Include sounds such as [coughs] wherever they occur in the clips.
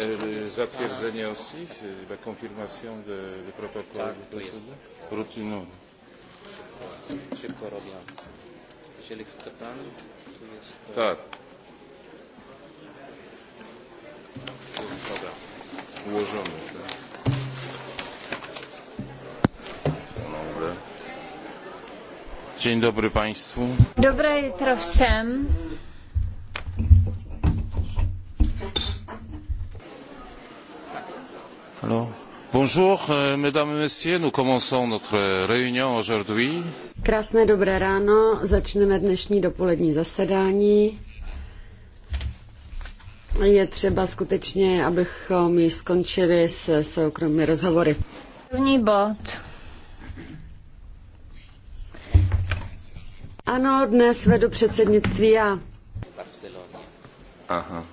Euh, zatwierdzenie osi, la confirmation de, de protocole Tak, to jest. Rutinowy. Szybko robiąc. Jeżeli chce pan, tu jest... E, tak. Dobra. Ułożony, tak. Dzień dobry Państwu. Dobre jutro všem. Euh, Krásné dobré ráno, začneme dnešní dopolední zasedání. Je třeba skutečně, abychom již skončili se soukromými rozhovory. První bod. Ano, dnes vedu předsednictví já. Aha.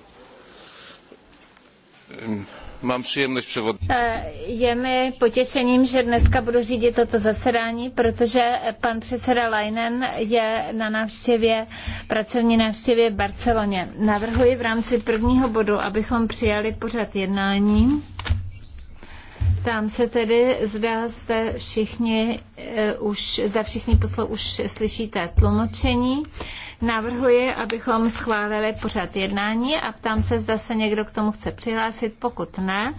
Mám příjemnost převod. Eh, je mi potěšením, že dneska budu řídit toto zasedání, protože pan předseda Leinen je na návštěvě, pracovní návštěvě v Barceloně. Navrhuji v rámci prvního bodu, abychom přijali pořad jednání. Tam se tedy, zda jste všichni uh, už, za všichni poslou už slyšíte tlumočení. Navrhuji, abychom schválili pořad jednání a ptám se, zda se někdo k tomu chce přihlásit. Pokud ne,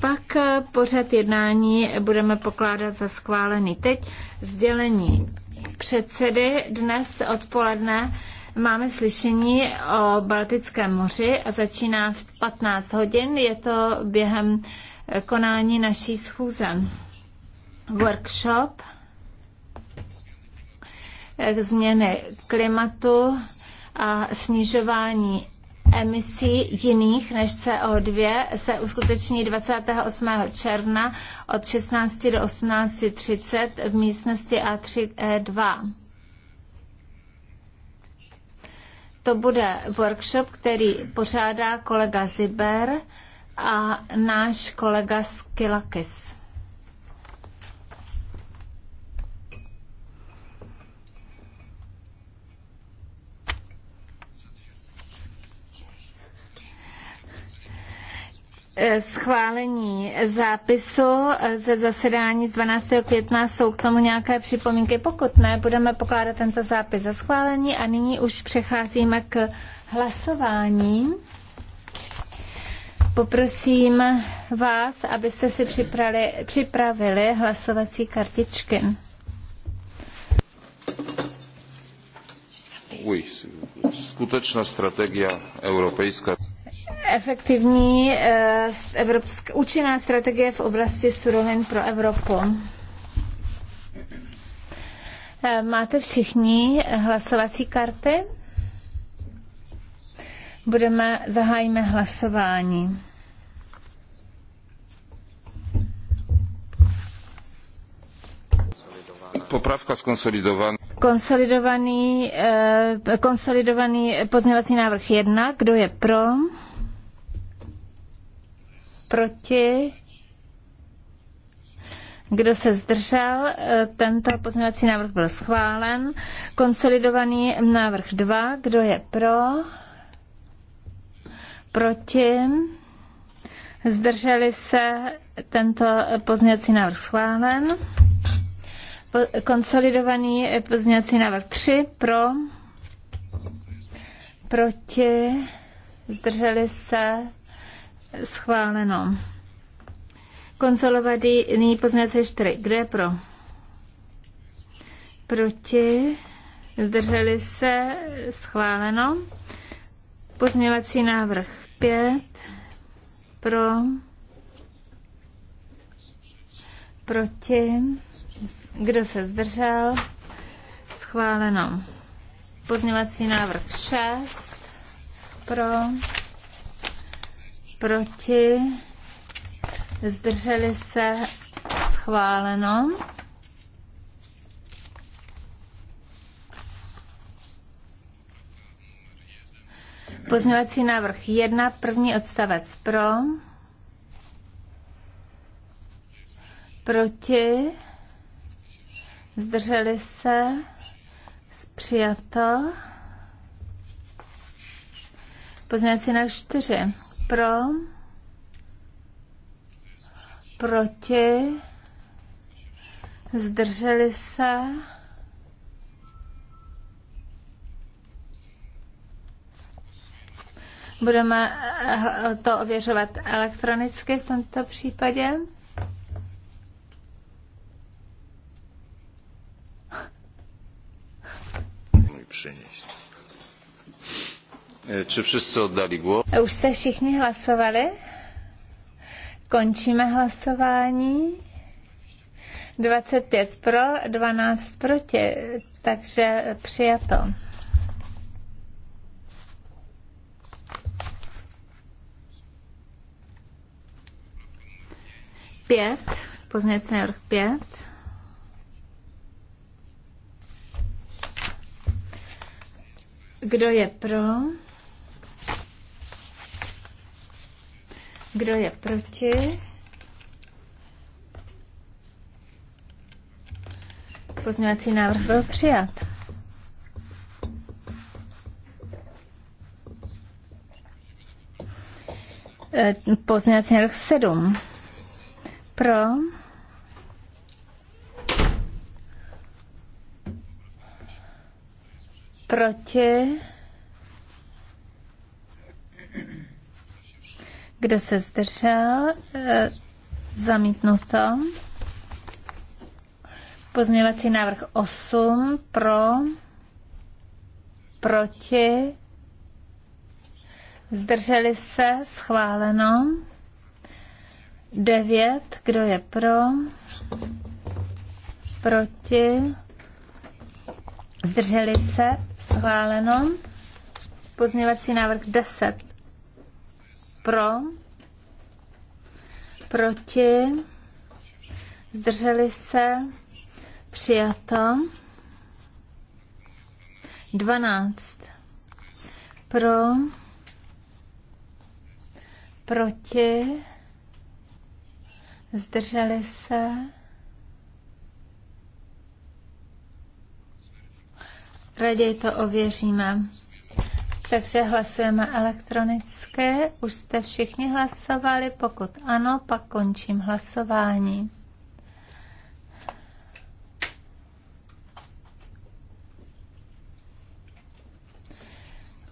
pak eh, pořad jednání budeme pokládat za schválený. Teď sdělení předsedy dnes odpoledne máme slyšení o Baltickém moři a začíná v 15 hodin. Je to během konání naší schůze. Workshop změny klimatu a snižování emisí jiných než CO2 se uskuteční 28. června od 16 do 18.30 v místnosti A3E2. To bude workshop, který pořádá kolega Ziber a náš kolega Skilakis. schválení zápisu ze zasedání z 12. května. Jsou k tomu nějaké připomínky? Pokud ne, budeme pokládat tento zápis za schválení a nyní už přecházíme k hlasování. Poprosím vás, abyste si připravili, připravili hlasovací kartičky. Uj, skutečná strategie europejská. Efektivní eh, evropská, účinná strategie v oblasti surovin pro Evropu. Eh, máte všichni hlasovací karty? Budeme, zahájíme hlasování. poprawka skonsolidowana. Konsolidovaný, eh, konsolidovaný pozměňovací návrh 1. Kdo je pro? Proti? Kdo se zdržel? Eh, tento pozměňovací návrh byl schválen. Konsolidovaný návrh 2. Kdo je pro? Proti? Zdrželi se? Tento pozměňovací návrh schválen. Konsolidovaný pozměňovací návrh 3 pro, proti, zdrželi se, schváleno. Konsolidovaný pozměňovací 4, kde je pro? Proti, zdrželi se, schváleno. Pozměňovací návrh 5 pro, proti, kdo se zdržel? Schváleno. Pozněvací návrh 6. Pro. Proti. Zdrželi se. Schváleno. Pozněvací návrh 1, první odstavec pro, proti, Zdrželi se? Přijato. Pozměňovací na čtyři Pro. Proti. Zdrželi se. Budeme to ověřovat elektronicky v tomto případě. přiníst. Eh, či všichni oddali głos? Eh, už jste všichni hlasovali? Končíme hlasování. 25 pro, 12 proti, takže přijato. Pět, pozměňovací návrh pět. Kdo je pro? Kdo je proti? Pozměňovací návrh byl přijat. Eh, pozměňovací návrh 7. Pro. Proti? Kdo se zdržel? E, zamítnuto. Pozměňovací návrh 8 pro, proti, zdrželi se, schváleno. 9, kdo je pro, proti, Zdrželi se? Schváleno. Pozměvací návrh 10. Pro. Proti. Zdrželi se? Přijato. 12. Pro. Proti. Zdrželi se? Raději to ověříme. Takže hlasujeme elektronické. Už jste všichni hlasovali? Pokud ano, pak končím hlasování.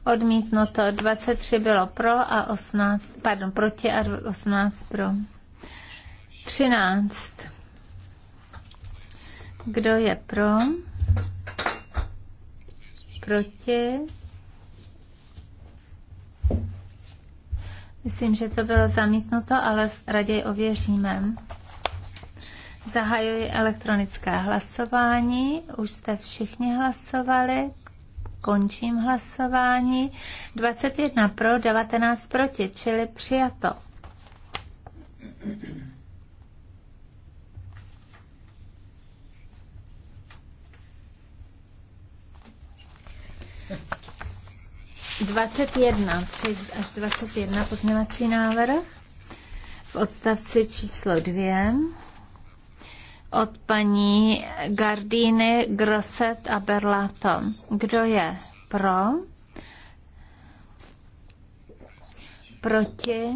Odmítnuto 23 bylo pro a 18, pardon, proti a 18 pro. 13. Kdo je pro? Proti? Myslím, že to bylo zamítnuto, ale raději ověříme. Zahajuji elektronické hlasování. Už jste všichni hlasovali. Končím hlasování. 21 pro, 19 proti, čili přijato. 21, 3 až 21 pozměvací návrh v odstavci číslo 2 od paní Gardíny, Grosset a Berlato. Kdo je pro? Proti?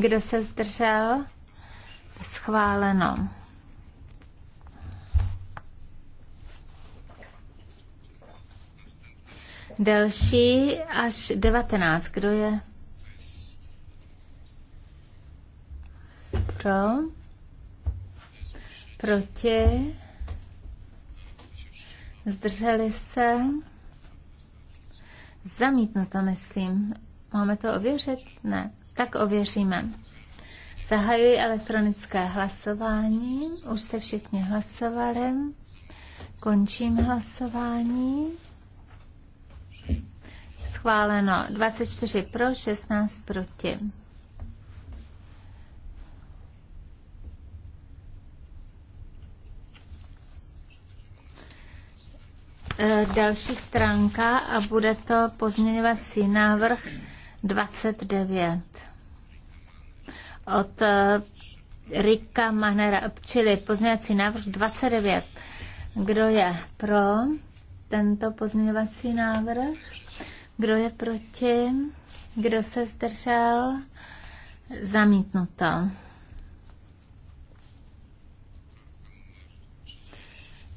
Kdo se zdržel? Schváleno. Další až 19. Kdo je pro? Proti? Zdrželi se? Zamítnuto, myslím. Máme to ověřit? Ne. Tak ověříme. Zahajuji elektronické hlasování. Už jste všichni hlasovali. Končím hlasování schváleno 24 pro, 16 proti. E, další stránka a bude to pozměňovací návrh 29 od e, Rika Mahnera, čili pozměňovací návrh 29. Kdo je pro tento pozměňovací návrh? Kdo je proti? Kdo se zdržel? Zamítnuto.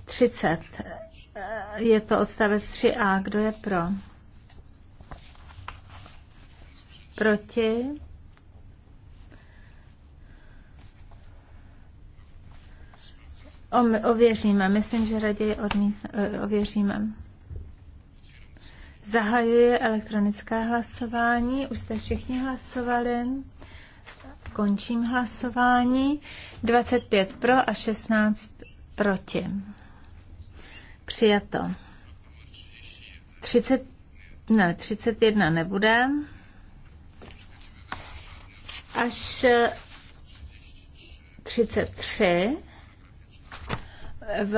30. Je to odstavec 3a. Kdo je pro? Proti? Ověříme. Myslím, že raději odmít, eh, ověříme. Zahajuji elektronické hlasování. Už jste všichni hlasovali. Končím hlasování. 25 pro a 16 proti. Přijato. 30, ne, 31 nebude. Až 33 eh, v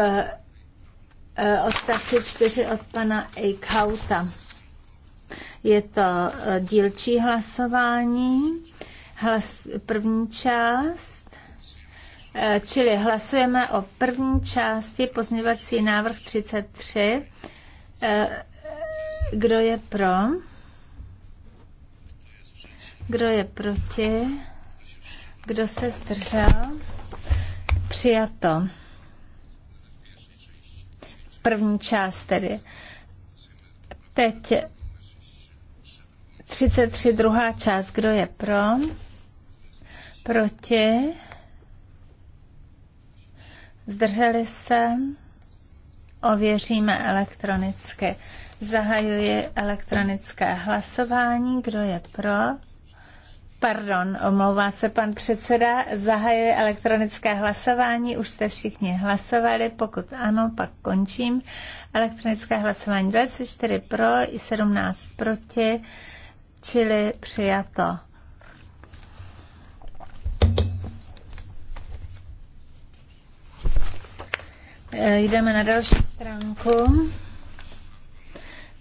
Eh, odstavci 4 od pana Eichhauta. Je to eh, dílčí hlasování, hlas, první část, eh, čili hlasujeme o první části pozměňovací návrh 33. Kdo je pro? Kdo je proti? Kdo se zdržel? Přijato první část tedy. Teď 33, druhá část. Kdo je pro? Proti? Zdrželi se? Ověříme elektronicky. Zahajuji elektronické hlasování. Kdo je pro? Pardon, omlouvá se pan předseda, zahajuje elektronické hlasování, už jste všichni hlasovali, pokud ano, pak končím. Elektronické hlasování 24 pro i 17 proti, čili přijato. Eh, jdeme na další stránku.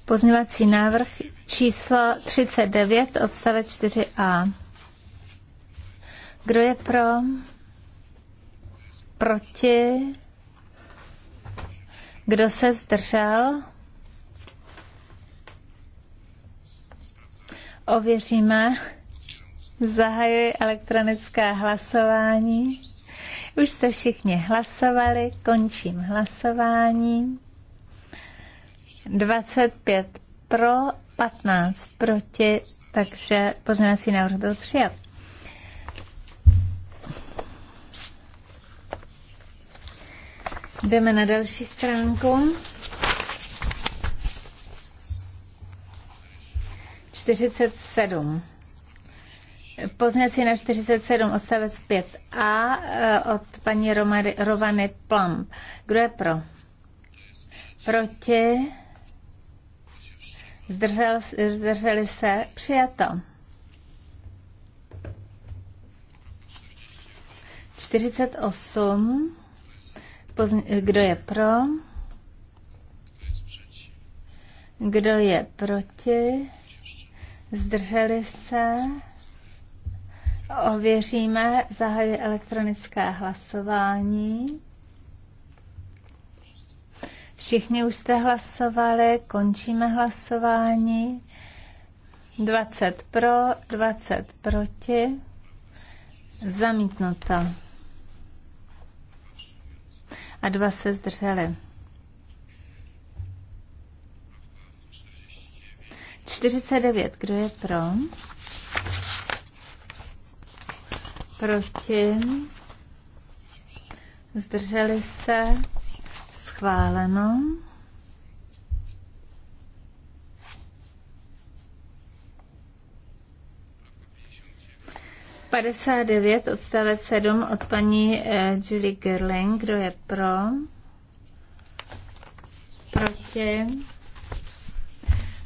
Pozměvací návrh číslo 39 odstavec 4a. Kdo je pro? Proti? Kdo se zdržel? Ověříme. Zahajuji elektronické hlasování. Už jste všichni hlasovali, končím hlasování. 25 pro, 15 proti, takže pozměňovací návrh byl přijat. Jdeme na další stránku. 47. Pozněcí na 47 odstavec 5a eh, od paní Romary, Rovany Plum. Kdo je pro? Proti? Zdržel, zdrželi se? Přijato. 48. Kdo je pro? Kdo je proti? Zdrželi se? Ověříme, zahajuji elektronické hlasování. Všichni už jste hlasovali, končíme hlasování. 20 pro, 20 proti. Zamítnuto a dva se zdrželi. 49. Kdo je pro? Proti? Zdrželi se? Schváleno. 59 odstavec 7 od paní eh, Julie Gerling. Kdo je pro? Proti?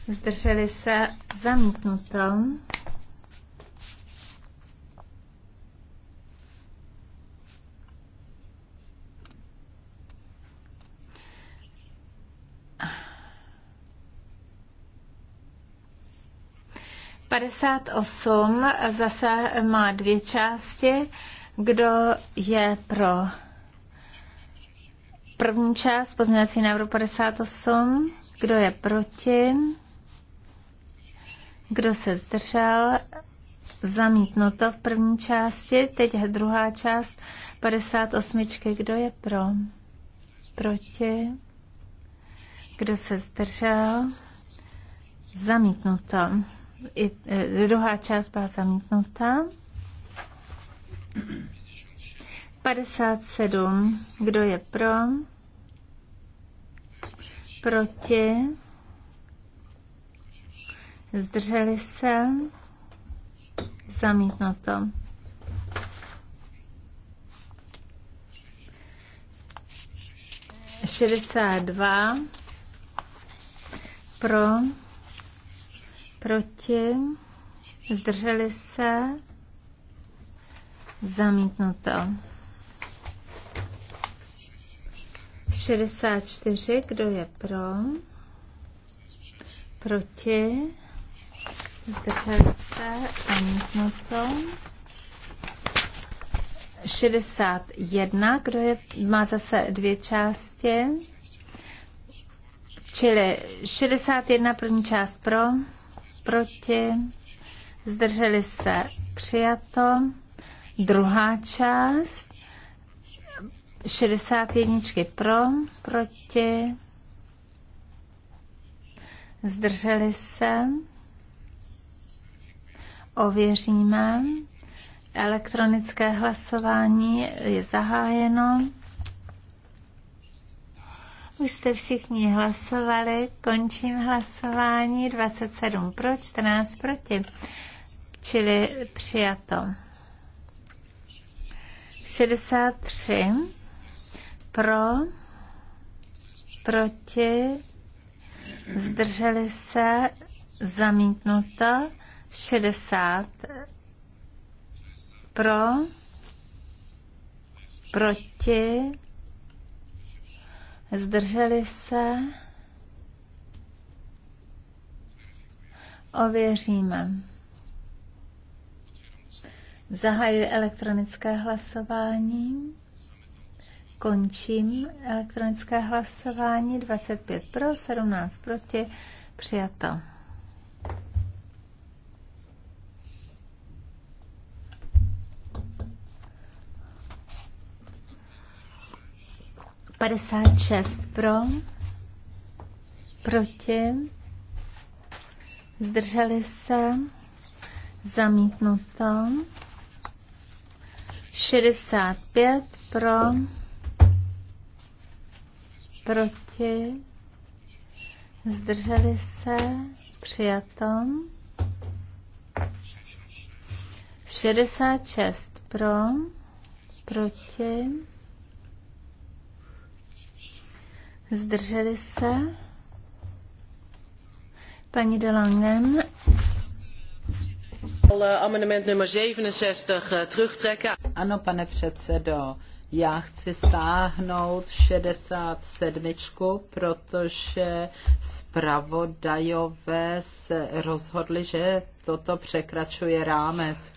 Zdrželi se zamítnutou. 58 zase má dvě části. Kdo je pro první část pozměňovací návrhu 58? Kdo je proti? Kdo se zdržel? Zamítnuto v první části. Teď je druhá část 58. Kdo je pro? Proti? Kdo se zdržel? Zamítnuto. I e, druhá část byla zamítnutá. 57. Kdo je pro? Proti? Zdrželi se? Zamítnuto. Šedesát dva pro Proti? Zdrželi se? Zamítnuto. 64, kdo je pro? Proti? Zdrželi se? Zamítnuto. 61, kdo je, má zase dvě části. Čili 61 první část pro, proti, zdrželi se přijato. Druhá část 61 pro, proti, zdrželi se, ověříme. Elektronické hlasování je zahájeno. Už jste všichni hlasovali, končím hlasování, 27 pro, 14 proti, čili přijato. 63 pro, proti, zdrželi se, zamítnuto, 60 pro, proti, Zdrželi se? Ověříme. Zahajuji elektronické hlasování. Končím elektronické hlasování. 25 pro, 17 proti. Přijato. 56 pro, proti, zdrželi se, zamítnuto. 65 pro, proti, zdrželi se, přijato. 66 pro, proti, Zdrželi se? Paní Delangen. Amendement nummer 67 eh, terugtrekken. Ano, pane předsedo, já chci stáhnout 67, protože zpravodajové se rozhodli, že toto překračuje rámec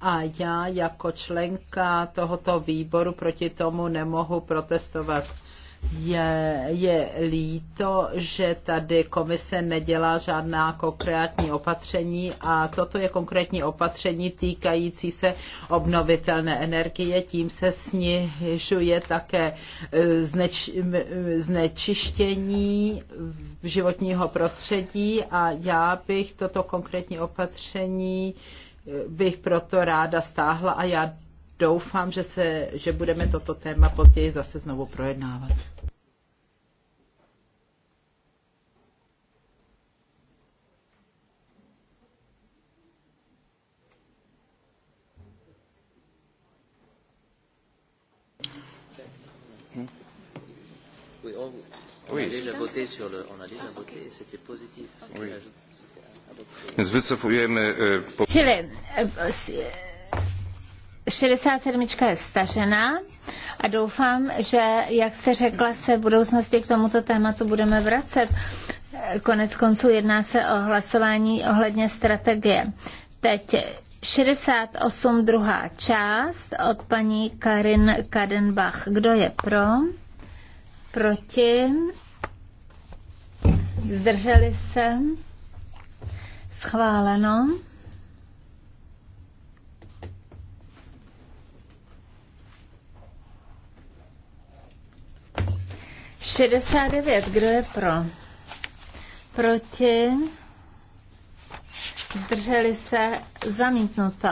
a já jako členka tohoto výboru proti tomu nemohu protestovat je, je líto, že tady komise nedělá žádná konkrétní opatření a toto je konkrétní opatření týkající se obnovitelné energie. Tím se snižuje také e, zneč, znečištění životního prostředí a já bych toto konkrétní opatření e, bych proto ráda stáhla a já doufám, že, se, že budeme toto téma později zase znovu projednávat. Oui. On a déjà voté sur le, on a déjà voté, ah, c'était positif. Oui. Więc wycofujemy. Chile, 67. je stažená a doufám, že, jak jste řekla, se v budoucnosti k tomuto tématu budeme vracet. Konec konců jedná se o hlasování ohledně strategie. Teď 68. druhá část od paní Karin Kadenbach. Kdo je pro? Proti? Zdrželi se? Schváleno. 69, kdo je pro? Proti? Zdrželi se zamítnuto.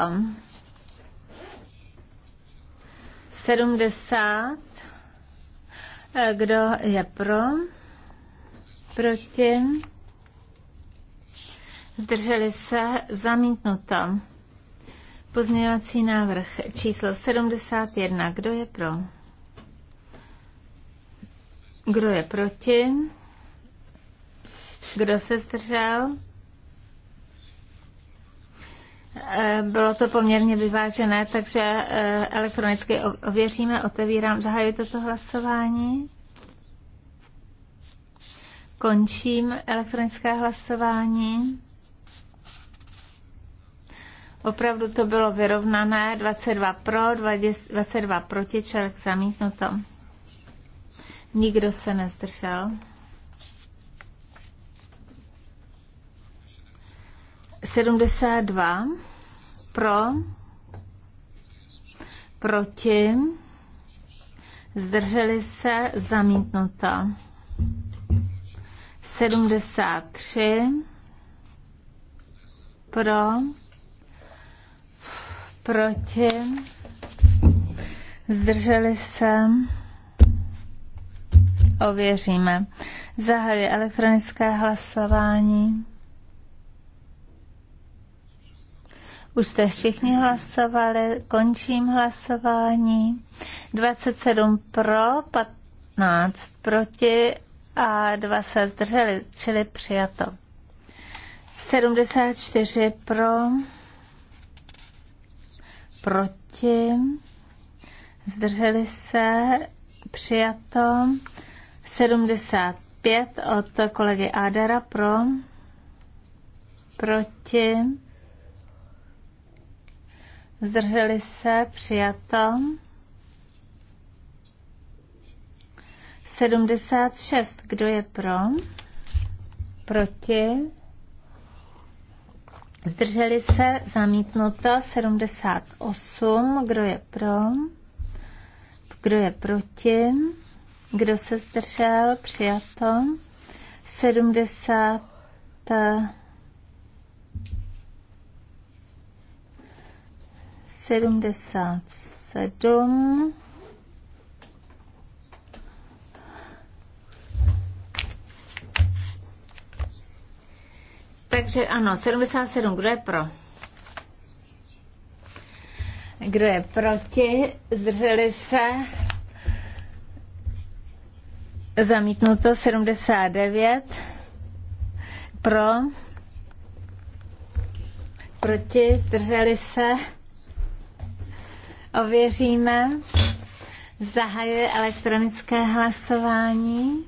70. Kdo je pro? Proti? Zdrželi se zamítnuto. Pozměňovací návrh číslo 71. Kdo je pro? Kdo je proti? Kdo se zdržel? Eh, bylo to poměrně vyvážené, takže eh, elektronicky ověříme, otevírám, zahajuji toto hlasování. Končím elektronické hlasování. Opravdu to bylo vyrovnané, 22 pro, 22 proti, člověk zamítnuto. Nikdo se nezdržel. Sedmdesát dva pro, proti, zdrželi se, zamítnuto. Sedmdesát tři pro, proti, zdrželi se, ověříme. Zahajuji elektronické hlasování. Už jste všichni hlasovali, končím hlasování. 27 pro, 15 proti a 2 se zdrželi, čili přijato. 74 pro, proti, zdrželi se, přijato. 75 od kolegy Adara pro, proti, zdrželi se, přijato. 76, kdo je pro, proti, zdrželi se, zamítnuto. 78, kdo je pro, kdo je proti, kdo se zdržel? Přijato. 70. 77. sedm. Takže ano, 77. Kdo je pro? Kdo je proti? Zdrželi se? Zamítnuto 79. Pro. Proti. Zdrželi se. Ověříme. Zahajuje elektronické hlasování.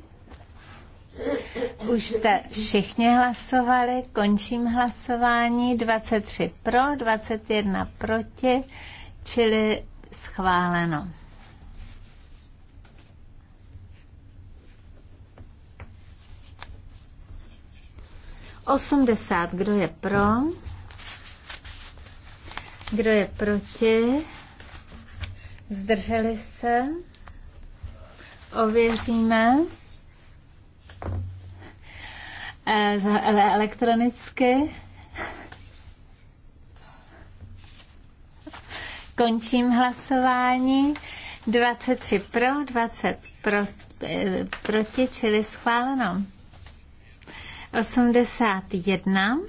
Už jste všichni hlasovali, končím hlasování. 23 pro, 21 proti, čili schváleno. 80. Kdo je pro? Kdo je proti? Zdrželi se? Ověříme. E, elektronicky. Končím hlasování. 23 pro, 20 pro, e, proti, čili schváleno. 81.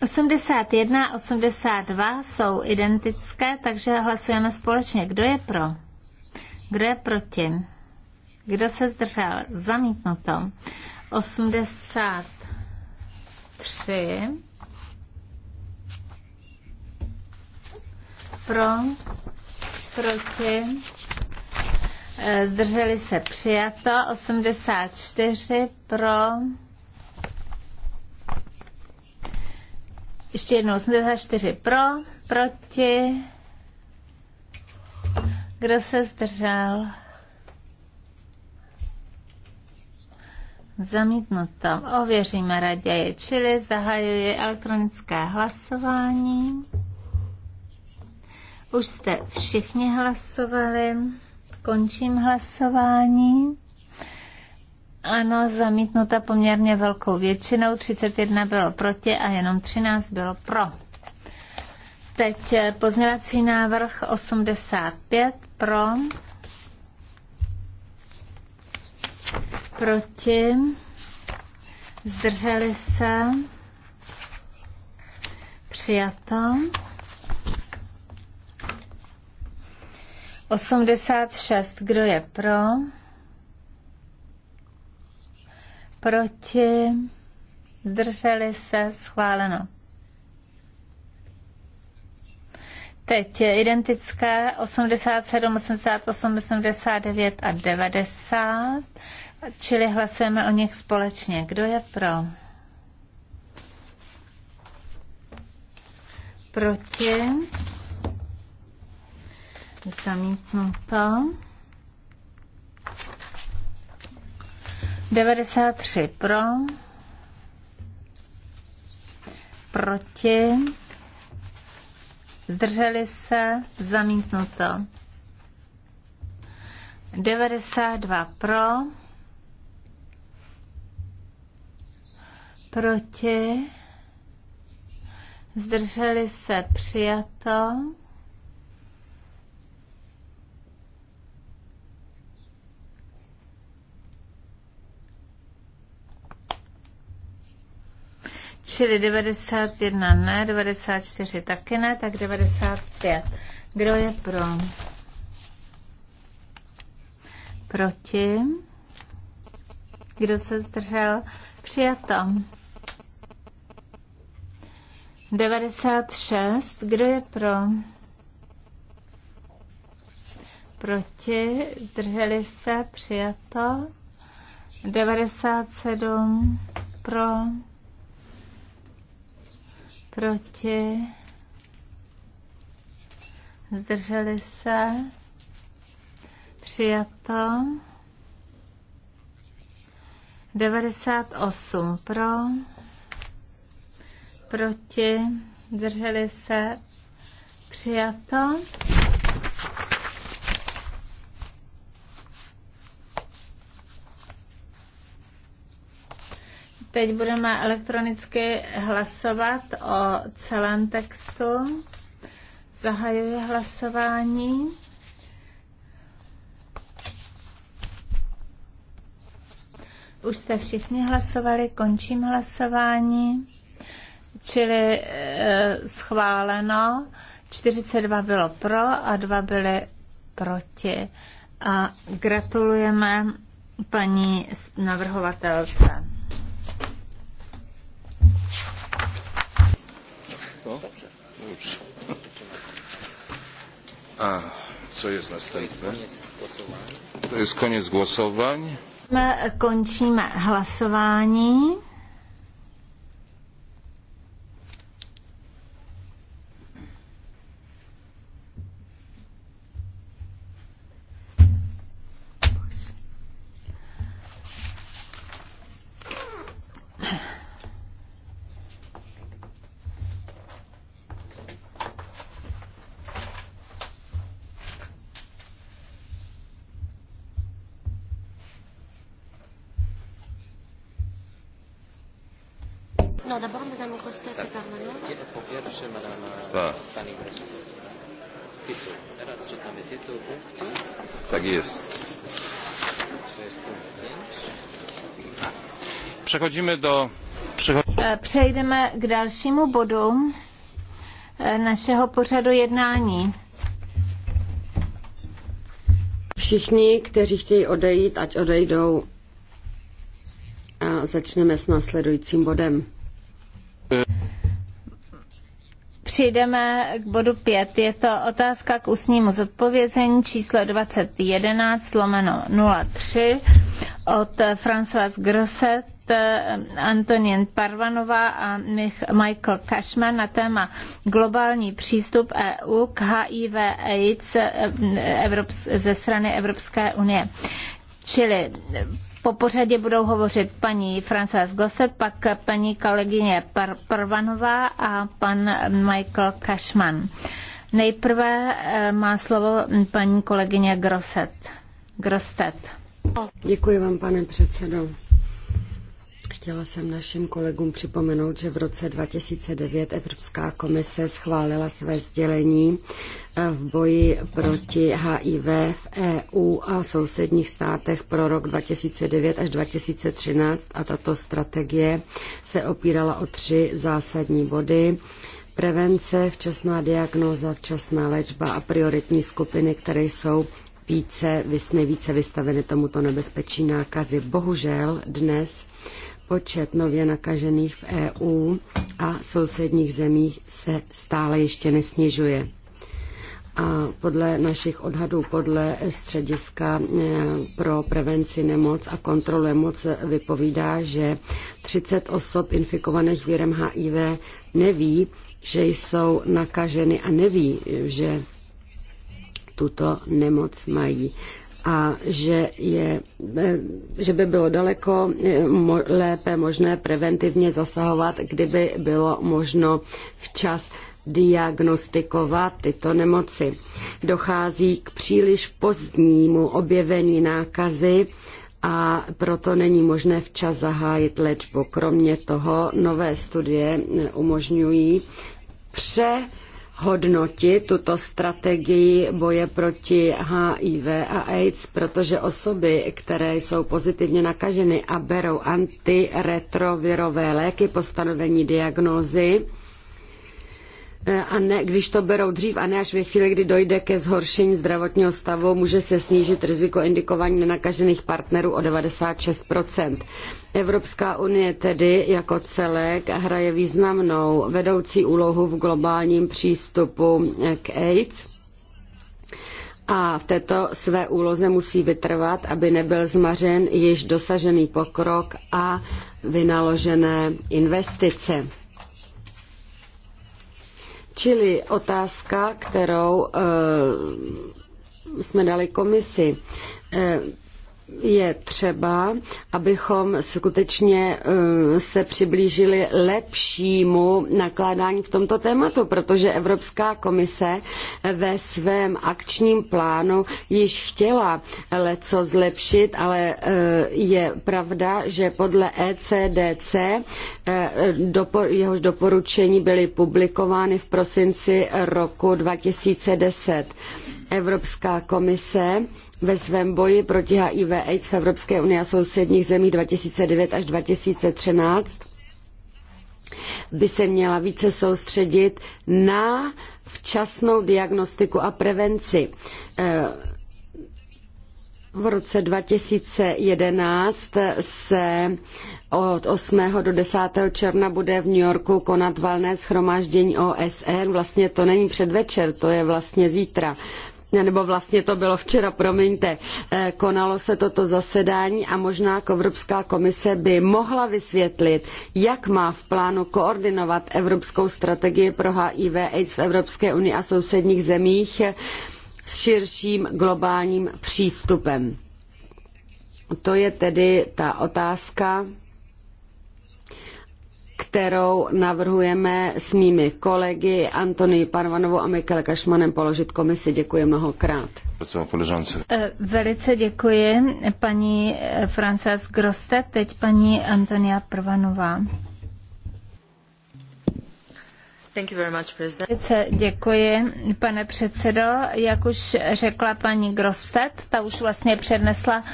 81 a 82 jsou identické, takže hlasujeme společně. Kdo je pro? Kdo je proti? Kdo se zdržel? Zamítnuto. 83 pro, proti, Eh, zdrželi se přijato, 84 pro, ještě jednou 84 pro, proti, kdo se zdržel? Zamítnuto. Ověříme raději, čili zahajuji elektronické hlasování. Už jste všichni hlasovali. Končím hlasování. Ano, zamítnuta poměrně velkou většinou. 31 bylo proti a jenom 13 bylo pro. Teď eh, pozněvací návrh 85 pro. Proti. Zdrželi se. Přijato. 86. Kdo je pro? Proti? Zdrželi se? Schváleno. Teď je identické 87, 88, 89 a 90, čili hlasujeme o nich společně. Kdo je pro? Proti? Zamítnuto. 93 pro. Proti. Zdrželi se. Zamítnuto. 92 pro. Proti. Zdrželi se. Přijato. Čili 91 ne, 94 taky ne, tak 95. Kdo je pro? Proti? Kdo se zdržel? Přijato. 96. Kdo je pro? Proti? Zdrželi se? Přijato. 97. Pro? proti, zdrželi se, přijato, 98 pro, proti, zdrželi se, přijato. Teď budeme elektronicky hlasovat o celém textu. Zahajuji hlasování. Už jste všichni hlasovali, končím hlasování. Čili e, schváleno, 42 bylo pro a 2 byly proti. A gratulujeme paní navrhovatelce. co? No? Już. A, co jest następne? To jest koniec głosowań. My końčíme hlasování. Přechodíme do... Eh, přejdeme k dalšímu bodu eh, našeho pořadu jednání. Všichni, kteří chtějí odejít, ať odejdou. A začneme s následujícím bodem. Přijdeme k bodu 5. Je to otázka k ústnímu zodpovězení číslo 2011 lomeno 03 od Françoise Grosset Eh, Antonín Parvanová a Michael Cashman na téma globální přístup EU k HIV AIDS eh, ze strany Evropské unie. Čili po pořadě budou hovořit paní Frances Gosset, pak paní kolegyně Par- Parvanová a pan Michael Cashman. Nejprve eh, má slovo paní kolegyně Grosset. Grostet. Děkuji vám, pane předsedo. Chtěla jsem našim kolegům připomenout, že v roce 2009 Evropská komise schválila své sdělení eh, v boji proti HIV v EU a sousedních státech pro rok 2009 až 2013 a tato strategie se opírala o tři zásadní body prevence, včasná diagnóza, včasná léčba a prioritní skupiny, které jsou více, nejvíce vystaveny tomuto nebezpečí nákazy. Bohužel dnes Počet nově nakažených v EU a sousedních zemích se stále ještě nesnižuje. A podle našich odhadů, podle střediska eh, pro prevenci nemoc a kontrolu nemoc vypovídá, že 30 osob infikovaných virem HIV neví, že jsou nakaženy a neví, že tuto nemoc mají a že, je, e, že by bylo daleko e, lépe možné preventivně zasahovat, kdyby bylo možno včas diagnostikovat tyto nemoci. Dochází k příliš pozdnímu objevení nákazy a proto není možné včas zahájit léčbu. Kromě toho nové studie e, umožňují pře hodnotit tuto strategii boje proti HIV a AIDS, protože osoby, které jsou pozitivně nakaženy a berou antiretrovirové léky po stanovení diagnózy, Eh, a ne, když to berou dřív a ne až ve chvíli, kdy dojde ke zhoršení zdravotního stavu, může se snížit riziko indikování nenakažených partnerů o 96 Evropská unie tedy jako celek hraje významnou vedoucí úlohu v globálním přístupu eh, k AIDS a v této své úloze musí vytrvat, aby nebyl zmařen již dosažený pokrok a vynaložené investice. Čili otázka, kterou eh, jsme dali komisi. Eh, je třeba, abychom skutečně eh, se přiblížili lepšímu nakládání v tomto tématu, protože Evropská komise eh, ve svém akčním plánu již chtěla eh, leco zlepšit, ale je pravda, že podle ECDC, jehož doporučení byly publikovány v prosinci roku 2010, Evropská komise ve svém boji proti HIV AIDS v Evropské unii a sousedních zemích 2009 až 2013 by se měla více soustředit na včasnou diagnostiku a prevenci. Eh, v roce 2011 se od 8. do 10. června bude v New Yorku konat valné schromáždění OSN. Vlastně to není předvečer, to je vlastně zítra. Vlastně, nebo vlastně to bylo včera, promiňte, eh, konalo se toto zasedání a možná jako Evropská komise by mohla vysvětlit, jak má v plánu koordinovat evropskou strategii pro HIV AIDS v Evropské unii a sousedních zemích s širším globálním přístupem. To je tedy ta otázka, kterou navrhujeme s mými kolegy Antonií Parvanovou a Mikel Kašmanem položit komisi. Děkuji mnohokrát. Eh, Velice děkuji paní eh, Frances Groste, teď paní Antonia Prvanová. Thank you very much, president. Velice Děkuji, pane předsedo. Jak už řekla paní Grostet, ta už vlastně přednesla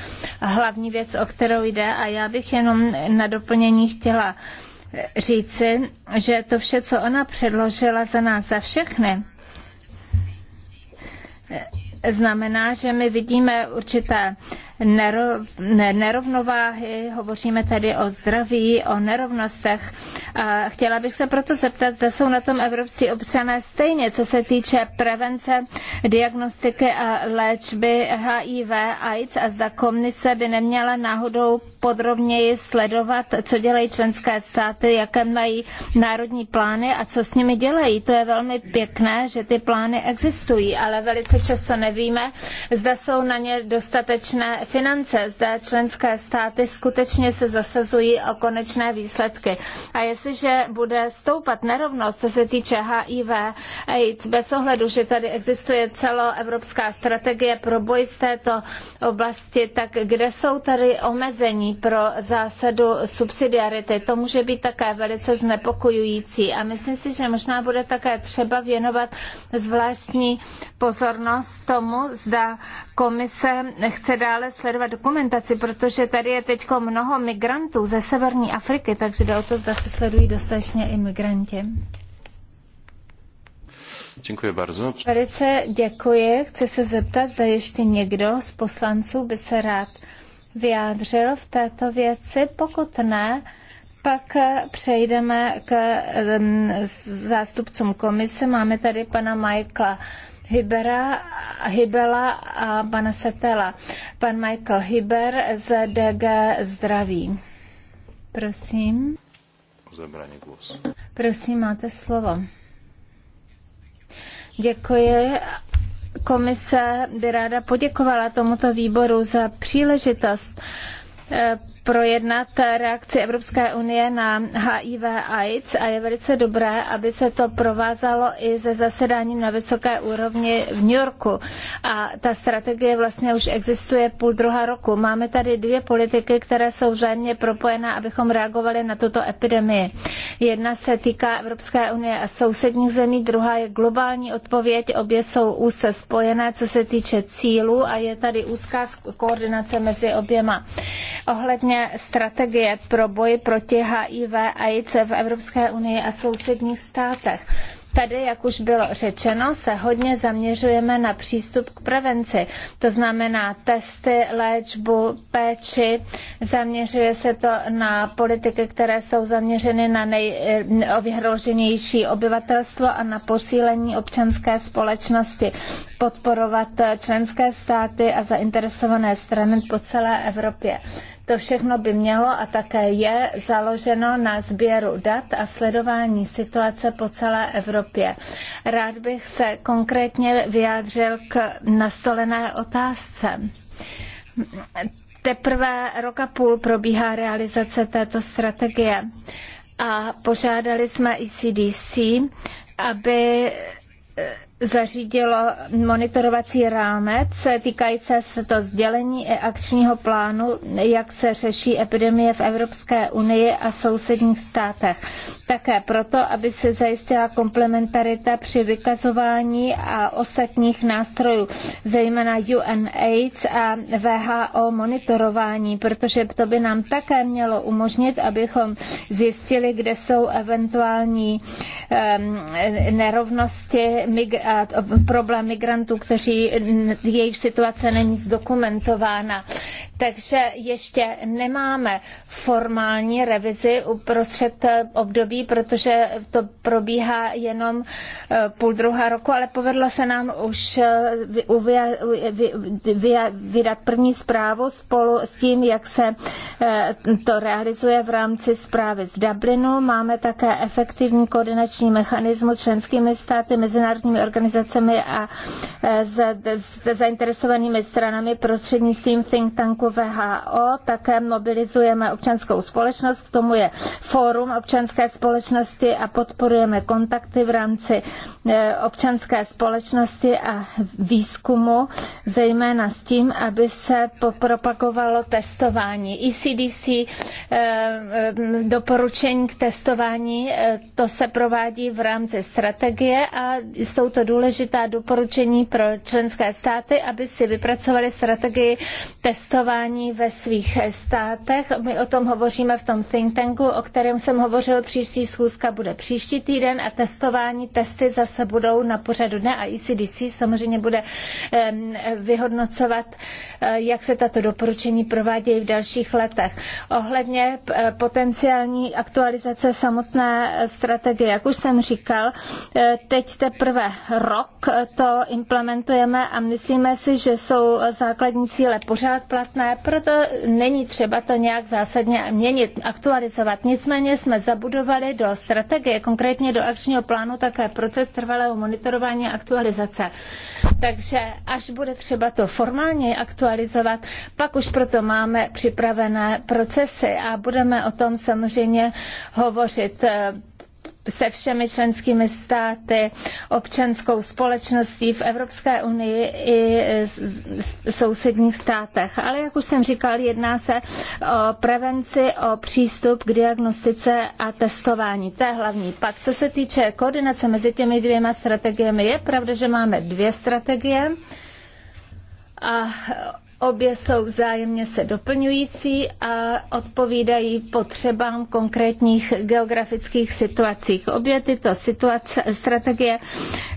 hlavní věc, o kterou jde a já bych jenom na doplnění chtěla uh, říci, že to vše, co ona předložila za nás, za všechny, e, znamená, že my vidíme určité nerovnováhy, hovoříme tady o zdraví, o nerovnostech. A chtěla bych se proto zeptat, zda jsou na tom evropští občané stejně, co se týče prevence, diagnostiky a léčby HIV, AIDS a zda komise by neměla náhodou podrobněji sledovat, co dělají členské státy, jaké mají národní plány a co s nimi dělají. To je velmi pěkné, že ty plány existují, ale velice často nevíme, zda jsou na ně dostatečné finance, zda členské státy skutečně se zasazují o konečné výsledky. A jestliže bude stoupat nerovnost, co se týče HIV, AIDS, bez ohledu, že tady existuje celoevropská strategie pro boj z této oblasti, tak kde jsou tady omezení pro zásadu subsidiarity? To může být také velice znepokojující. A myslím si, že možná bude také třeba věnovat zvláštní pozornost tomu, zda komise chce dále sledovat dokumentaci, protože tady je teď mnoho migrantů ze severní Afriky, takže jde o to, zda se sledují dostatečně i migranti. Děkuji bardzo. Velice děkuji. Chci se zeptat, zda ještě někdo z poslanců by se rád vyjádřil v této věci. Pokud ne, pak přejdeme k zástupcům komise. Máme tady pana Michaela Hibera, Hibela a pana Setela. Pan Michael Hiber z DG Zdraví. Prosím. Zabraně głos. Prosím, máte slovo. Děkuji komise by ráda poděkovala tomuto výboru za příležitost Eh, projednat reakci Evropské unie na HIV AIDS a je velice dobré, aby se to provázalo i se zasedáním na vysoké úrovni v New Yorku. A ta strategie vlastně už existuje půl druhá roku. Máme tady dvě politiky, které jsou vzájemně propojené, abychom reagovali na tuto epidemii. Jedna se týká Evropské unie a sousedních zemí, druhá je globální odpověď. Obě jsou úzce spojené, co se týče cílů a je tady úzká koordinace mezi oběma ohledně strategie pro boj proti HIV AIDS v Evropské unii a sousedních státech. Tady, jak už bylo řečeno, se hodně zaměřujeme na přístup k prevenci. To znamená testy, léčbu, péči. Zaměřuje se to na politiky, které jsou zaměřeny na nejovyhroženější eh, obyvatelstvo a na posílení občanské společnosti. Podporovat členské státy a zainteresované strany po celé Evropě. To všechno by mělo a také je založeno na sběru dat a sledování situace po celé Evropě. Rád bych se konkrétně vyjádřil k nastolené otázce. Teprve roka půl probíhá realizace této strategie a požádali jsme ECDC, aby zařídilo monitorovací rámec, týkají se to sdělení i e akčního plánu, jak se řeší epidemie v Evropské unii a sousedních státech. Také proto, aby se zajistila komplementarita při vykazování a ostatních nástrojů, zejména UNAIDS a VHO monitorování, protože to by nám také mělo umožnit, abychom zjistili, kde jsou eventuální um, nerovnosti migr- a problém migrantů, kteří, jejich situace není zdokumentována. Takže ještě nemáme formální revizi uprostřed období, protože to probíhá jenom eh, půl druhá roku, ale povedlo se nám už eh, vydat první zprávu spolu s tím, jak se eh, to realizuje v rámci zprávy z Dublinu. Máme také efektivní koordinační mechanismus členskými státy, mezinárodními organizacemi organizacemi a e, s, zainteresovanými stranami prostřednictvím think tanku VHO. Také mobilizujeme občanskou společnost, k tomu je fórum občanské společnosti a podporujeme kontakty v rámci e, občanské společnosti a výzkumu, zejména s tím, aby se propagovalo testování. ECDC e, doporučení k testování, to se provádí v rámci strategie a jsou to důležitá doporučení pro členské státy, aby si vypracovali strategii testování ve svých státech. My o tom hovoříme v tom think tanku, o kterém jsem hovořil. Příští schůzka bude příští týden a testování, testy zase budou na pořadu dne a ECDC samozřejmě bude vyhodnocovat, eh, jak se tato doporučení provádějí v dalších letech. Ohledně eh, potenciální aktualizace samotné eh, strategie, jak už jsem říkal, teď teprve rok to implementujeme a myslíme si, že jsou základní cíle pořád platné, proto není třeba to nějak zásadně měnit, aktualizovat. Nicméně jsme zabudovali do strategie, konkrétně do akčního plánu, také proces trvalého monitorování a aktualizace. Takže až bude třeba to formálně aktualizovat, pak už proto máme připravené procesy a budeme o tom samozřejmě hovořit se všemi členskými státy, občanskou společností v Evropské unii i sousedních státech. Ale jak už jsem říkal, jedná se o prevenci, o přístup k diagnostice a testování. To je hlavní. Pak, co se týče koordinace mezi těmi dvěma strategiemi, je pravda, že máme dvě strategie a Obě jsou vzájemně se doplňující a odpovídají potřebám konkrétních geografických situacích. Obě tyto situace, strategie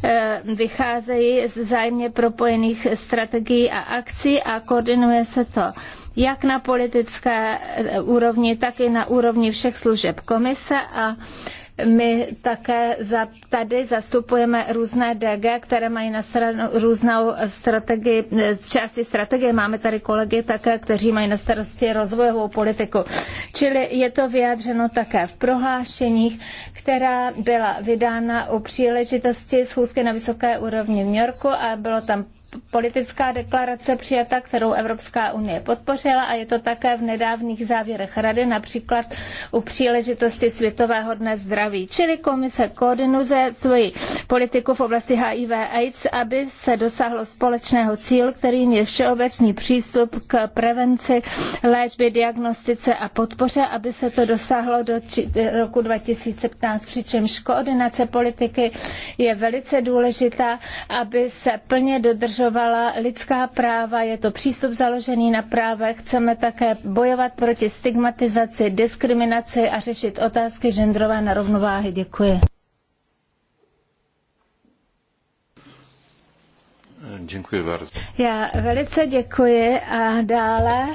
eh, vycházejí z vzájemně propojených strategií a akcí a koordinuje se to jak na politické eh, úrovni, tak i na úrovni všech služeb komise a my také za, tady zastupujeme různé DG, které mají na stranu různou strategii, části strategie. Máme tady kolegy také, kteří mají na starosti rozvojovou politiku. Čili je to vyjádřeno také v prohlášeních, která byla vydána u příležitosti schůzky na vysoké úrovni v New Yorku a bylo tam politická deklarace přijata, kterou Evropská unie podpořila a je to také v nedávných závěrech rady, například u příležitosti Světového dne zdraví. Čili komise koordinuje svoji politiku v oblasti HIV AIDS, aby se dosáhlo společného cíle, kterým je všeobecný přístup k prevenci, léčbě, diagnostice a podpoře, aby se to dosáhlo do roku 2015, přičemž koordinace politiky je velice důležitá, aby se plně dodržovala respektovala lidská práva, je to přístup založený na právech. Chceme také bojovat proti stigmatizaci, diskriminaci a řešit otázky genderové nerovnováhy. Děkuji. Děkuji bardzo. Já velice děkuji a dále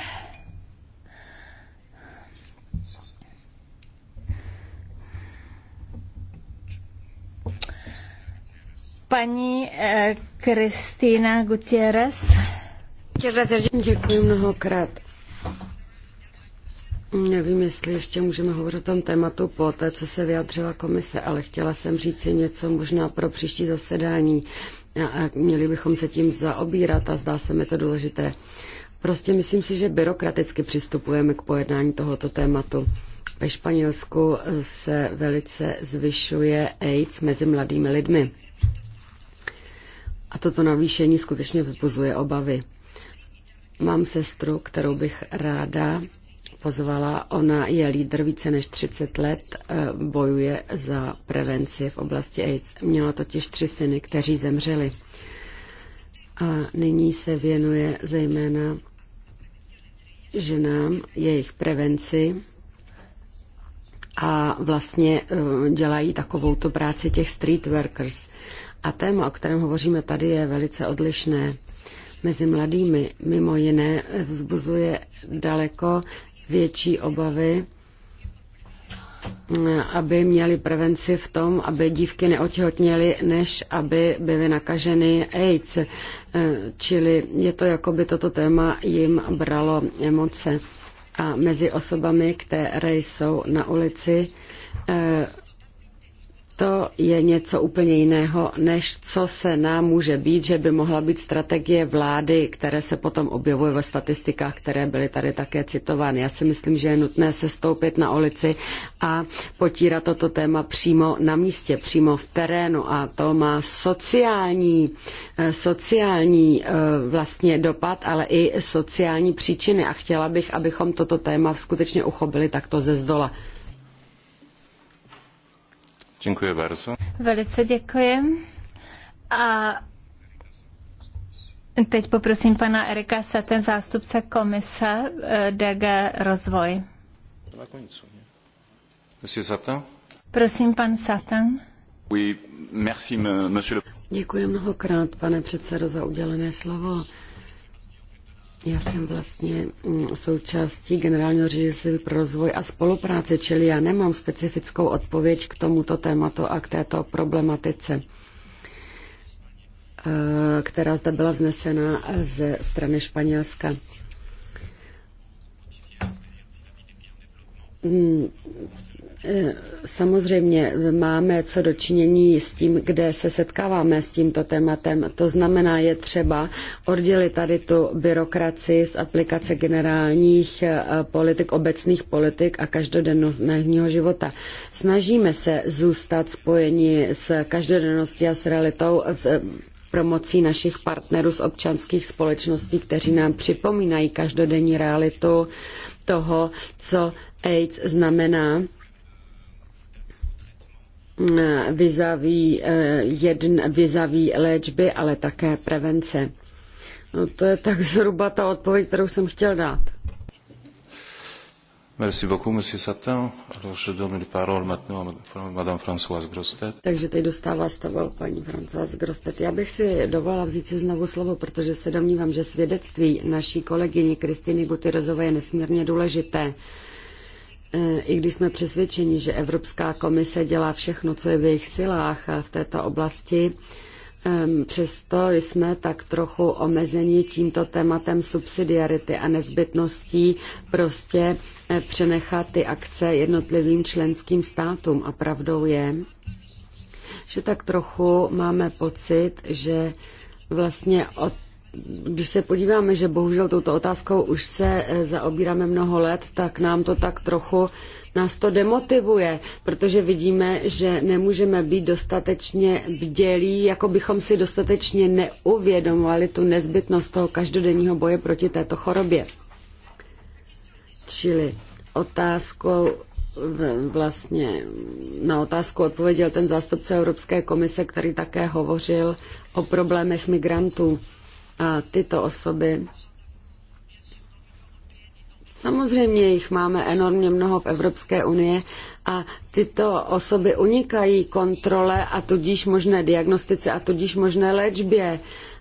paní eh, Kristýna Gutierrez. Děkuji mnohokrát. Nevím, jestli ještě můžeme hovořit o tom tématu po té, co se vyjadřila komise, ale chtěla jsem říct si něco možná pro příští zasedání. A měli bychom se tím zaobírat a zdá se mi to důležité. Prostě myslím si, že byrokraticky přistupujeme k pojednání tohoto tématu. Ve Španělsku se velice zvyšuje AIDS mezi mladými lidmi. A toto navýšení skutečně vzbuzuje obavy. Mám sestru, kterou bych ráda pozvala. Ona je lídr více než 30 let, eh, bojuje za prevenci v oblasti AIDS. Měla totiž tři syny, kteří zemřeli. A nyní se věnuje zejména ženám, jejich prevenci a vlastně eh, dělají takovou tu práci těch street workers. A téma, o kterém hovoříme tady, je velice odlišné. Mezi mladými mimo jiné vzbuzuje daleko větší obavy, aby měli prevenci v tom, aby dívky neotěhotněly, než aby byly nakaženy AIDS. Čili je to, jako by toto téma jim bralo emoce. A mezi osobami, které jsou na ulici, to je něco úplně jiného, než co se nám může být, že by mohla být strategie vlády, které se potom objevuje ve statistikách, které byly tady také citovány. Já si myslím, že je nutné se stoupit na ulici a potírat toto téma přímo na místě, přímo v terénu. A to má sociální, eh, sociální eh, vlastně dopad, ale i sociální příčiny. A chtěla bych, abychom toto téma skutečně uchopili takto ze zdola. Dziękuję bardzo. Velice děkuji. A teď poprosím pana Erika Seten, zástupce komise eh, DG Rozvoj. Na konci, Monsieur Satan? Prosím, pan Satan. Oui, merci, monsieur le... Děkuji mnohokrát, pane předsedo, za udělené slovo. Já jsem vlastně mm, součástí generálního ředitelství pro rozvoj a spolupráce, čili já nemám specifickou odpověď k tomuto tématu a k této problematice, eh, která zde byla vznesena ze strany Španělska. Mm, Eh, samozřejmě máme co dočinění s tím, kde se setkáváme s tímto tématem. To znamená, je třeba oddělit tady tu byrokracii z aplikace generálních eh, politik, obecných politik a každodenního života. Snažíme se zůstat spojeni s každodenností a s realitou eh, v promocí našich partnerů z občanských společností, kteří nám připomínají každodenní realitu toho, co AIDS znamená vizaví, eh, jedn, vizaví léčby, ale také prevence. No to je tak [laughs] zhruba ta odpověď, kterou jsem chtěl dát. Merci beaucoup, monsieur Satin. Alors je donne la parole maintenant à madame Françoise Grostet. Takže teď dostává slovo paní Françoise Grostet. Já bych si dovolila vzít si znovu slovo, protože se domnívám, že svědectví naší kolegyně Kristiny Gutyrozové je nesmírně důležité. Eh, i když jsme přesvědčeni, že Evropská komise dělá všechno, co je v jejich silách eh, v této oblasti, ehm, Přesto jsme tak trochu omezeni tímto tématem subsidiarity a nezbytností prostě eh, přenechat ty akce jednotlivým členským státům. A pravdou je, že tak trochu máme pocit, že vlastně od když se podíváme, že bohužel touto otázkou už se eh, zaobíráme mnoho let, tak nám to tak trochu nás to demotivuje, protože vidíme, že nemůžeme být dostatečně bdělí, jako bychom si dostatečně neuvědomovali tu nezbytnost toho každodenního boje proti této chorobě. Čili otázkou vlastně na otázku odpověděl ten zástupce Evropské komise, který také hovořil o problémech migrantů. A tyto osoby Samozřejmě jich máme enormně mnoho v Evropské unii a tyto osoby unikají kontrole a tudíž možné diagnostice a tudíž možné léčbě.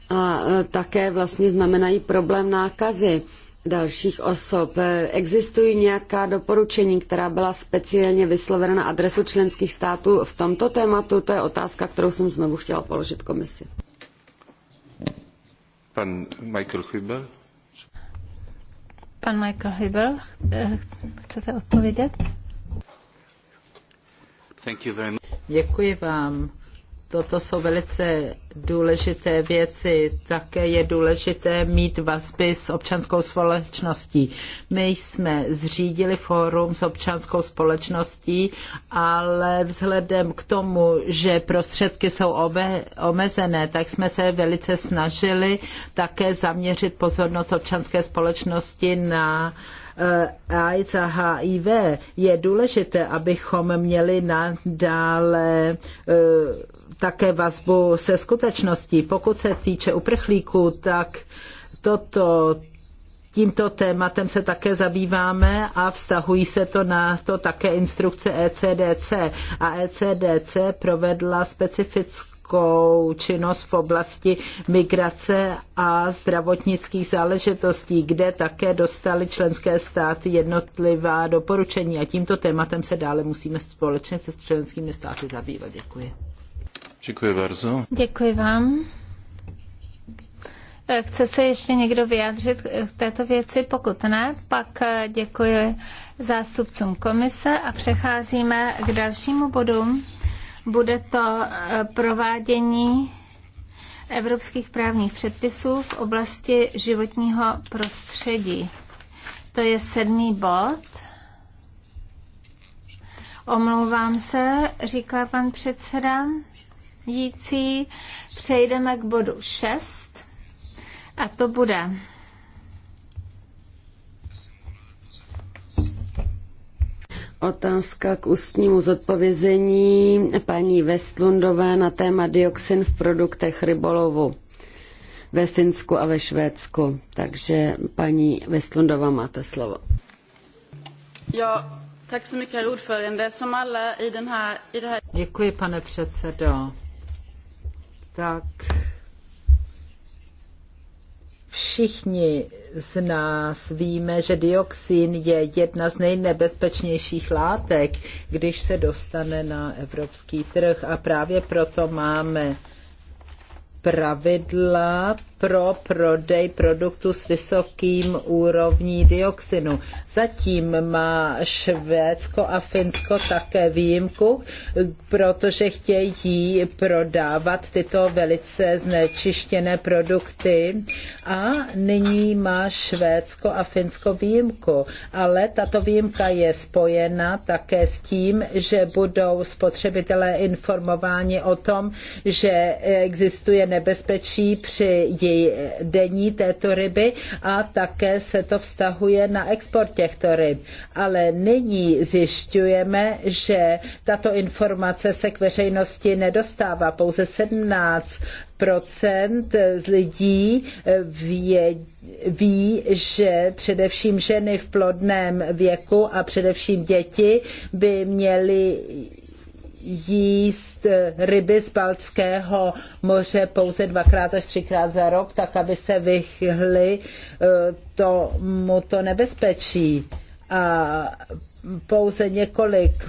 A e, také vlastně znamenají problém nákazy dalších osob. E, existují nějaká doporučení, která byla speciálně vyslovena na adresu členských států v tomto tématu? To je otázka, kterou jsem znovu chtěla položit komisi. Pan Michael Hübel. Pan Michael Hübel, eh, chcete odpovědět? Thank you very much. Děkuji vám. Toto jsou velice důležité věci. Také je důležité mít vazby s občanskou společností. My jsme zřídili fórum s občanskou společností, ale vzhledem k tomu, že prostředky jsou omezené, tak jsme se velice snažili také zaměřit pozornost občanské společnosti na eh, AIDS a HIV, je důležité, abychom měli nadále eh, také vazbu se skutečností. Pokud se týče uprchlíků, tak toto Tímto tématem se také zabýváme a vztahují se to na to také instrukce ECDC. A ECDC provedla specifickou činnost v oblasti migrace a zdravotnických záležitostí, kde také dostali členské státy jednotlivá doporučení. A tímto tématem se dále musíme společně se členskými státy zabývat. Děkuji. Děkuji bardzo. Děkuji vám. Eh, Chce se ještě někdo vyjádřit k této věci? Pokud ne, pak eh, děkuji zástupcům komise a přecházíme k dalšímu bodu. Bude to eh, provádění evropských právních předpisů v oblasti životního prostředí. To je sedmý bod. Omlouvám se, říká pan předseda jící přejdeme k bodu 6 a to bude Otázka k ústnímu zodpovězení paní Vestlundové na téma dioxin v produktech rybolovu ve Finsku a ve Švédsku. Takže paní Vestlundová, máte slovo. Děkuji, pane předsedo tak všichni z nás víme, že dioxin je jedna z nejnebezpečnějších látek, když se dostane na evropský trh a právě proto máme pravidla pro prodej produktů s vysokým úrovní dioxinu. Zatím má Švédsko a Finsko také výjimku, protože chtějí prodávat tyto velice znečištěné produkty a nyní má Švédsko a Finsko výjimku. Ale tato výjimka je spojena také s tím, že budou spotřebitelé informováni o tom, že existuje nebezpečí při jejich denní této ryby a také se to vztahuje na export těchto ryb. Ale nyní zjišťujeme, že tato informace se k veřejnosti nedostává. Pouze 17 procent z lidí eh, vě, ví, že především ženy v plodném věku a především děti by měly jíst ryby z Baltského moře pouze dvakrát až třikrát za rok, tak aby se vyhly eh, tomuto nebezpečí a pouze několik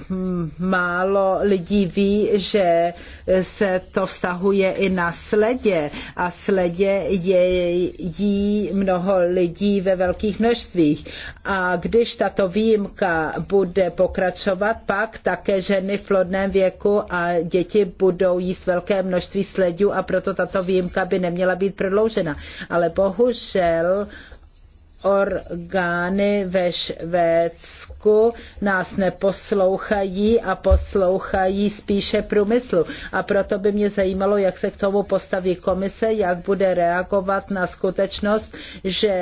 málo lidí ví, že se to vztahuje i na sledě a sledě je jí mnoho lidí ve velkých množstvích. A když tato výjimka bude pokračovat, pak také ženy v plodném věku a děti budou jíst velké množství sledů a proto tato výjimka by neměla být prodloužena. Ale bohužel orgány ve Švédsku nás neposlouchají a poslouchají spíše průmyslu. A proto by mě zajímalo, jak se k tomu postaví komise, jak bude reagovat na skutečnost, že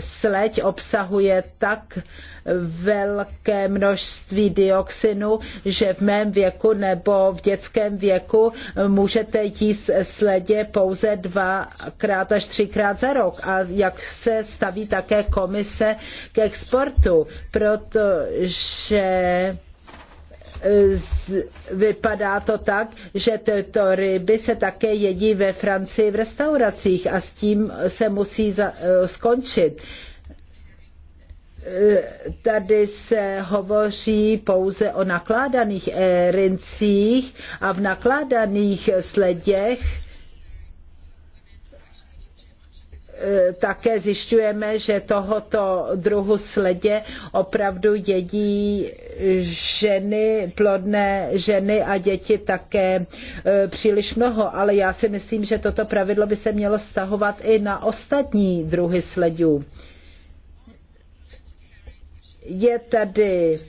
sleď obsahuje tak velké množství dioxinu, že v mém věku nebo v dětském věku můžete jíst sledě pouze dvakrát až třikrát za rok. A jak se staví také komise k exportu, protože e, vypadá to tak, že tyto ryby se také jedí ve Francii v restauracích a s tím se musí e, skončit e, tady se hovoří pouze o nakládaných rincích a v nakládaných sleděch Eh, také zjišťujeme, že tohoto druhu sledě opravdu jedí ženy, plodné ženy a děti také eh, příliš mnoho, ale já si myslím, že toto pravidlo by se mělo stahovat i na ostatní druhy sledů. Je tady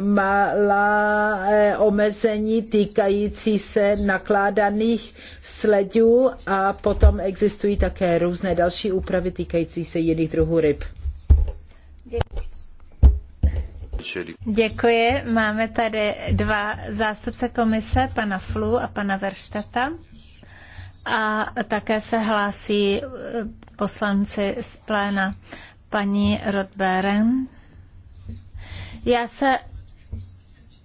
malá eh, omezení týkající se nakládaných sledů a potom existují také různé další úpravy týkající se jiných druhů ryb. Děkuji. Máme tady dva zástupce komise, pana Flu a pana Verštata. A také se hlásí eh, poslanci z pléna paní Rodberen. Já se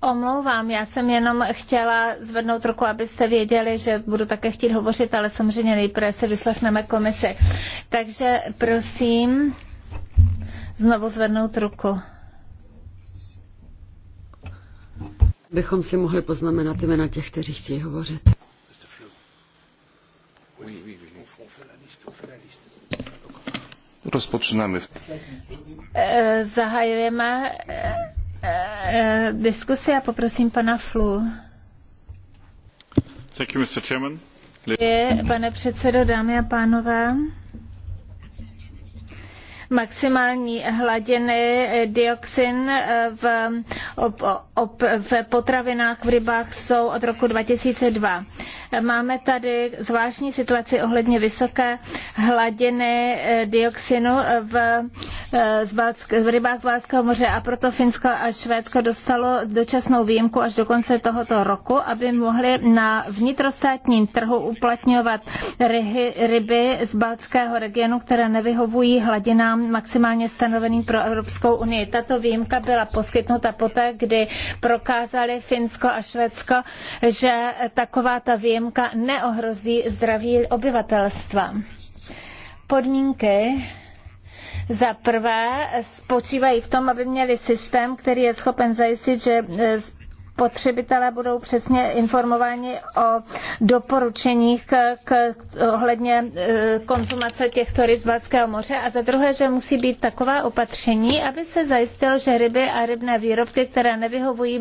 omlouvám, já jsem jenom chtěla zvednout ruku, abyste věděli, že budu také chtít hovořit, ale samozřejmě nejprve se vyslechneme komisi. Takže prosím znovu zvednout ruku. Bychom si mohli poznamenat jména těch, kteří chtějí hovořit. Rozpočínáme. Eh, zahajujeme eh, Eh, eh, diskusi a poprosím pana Flu. Thank you, Mr. Chairman. Pane předsedo, dámy a pánové, maximální hladiny eh, dioxin eh, v, v potravinách v rybách jsou od roku 2002. Máme tady zvláštní situaci ohledně vysoké hladiny eh, dioxinu v, v rybách z Balckého moře a proto Finsko a Švédsko dostalo dočasnou výjimku až do konce tohoto roku, aby mohli na vnitrostátním trhu uplatňovat ryhy, ryby z Balckého regionu, které nevyhovují hladinám výjimkám maximálně stanoveným pro Evropskou unii. Tato výjimka byla poskytnuta poté, kdy prokázali Finsko a Švédsko, že taková ta výjimka neohrozí zdraví obyvatelstva. Podmínky za prvé spočívají v tom, aby měli systém, který je schopen zajistit, že spotřebitelé budou přesně informováni o doporučeních k, k, ohledně e, konzumace těchto ryb z Balckého moře a za druhé, že musí být taková opatření, aby se zajistilo, že ryby a rybné výrobky, které nevyhovují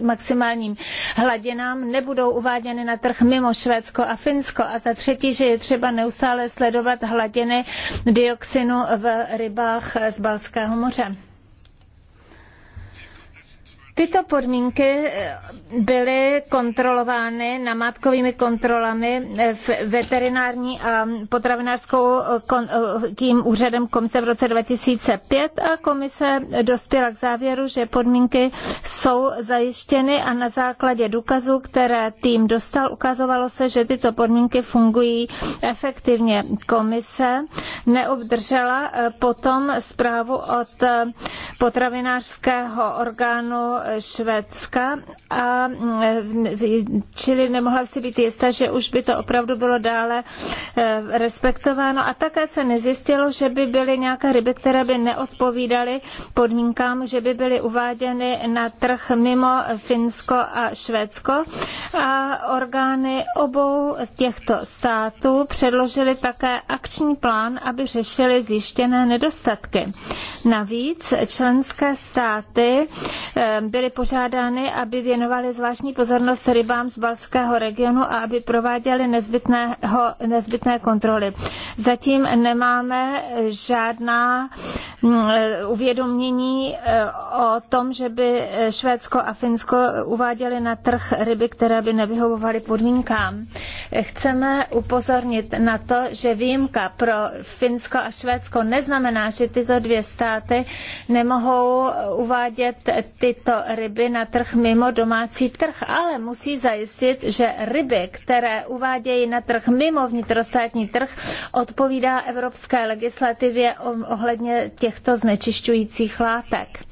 maximálním hladinám, nebudou uváděny na trh mimo Švédsko a Finsko a za třetí, že je třeba neustále sledovat hladiny dioxinu v rybách z Balckého moře. Tyto podmínky eh, byly kontrolovány namátkovými kontrolami eh, v veterinární a potravinářskou eh, tím úřadem komise v roce 2005 a komise dospěla k závěru, že podmínky jsou zajištěny a na základě důkazů, které tým dostal, ukazovalo se, že tyto podmínky fungují efektivně. Komise neobdržela potom zprávu od potravinářského orgánu Švédska a mm, čili nemohla si být jistá, že už by to opravdu bylo dále eh, respektováno a také se nezjistilo, že by byly nějaké ryby, které by neodpovídaly podmínkám, že by byly uváděny na trh mimo Finsko a Švédsko a orgány obou těchto států předložily také akční plán, aby řešili zjištěné nedostatky. Navíc členské státy eh, byly požádány, aby věnovali zvláštní pozornost rybám z Balského regionu a aby prováděli nezbytného, nezbytné kontroly. Zatím nemáme žádná mm, uvědomění eh, o tom, že by Švédsko a Finsko uváděly na trh ryby, které by nevyhovovaly podmínkám. Chceme upozornit na to, že výjimka pro Finsko a Švédsko neznamená, že tyto dvě státy nemohou uvádět tyto ryby na trh mimo domácí trh, ale musí zajistit, že ryby, které uvádějí na trh mimo vnitrostátní trh, odpovídá evropské legislativě ohledně těchto znečišťujících látek.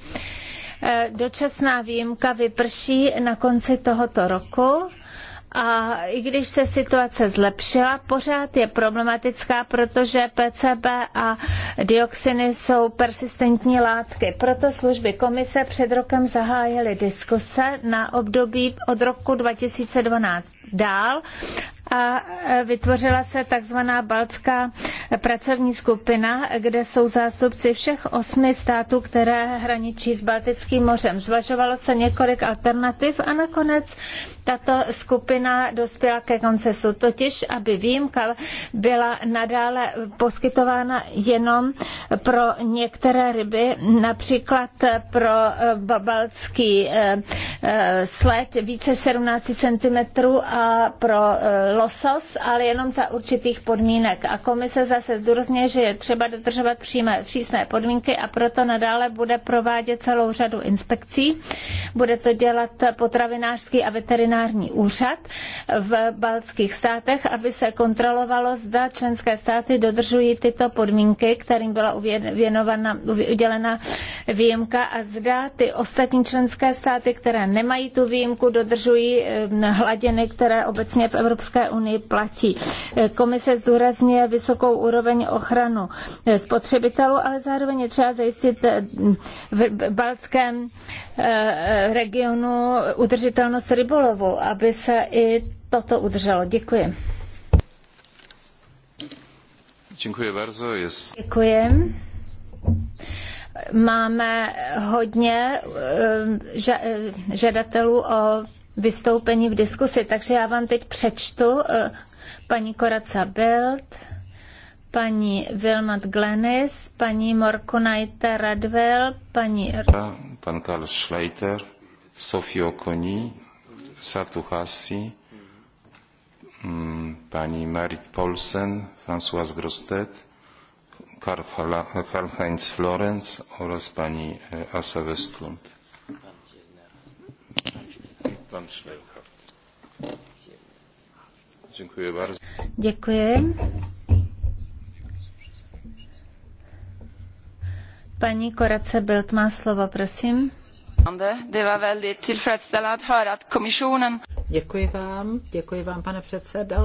E, dočasná výjimka vyprší na konci tohoto roku a i když se situace zlepšila, pořád je problematická, protože PCB a dioxiny jsou persistentní látky. Proto služby komise před rokem zahájily diskuse na období od roku 2012 dál a vytvořila se takzvaná Baltská pracovní skupina, kde jsou zástupci všech osmi států, které hraničí s Baltickým mořem. Zvažovalo se několik alternativ a nakonec tato skupina dospěla ke koncesu, totiž aby výjimka byla nadále poskytována jenom pro některé ryby, například pro eh, babalský eh, eh, sled více 17 cm a pro losos, ale jenom za určitých podmínek. A komise zase zdůrazně, že je třeba dodržovat přímé, přísné podmínky a proto nadále bude provádět celou řadu inspekcí. Bude to dělat potravinářský a veterinární úřad v baltských státech, aby se kontrolovalo, zda členské státy dodržují tyto podmínky, kterým byla věnovaná, udělena výjimka a zda ty ostatní členské státy, které nemají tu výjimku, dodržují eh, hladiny, které obecně v Evropské Evropské unii platí. Komise zdůrazňuje vysokou úroveň ochranu eh, spotřebitelů, ale zároveň je třeba zajistit eh, v balckém eh, regionu udržitelnost rybolovu, aby se i toto udrželo. Děkuji. Děkuji bardzo. Jest... Děkuji. Máme hodně žadatelů o vystoupení v diskusi. Takže já vám teď přečtu eh, paní Koraca Belt, paní Vilmat Glenis, paní Morkonajta Radwell, paní... Pan Karl Schleiter, Sofie Koní, Satu Hassi, mm, paní Marit Paulsen, François Grostet, Karl-Heinz Florenz oraz paní e, Asa Westlund. Pan Švejcha. Děkuji bardzo. Děkuji. Paní Korace Bild má slovo, prosím. Děkuji vám, děkuji vám, pane předsedo.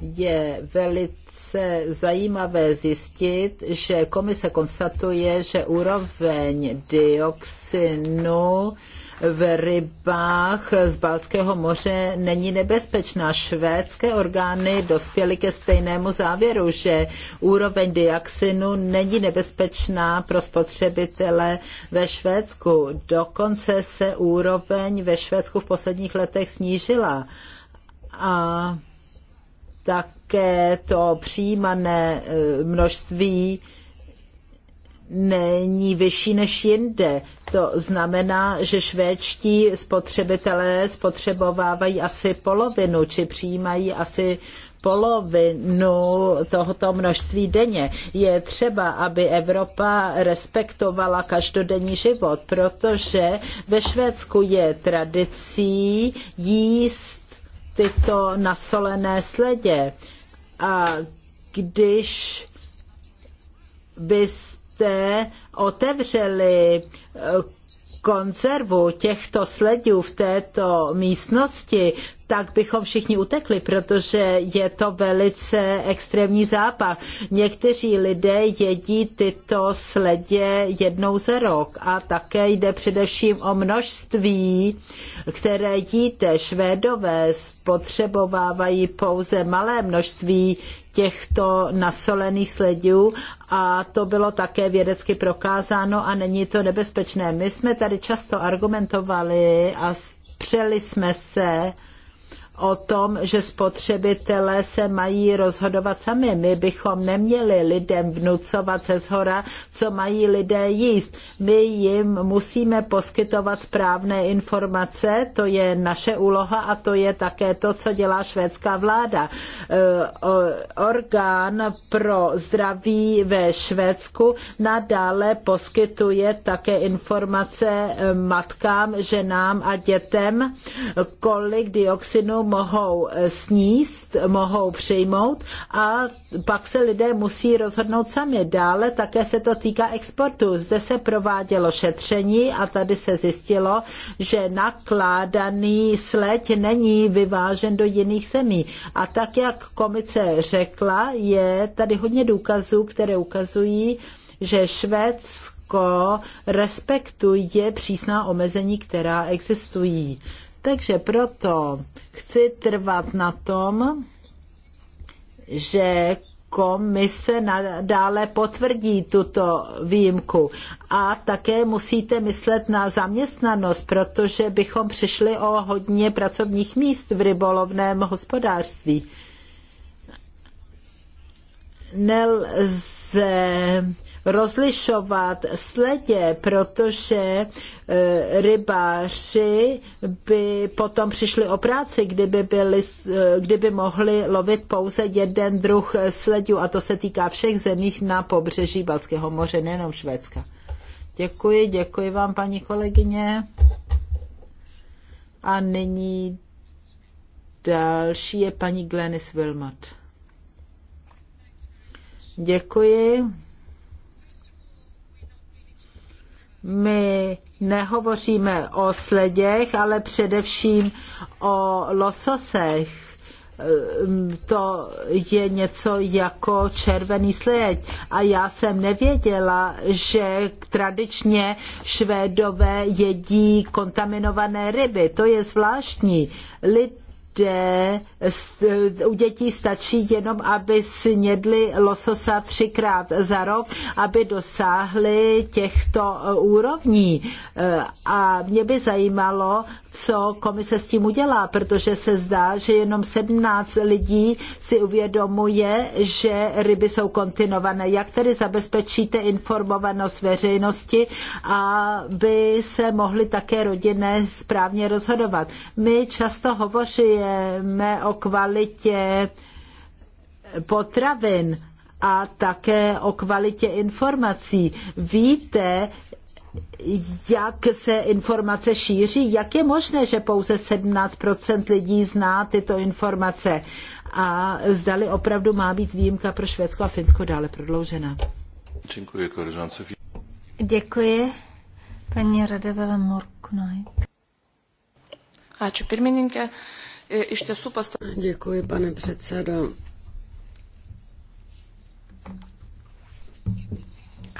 Je velice zajímavé zjistit, že komise konstatuje, že úroveň dioxinu v rybách z Balckého moře není nebezpečná. Švédské orgány dospěly ke stejnému závěru, že úroveň dioxinu není nebezpečná pro spotřebitele ve Švédsku. Dokonce se úroveň ve Švédsku v posledních letech snížila. A také to přijímané eh, množství není vyšší než jinde. To znamená, že švédští spotřebitelé spotřebovávají asi polovinu, či přijímají asi polovinu tohoto množství denně. Je třeba, aby Evropa respektovala každodenní život, protože ve Švédsku je tradicí jíst tyto nasolené sledě. A když bys jste otevřeli eh, konzervu těchto sledů v této místnosti, tak bychom všichni utekli, protože je to velice extrémní zápach. Někteří lidé jedí tyto sledě jednou za rok a také jde především o množství, které jíte. Švédové spotřebovávají pouze malé množství těchto nasolených sledů a to bylo také vědecky prokázáno a není to nebezpečné. My jsme tady často argumentovali a přeli jsme se, o tom, že spotřebitelé se mají rozhodovat sami. My bychom neměli lidem vnucovat ze zhora, co mají lidé jíst. My jim musíme poskytovat správné informace, to je naše úloha a to je také to, co dělá švédská vláda. E, orgán pro zdraví ve Švédsku nadále poskytuje také informace e, matkám, ženám a dětem, kolik dioxinu mohou eh, sníst, mohou přijmout a pak se lidé musí rozhodnout sami. Dále také se to týká exportu. Zde se provádělo šetření a tady se zjistilo, že nakládaný sleď není vyvážen do jiných zemí. A tak, jak komice řekla, je tady hodně důkazů, které ukazují, že Švédsko respektuje přísná omezení, která existují. Takže proto chci trvat na tom, že komise nadále potvrdí tuto výjimku. A také musíte myslet na zaměstnanost, protože bychom přišli o hodně pracovních míst v rybolovném hospodářství. Nelze rozlišovat sledě, protože eh, rybáři by potom přišli o práci, kdyby, byli, eh, kdyby mohli lovit pouze jeden druh sledů a to se týká všech zemích na pobřeží Balckého moře, nejenom Švédska. Děkuji, děkuji vám, paní kolegyně. A nyní další je paní Glenis Wilmot. Děkuji. my nehovoříme o sleděch, ale především o lososech. Ehm, to je něco jako červený sled. A já jsem nevěděla, že tradičně Švédové jedí kontaminované ryby. To je zvláštní. Lid kde u dětí stačí jenom, aby snědli lososa třikrát za rok, aby dosáhli těchto e, úrovní. E, a mě by zajímalo, co komise s tím udělá, protože se zdá, že jenom 17 lidí si uvědomuje, že ryby jsou kontinované. Jak tedy zabezpečíte informovanost veřejnosti, aby se mohly také rodiny správně rozhodovat? My často hovoříme mluvíme o kvalitě potravin a také o kvalitě informací. Víte, jak se informace šíří, jak je možné, že pouze 17% lidí zná tyto informace a zdali opravdu má být výjimka pro Švédsko a Finsko dále prodloužena. Děkuji, Děkuji, paní Radevele Morknoj. Ačiū pirmininkė iš tiesų Děkuji, pane předsedo.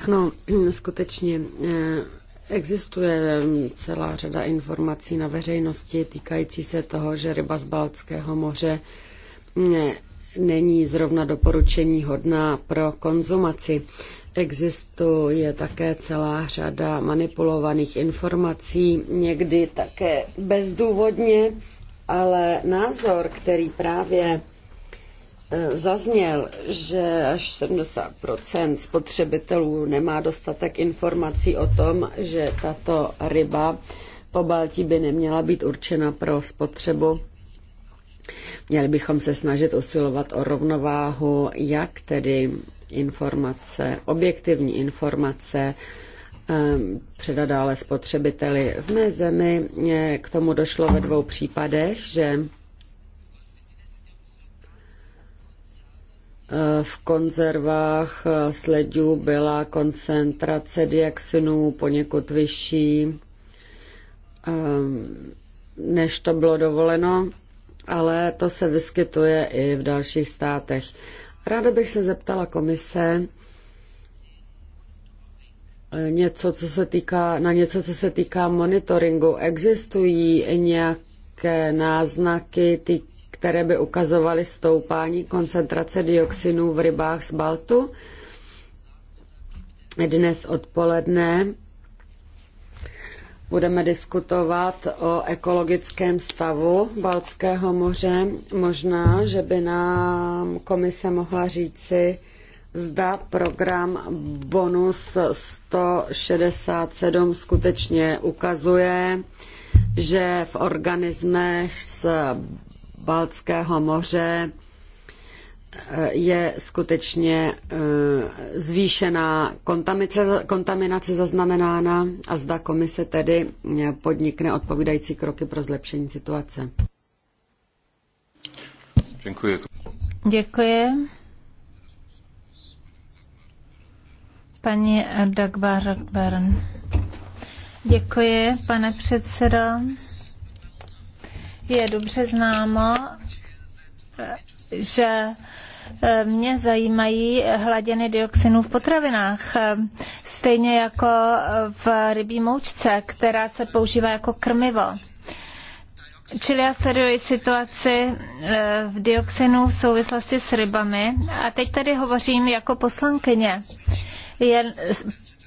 Ano, skutečně eh, existuje eh, celá řada informací na veřejnosti týkající se toho, že ryba z Baltského moře mm, není zrovna doporučení hodná pro konzumaci. Existuje také celá řada manipulovaných informací, někdy také bezdůvodně ale názor, který právě e, zazněl, že až 70% spotřebitelů nemá dostatek informací o tom, že tato ryba po Baltí by neměla být určena pro spotřebu. Měli bychom se snažit usilovat o rovnováhu, jak tedy informace, objektivní informace, Ehm, předat dále spotřebiteli. V mé zemi eh, k tomu došlo ve dvou případech, že eh, v konzervách eh, sledů byla koncentrace dioxinů poněkud vyšší, ehm, než to bylo dovoleno, ale to se vyskytuje i v dalších státech. Ráda bych se zeptala komise, něco, co se týká, na něco, co se týká monitoringu. Existují nějaké náznaky, ty, které by ukazovaly stoupání koncentrace dioxinů v rybách z Baltu? Dnes odpoledne budeme diskutovat o ekologickém stavu Baltského moře. Možná, že by nám komise mohla říci, zda program Bonus 167 skutečně ukazuje, že v organismech z Baltského moře eh, je skutečně eh, zvýšená kontaminace, kontaminace zaznamenána a zda komise tedy eh, podnikne odpovídající kroky pro zlepšení situace. Děkuji. Děkuji. Paní Dagmar Bern, Děkuji, pane předsedo. Je dobře známo, že eh, mě zajímají hladiny dioxinů v potravinách, eh, stejně jako eh, v rybí moučce, která se používá jako krmivo. Čili já sleduji situaci v dioxinu v souvislosti s rybami a teď tady hovořím jako poslankyně jen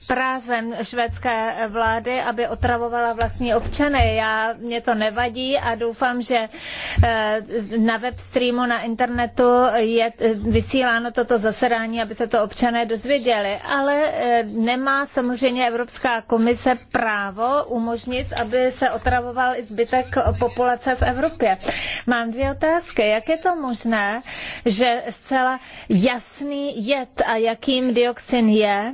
prázem švédské vlády, aby otravovala vlastní občany. Já, mě to nevadí a doufám, že eh, na webstreamu na internetu je eh, vysíláno toto zasedání, aby se to občané dozvěděli. Ale eh, nemá samozřejmě Evropská komise právo umožnit, aby se otravoval i zbytek populace v Evropě. Mám dvě otázky. Jak je to možné, že zcela jasný jed a jakým dioxin je,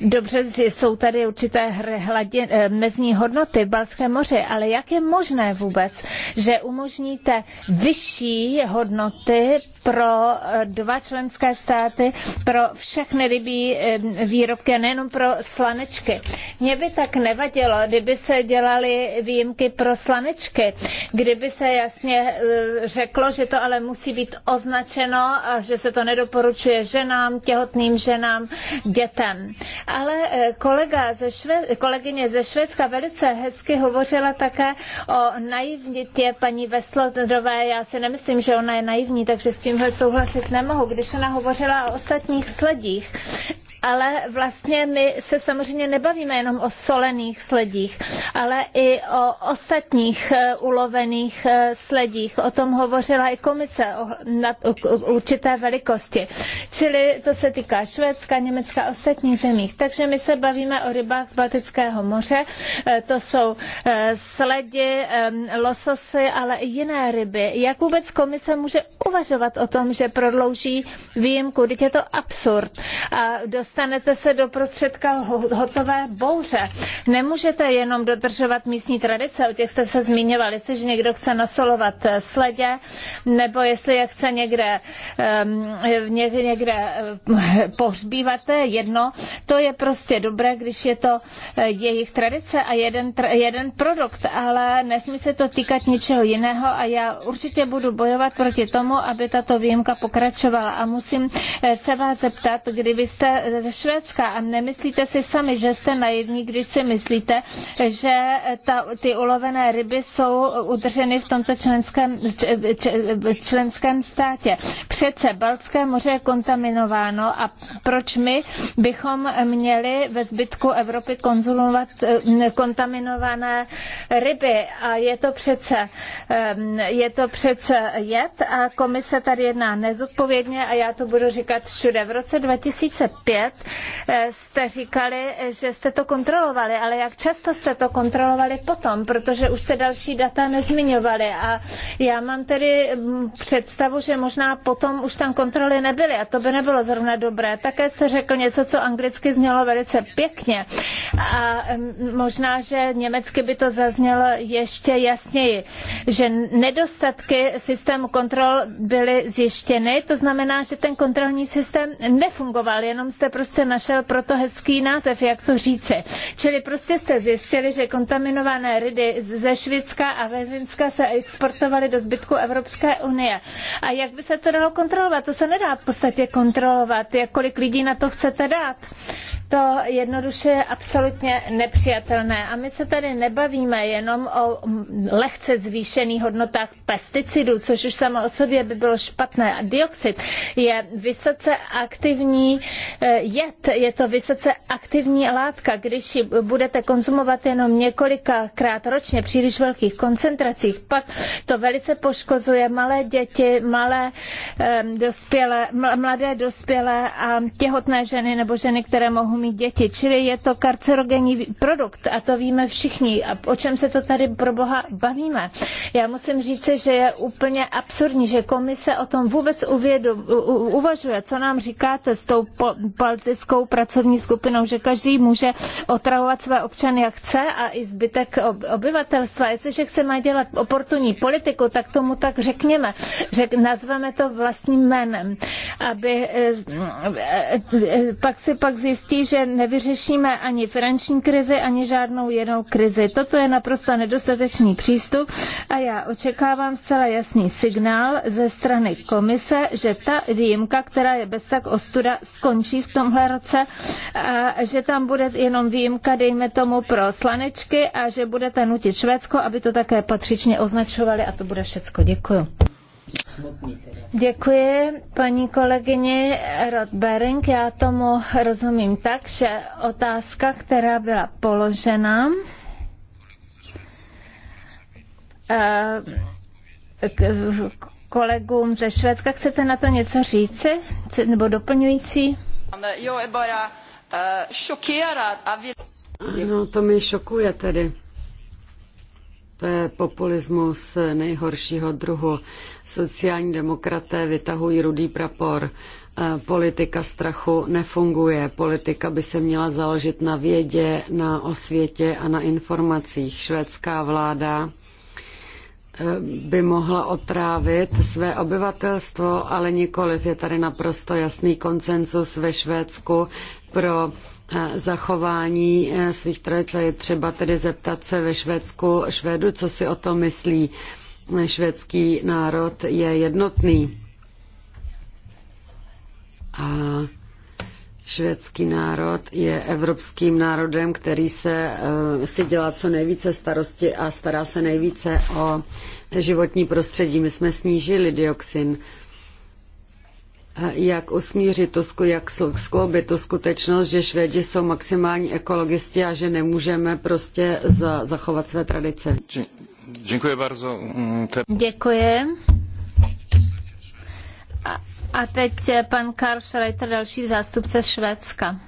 dobře, jsou tady určité hladě, eh, mezní hodnoty Balské moře, ale jak je možné vůbec, že umožníte vyšší hodnoty pro eh, dva členské státy, pro všechny rybí výrobky a nejenom pro slanečky? Mně by tak nevadilo, kdyby se dělaly výjimky pro slanečky, kdyby se jasně eh, řeklo, že to ale musí být označeno a že se to nedoporučuje ženám, těhotným ženám, dětem. Ale eh, kolega ze Šve, kolegyně ze Švédska velice hezky hovořila také o naivnitě paní Veslodrové. Já si nemyslím, že ona je naivní, takže s tímhle souhlasit nemohu, když ona hovořila o ostatních sledích ale vlastně my se samozřejmě nebavíme jenom o solených sledích, ale i o ostatních eh, ulovených eh, sledích. O tom hovořila i komise na určité velikosti. Čili to se týká Švédska, Německa a ostatních zemích. Takže my se bavíme o rybách z Baltického moře. Eh, to jsou sledi, lososy, ale i jiné ryby. Jak vůbec komise může uvažovat o tom, že prodlouží výjimku? Teď je to absurd. A dost dostanete se do prostředka hotové bouře. Nemůžete jenom dodržovat místní tradice, o těch jste se zmiňoval, jestliže někdo chce nasolovat eh, sledě, nebo jestli je chce někde, ehm, někde eh, pohřbívat, to je jedno. To je prostě dobré, když je to eh, jejich tradice a jeden, jeden produkt, ale nesmí se to týkat ničeho jiného a já určitě budu bojovat proti tomu, aby tato výjimka pokračovala. A musím se vás zeptat, kdybyste ze Švédska a nemyslíte si sami, že jste naivní, když si myslíte, že ta, ty ulovené ryby jsou udrženy v tomto členském, členském státě. Přece Baltské moře je kontaminováno a proč my bychom měli ve zbytku Evropy konzumovat eh, kontaminované ryby a je to přece, eh, je to přece jed a komise tady jedná nezodpovědně a já to budu říkat všude. V roce 2005 let eh, jste říkali, že jste to kontrolovali, ale jak často jste to kontrolovali potom, protože už jste další data nezmiňovali a já mám tedy mm, představu, že možná potom už tam kontroly nebyly a to by nebylo zrovna dobré. Také jste řekl něco, co anglicky znělo velice pěkně a mm, možná, že německy by to zaznělo ještě jasněji, že nedostatky systému kontrol byly zjištěny, to znamená, že ten kontrolní systém nefungoval, jenom jste prostě našel proto hezký název, jak to říci. Čili prostě jste zjistili, že kontaminované ryby ze Švédska a ve se exportovaly do zbytku Evropské unie. A jak by se to dalo kontrolovat? To se nedá v podstatě kontrolovat, jak kolik lidí na to chcete dát to jednoduše je absolutně nepřijatelné. A my se tady nebavíme jenom o lehce zvýšených hodnotách pesticidů, což už samo o sobě by bylo špatné. A dioxid je vysoce aktivní eh, jed, je to vysoce aktivní látka. Když ji budete konzumovat jenom několikrát ročně, příliš velkých koncentracích, pak to velice poškozuje malé děti, malé eh, dospělé, mladé dospělé a těhotné ženy nebo ženy, které mohou mohou mít děti. Čili je to karcerogenní produkt a to víme všichni. A o čem se to tady pro boha bavíme? Já musím říci, že je úplně absurdní, že komise o tom vůbec uvědu, uvažuje. Co nám říkáte s tou baltickou pracovní skupinou, že každý může otravovat své občany, jak chce a i zbytek obyvatelstva. Jestliže chceme dělat oportunní politiku, tak tomu tak řekněme. Řek, nazveme to vlastním jménem, aby eh, eh, eh, pak si pak zjistí, že nevyřešíme ani finanční krizi, ani žádnou jinou krizi. Toto je naprosto nedostatečný přístup a já očekávám zcela jasný signál ze strany komise, že ta výjimka, která je bez tak ostuda, skončí v tomhle roce a že tam bude jenom výjimka, dejme tomu, pro slanečky a že budete nutit Švédsko, aby to také patřičně označovali a to bude všecko. Děkuji. Děkuji, paní kolegyně Rod Já tomu rozumím tak, že otázka, která byla položena, eh, kolegům ze Švédska, chcete na to něco říci? Nebo doplňující? No, to mě šokuje tedy populismus nejhoršího druhu. Sociální demokraté vytahují rudý prapor. E, politika strachu nefunguje. Politika by se měla založit na vědě, na osvětě a na informacích. Švédská vláda e, by mohla otrávit své obyvatelstvo, ale nikoliv je tady naprosto jasný konsenzus ve Švédsku pro zachování eh, svých tradic je třeba tedy zeptat se ve Švédsku Švédu, co si o tom myslí. Švédský národ je jednotný. A švédský národ je evropským národem, který se, eh, si dělá co nejvíce starosti a stará se nejvíce o životní prostředí. My jsme snížili dioxin jak usmířit Tusku, jak skloubit tu skutečnost, že Švédi jsou maximální ekologisti a že nemůžeme prostě za, zachovat své tradice. Děkuji bardzo. Děkuji. A, a teď pan Karl Schreiter, další zástupce Švédska.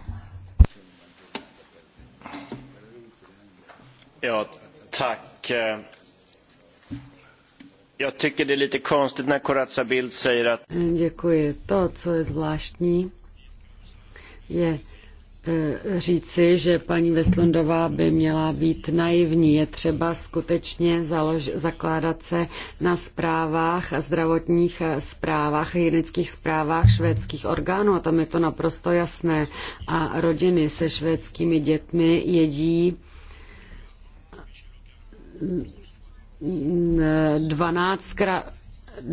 Jo, tak eh, Jag tycker det är lite konstigt när Corazza Bildt säger att... Mm, děkuji. To, co je zvláštní, je eh, říci, že paní Veslundová by měla být naivní. Je třeba skutečně založ, zakládat se na zprávách, zdravotních eh, zprávách, hygienických zprávách švédských orgánů a tam je to naprosto jasné. A rodiny se švédskými dětmi jedí 12krát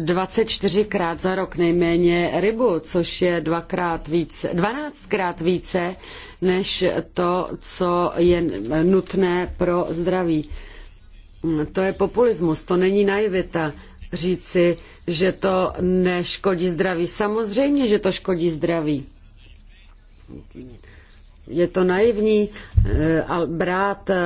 24krát za rok nejméně rybu, což je dvakrát více, 12krát více než to, co je nutné pro zdraví. To je populismus, to není naivita říci, že to neškodí zdraví. Samozřejmě, že to škodí zdraví je to naivní eh, ale brát eh,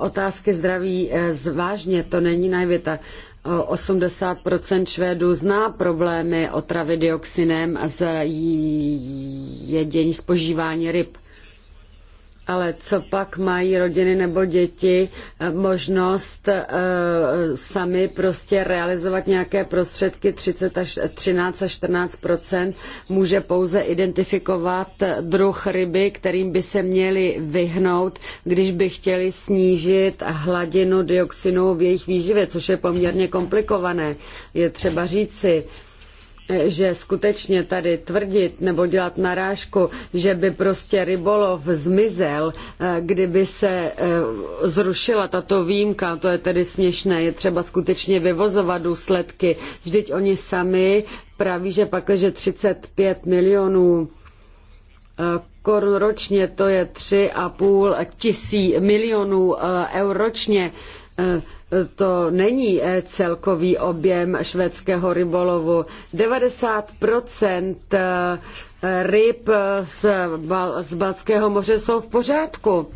otázky zdraví eh, zvážně, to není naivita. 80% Švédů zná problémy otravy dioxinem z jedění, z požívání ryb. Ale co pak mají rodiny nebo děti eh, možnost uh, sami prostě realizovat nějaké prostředky 30 až 13 až 14 může pouze identifikovat eh, druh ryby, kterým by se měli vyhnout, když by chtěli snížit hladinu dioxinu v jejich výživě, což je poměrně komplikované. Je třeba říci, že skutečně tady tvrdit nebo dělat narážku, že by prostě rybolov zmizel, eh, kdyby se eh, zrušila tato výjimka, to je tedy směšné, je třeba skutečně vyvozovat důsledky. Vždyť oni sami praví, že pakliže 35 milionů eh, korun ročně, to je 3,5 tisí milionů eur ročně, to není eh, celkový objem švédského rybolovu. 90 eh, ryb z, Bal- z balského moře jsou v pořádku.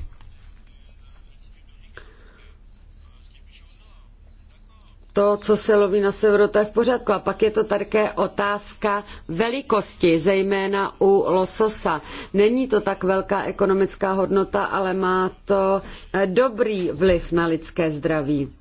To, co se loví na severu, to je v pořádku. A pak je to také otázka velikosti, zejména u lososa. Není to tak velká ekonomická hodnota, ale má to eh, dobrý vliv na lidské zdraví.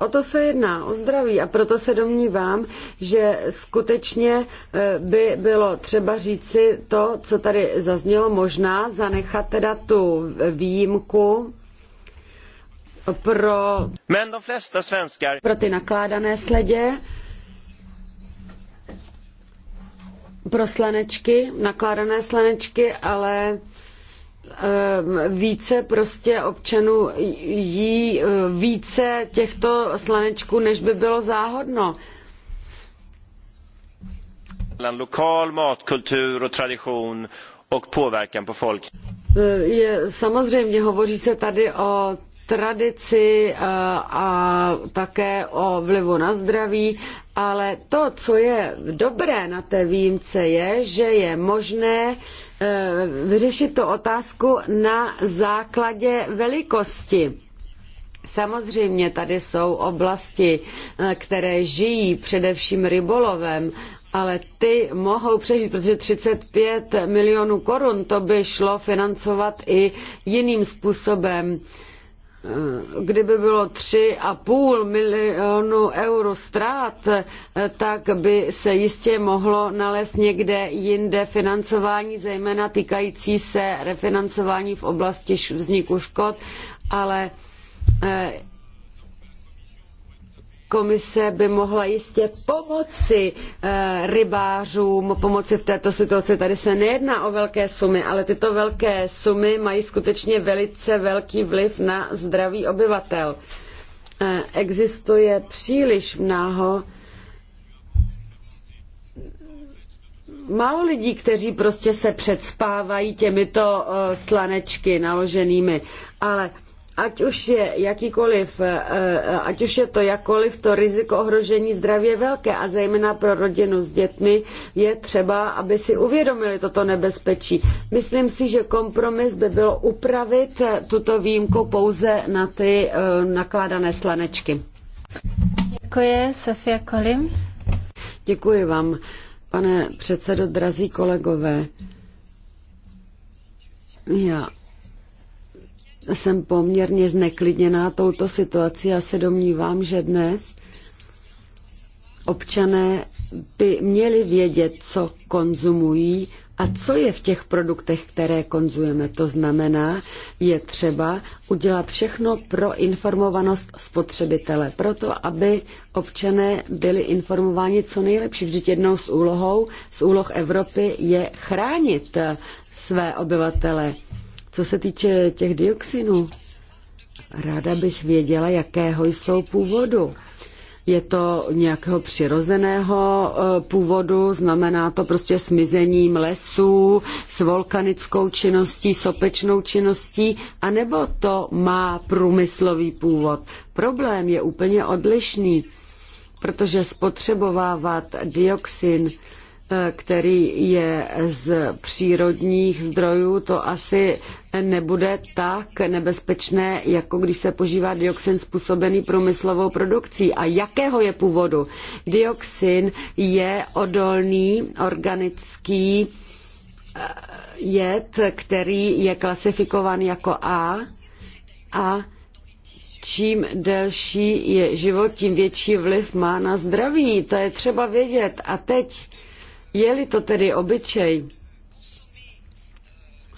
O to se jedná, o zdraví a proto se domnívám, že skutečně e, by bylo třeba říci to, co tady zaznělo, možná zanechat teda tu výjimku pro, pro ty nakládané sledě, pro slanečky, nakládané slanečky, ale Ehm, více prostě občanů jí eh, více těchto slanečků, než by bylo záhodno. Lokal matkultur a tradition och påverkan på folk. Eh, je, samozřejmě hovoří se tady o tradici a, eh, a také o vlivu na zdraví, ale to, co je dobré na té výjimce, je, že je možné Eh, vyřešit tu otázku na základě velikosti. Samozřejmě tady jsou oblasti, eh, které žijí především rybolovem, ale ty mohou přežít, protože 35 milionů korun to by šlo financovat i jiným způsobem. Uh, kdyby bylo 3,5 milionu euro ztrát, tak by se jistě mohlo nalézt někde jinde financování, zejména týkající se refinancování v oblasti vzniku škod, ale eh, komise by mohla jistě pomoci eh, rybářům, pomoci v této situaci. Tady se nejedná o velké sumy, ale tyto velké sumy mají skutečně velice velký vliv na zdraví obyvatel. Eh, existuje příliš mnoho málo lidí, kteří prostě se předspávají těmito eh, slanečky naloženými, ale ať už je jakýkoliv, eh, eh, ať už je to jakkoliv, to riziko ohrožení zdraví je velké a zejména pro rodinu s dětmi je třeba, aby si uvědomili toto nebezpečí. Myslím si, že kompromis by bylo upravit eh, tuto výjimku pouze na ty nakládané slanečky. Děkuji, Sofia Kolim. Děkuji vám, pane předsedo, drazí kolegové. Já jsem poměrně zneklidněná touto situací a se domnívám, že dnes občané by měli vědět, co konzumují a co je v těch produktech, které konzumujeme. To znamená, je třeba udělat všechno pro informovanost spotřebitele, proto aby občané byli informováni co nejlepší. Vždyť jednou z úlohou, z úloh Evropy je chránit své obyvatele co se týče těch dioxinů, ráda bych věděla, jakého jsou původu. Je to nějakého přirozeného eh, původu, znamená to prostě smizením lesů, s volkanickou činností, sopečnou činností, anebo to má průmyslový původ. Problém je úplně odlišný, protože spotřebovávat dioxin který je z přírodních zdrojů, to asi nebude tak nebezpečné, jako když se požívá dioxin způsobený průmyslovou produkcí. A jakého je původu? Dioxin je odolný organický eh, jed, který je klasifikován jako A a čím delší je život, tím větší vliv má na zdraví. To je třeba vědět. A teď je-li to tedy obyčej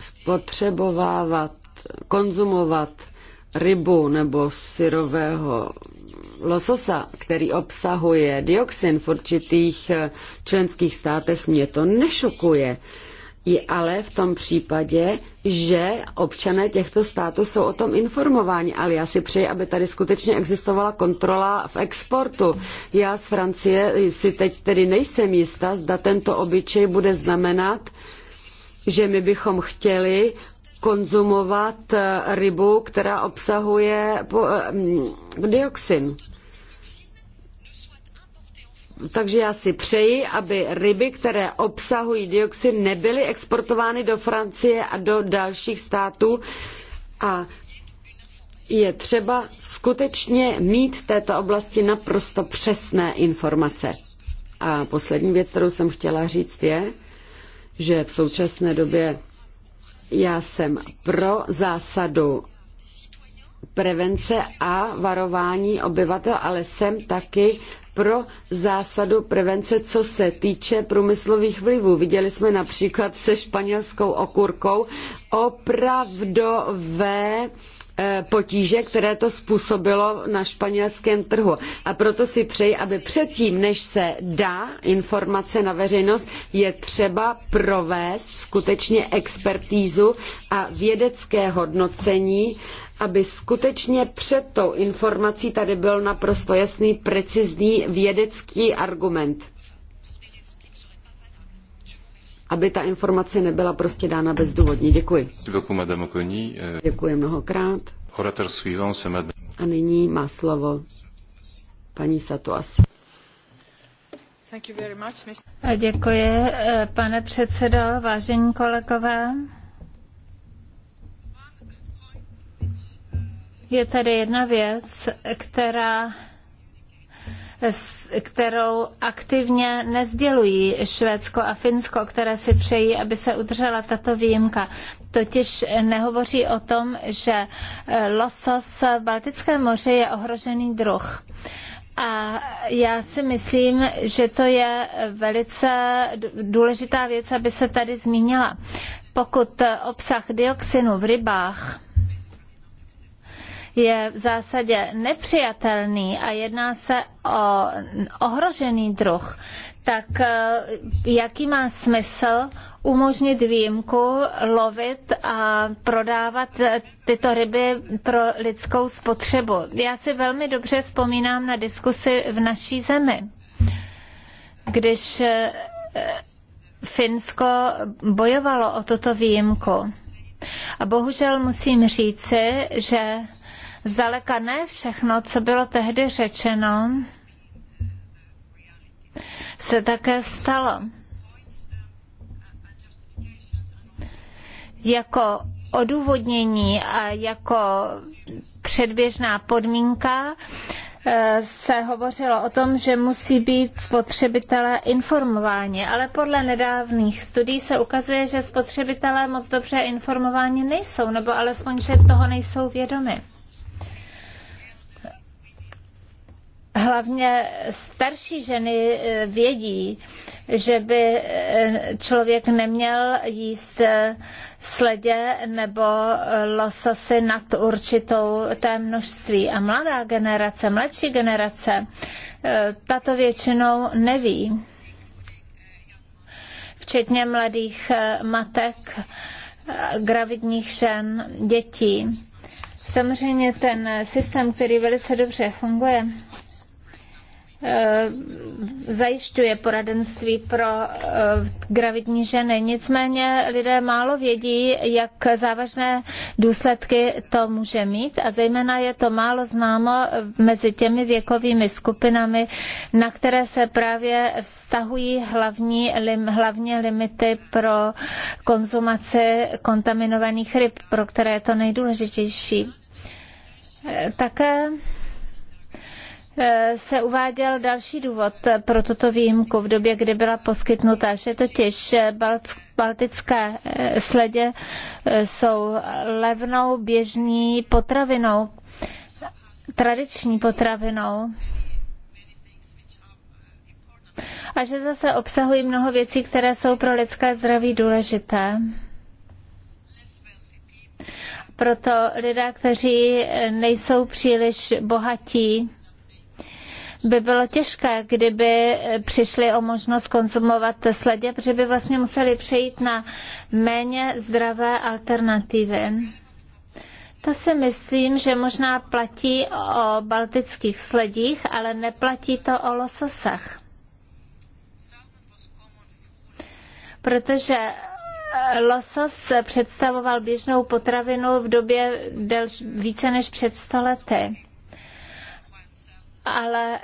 spotřebovávat, konzumovat rybu nebo syrového lososa, který obsahuje dioxin v určitých eh, členských státech, mě to nešokuje i ale v tom případě, že občané těchto států jsou o tom informováni. Ale já si přeji, aby tady skutečně existovala kontrola v exportu. Já z Francie si teď tedy nejsem jistá, zda tento obyčej bude znamenat, že my bychom chtěli konzumovat rybu, která obsahuje eh, mm, dioxin takže já si přeji, aby ryby, které obsahují dioxin, nebyly exportovány do Francie a do dalších států. A je třeba skutečně mít v této oblasti naprosto přesné informace. A poslední věc, kterou jsem chtěla říct, je, že v současné době já jsem pro zásadu prevence a varování obyvatel, ale jsem taky pro zásadu prevence, co se týče průmyslových vlivů. Viděli jsme například se španělskou okurkou opravdové eh, potíže, které to způsobilo na španělském trhu. A proto si přeji, aby předtím, než se dá informace na veřejnost, je třeba provést skutečně expertízu a vědecké hodnocení aby skutečně před tou informací tady byl naprosto jasný, precizní vědecký argument. Aby ta informace nebyla prostě dána bezdůvodně. Děkuji. Děkuji mnohokrát. A nyní má slovo paní Satuas. Děkuji, eh, pane předsedo, vážení kolegové. Je tady jedna věc, která kterou aktivně nezdělují Švédsko a Finsko, které si přejí, aby se udržela tato výjimka. Totiž nehovoří o tom, že eh, losos v Baltickém moři je ohrožený druh. A já si myslím, že to je velice důležitá věc, aby se tady zmínila. Pokud obsah dioxinu v rybách je v zásadě nepřijatelný a jedná se o ohrožený druh, tak eh, jaký má smysl umožnit výjimku lovit a prodávat eh, tyto ryby pro lidskou spotřebu? Já si velmi dobře vzpomínám na diskusi v naší zemi, když eh, Finsko bojovalo o tuto výjimku. A bohužel musím říci, že Zdaleka ne všechno, co bylo tehdy řečeno, se také stalo. Jako odůvodnění a jako předběžná podmínka eh, se hovořilo o tom, že musí být spotřebitelé informováni, ale podle nedávných studií se ukazuje, že spotřebitelé moc dobře informováni nejsou, nebo alespoň, že toho nejsou vědomi. hlavně starší ženy eh, vědí, že by eh, člověk neměl jíst eh, sledě nebo lososy nad určitou té množství. A mladá generace, mladší generace, tato většinou neví. Včetně mladých matek, gravidních žen, dětí. Samozřejmě ten systém, který velice dobře funguje, Eh, zajišťuje poradenství pro eh, gravidní ženy. Nicméně lidé málo vědí, jak závažné důsledky to může mít a zejména je to málo známo mezi těmi věkovými skupinami, na které se právě vztahují hlavní, lim, hlavně limity pro konzumaci kontaminovaných ryb, pro které je to nejdůležitější. Eh, také Eh, se uváděl další důvod pro tuto výjimku v době, kdy byla poskytnuta, že totiž eh, baltické eh, sledě jsou levnou běžní potravinou, tradiční potravinou a že zase obsahují mnoho věcí, které jsou pro lidské zdraví důležité. Proto lidé, kteří nejsou příliš bohatí, by bylo těžké, kdyby přišli o možnost konzumovat sledě, protože by vlastně museli přejít na méně zdravé alternativy. To si myslím, že možná platí o baltických sledích, ale neplatí to o lososech. Protože losos představoval běžnou potravinu v době delž, více než před lety, Ale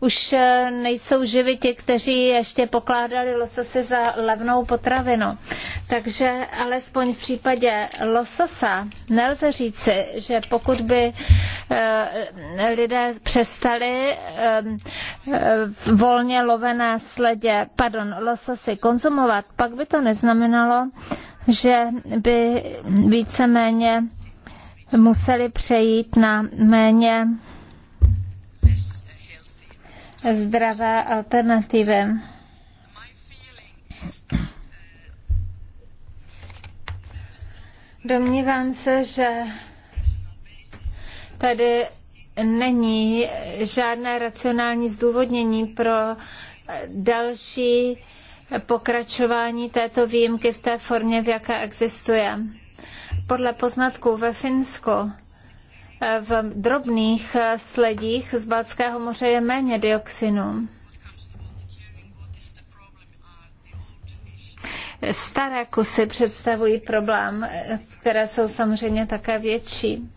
Už eh, nejsou živi ti, kteří ještě pokládali lososy za levnou potravinu. Takže alespoň v případě lososa nelze říci, že pokud by eh, lidé přestali eh, volně lovené sledě, pardon, lososy konzumovat, pak by to neznamenalo, že by víceméně museli přejít na méně zdravé alternativy. Domnívám se, že tady není žádné racionální zdůvodnění pro další pokračování této výjimky v té formě, v jaké existuje. Podle poznatků ve Finsku v drobných sledích z Balckého moře je méně dioxinu. Staré kusy představují problém, které jsou samozřejmě také větší.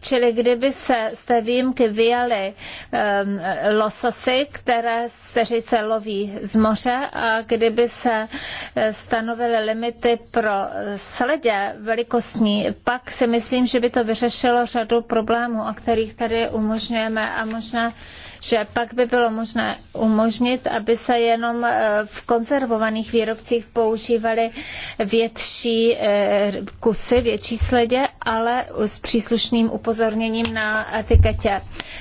Čili kdyby se z té výjimky vyjaly um, ehm, lososy, které kteří se loví z moře a kdyby se eh, stanovily limity pro eh, sledě velikostní, pak si myslím, že by to vyřešilo řadu problémů, o kterých tady umožňujeme a možná že pak by bylo možné umožnit, aby se jenom eh, v konzervovaných výrobcích používaly větší kusy, větší sledě ale s příslušným upozorněním na etiketě.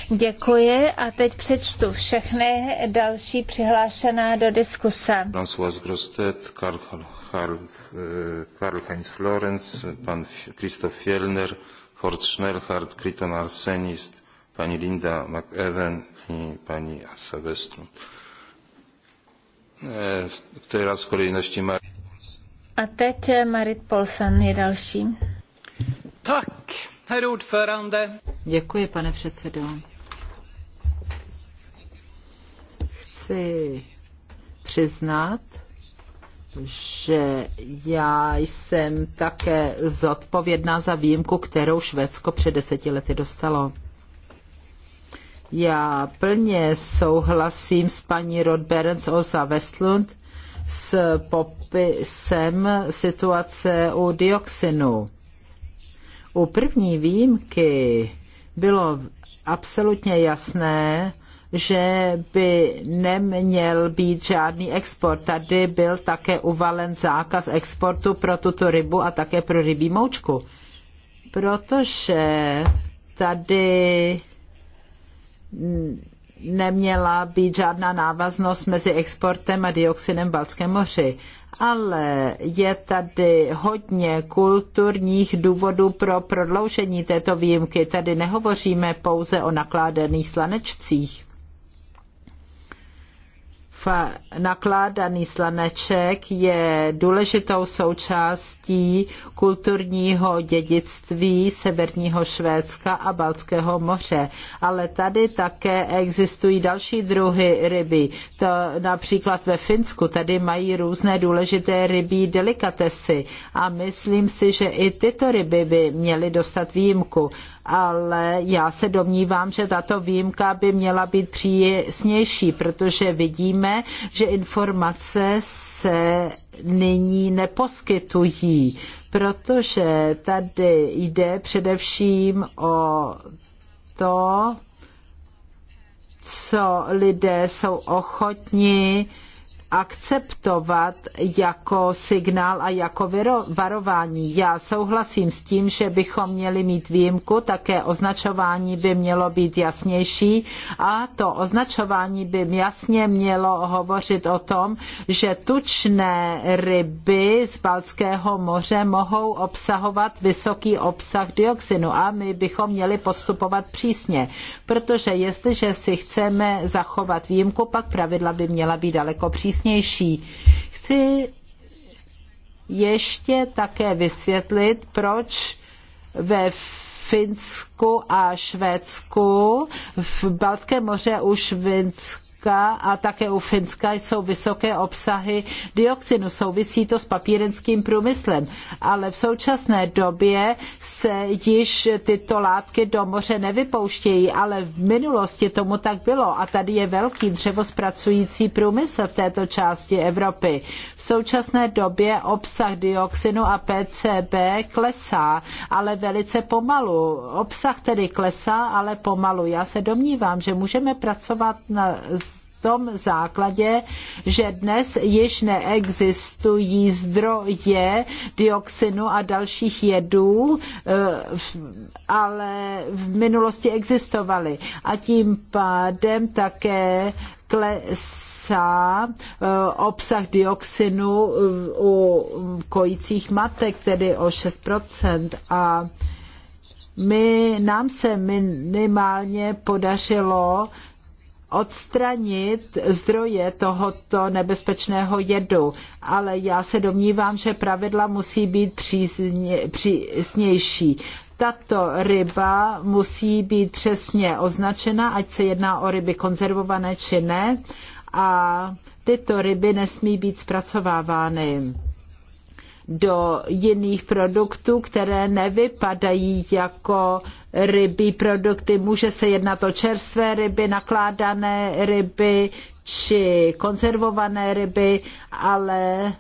Děkuji a teď přečtu všechny další přihlášené do diskuse. François Grostet, Karl, Karl, eh, Karl Heinz Florenz, pan Christoph Fjellner, Horst Schnellhardt, Kriton Arsenist, paní Linda McEwen i paní Asa Westlund. Eh, Teraz kolejności a teď Marit Polsen je další. Tak, Děkuji, pane předsedo. Chci přiznat, že já jsem také zodpovědná za výjimku, kterou Švédsko před deseti lety dostalo. Já plně souhlasím s paní Rodberens Osa Westlund s popisem situace u dioxinu. U první výjimky bylo absolutně jasné, že by neměl být žádný export. Tady byl také uvalen zákaz exportu pro tuto rybu a také pro rybí moučku. Protože tady neměla být žádná návaznost mezi exportem a dioxinem v Balckém moři. Ale je tady hodně kulturních důvodů pro prodloužení této výjimky. Tady nehovoříme pouze o nakládaných slanečcích nakládaný slaneček je důležitou součástí kulturního dědictví severního Švédska a Balckého moře. Ale tady také existují další druhy ryby. To například ve Finsku tady mají různé důležité rybí delikatesy a myslím si, že i tyto ryby by měly dostat výjimku. Ale já se domnívám, že tato výjimka by měla být přísnější, protože vidíme, víme, že informace se nyní neposkytují, protože tady jde především o to, co lidé jsou ochotni akceptovat jako signál a jako varování. Já souhlasím s tím, že bychom měli mít výjimku, také označování by mělo být jasnější a to označování by jasně mělo hovořit o tom, že tučné ryby z Baltského moře mohou obsahovat vysoký obsah dioxinu a my bychom měli postupovat přísně, protože jestliže si chceme zachovat výjimku, pak pravidla by měla být daleko přísnější přísnější. Chci ještě také vysvětlit, proč ve Finsku a Švédsku v Balckém moře už Finsku Ruska a také u Finska jsou vysoké obsahy dioxinu. Souvisí to s papírenským průmyslem. Ale v současné době se již tyto látky do moře nevypouštějí, ale v minulosti tomu tak bylo. A tady je velký dřevospracující průmysl v této části Evropy. V současné době obsah dioxinu a PCB klesá, ale velice pomalu. Obsah tedy klesá, ale pomalu. Já se domnívám, že můžeme pracovat na tom základě, že dnes již neexistují zdroje dioxinu a dalších jedů, eh, ale v minulosti existovaly. A tím pádem také klesá eh, obsah dioxinu eh, u kojících matek, tedy o 6%. A my, nám se minimálně podařilo odstranit zdroje tohoto nebezpečného jedu, ale já se domnívám, že pravidla musí být přísnější. Tato ryba musí být přesně označena, ať se jedná o ryby konzervované či ne, a tyto ryby nesmí být zpracovávány do jiných produktů, které nevypadají jako rybí produkty. Může se jednat o čerstvé ryby, nakládané ryby či konzervované ryby, ale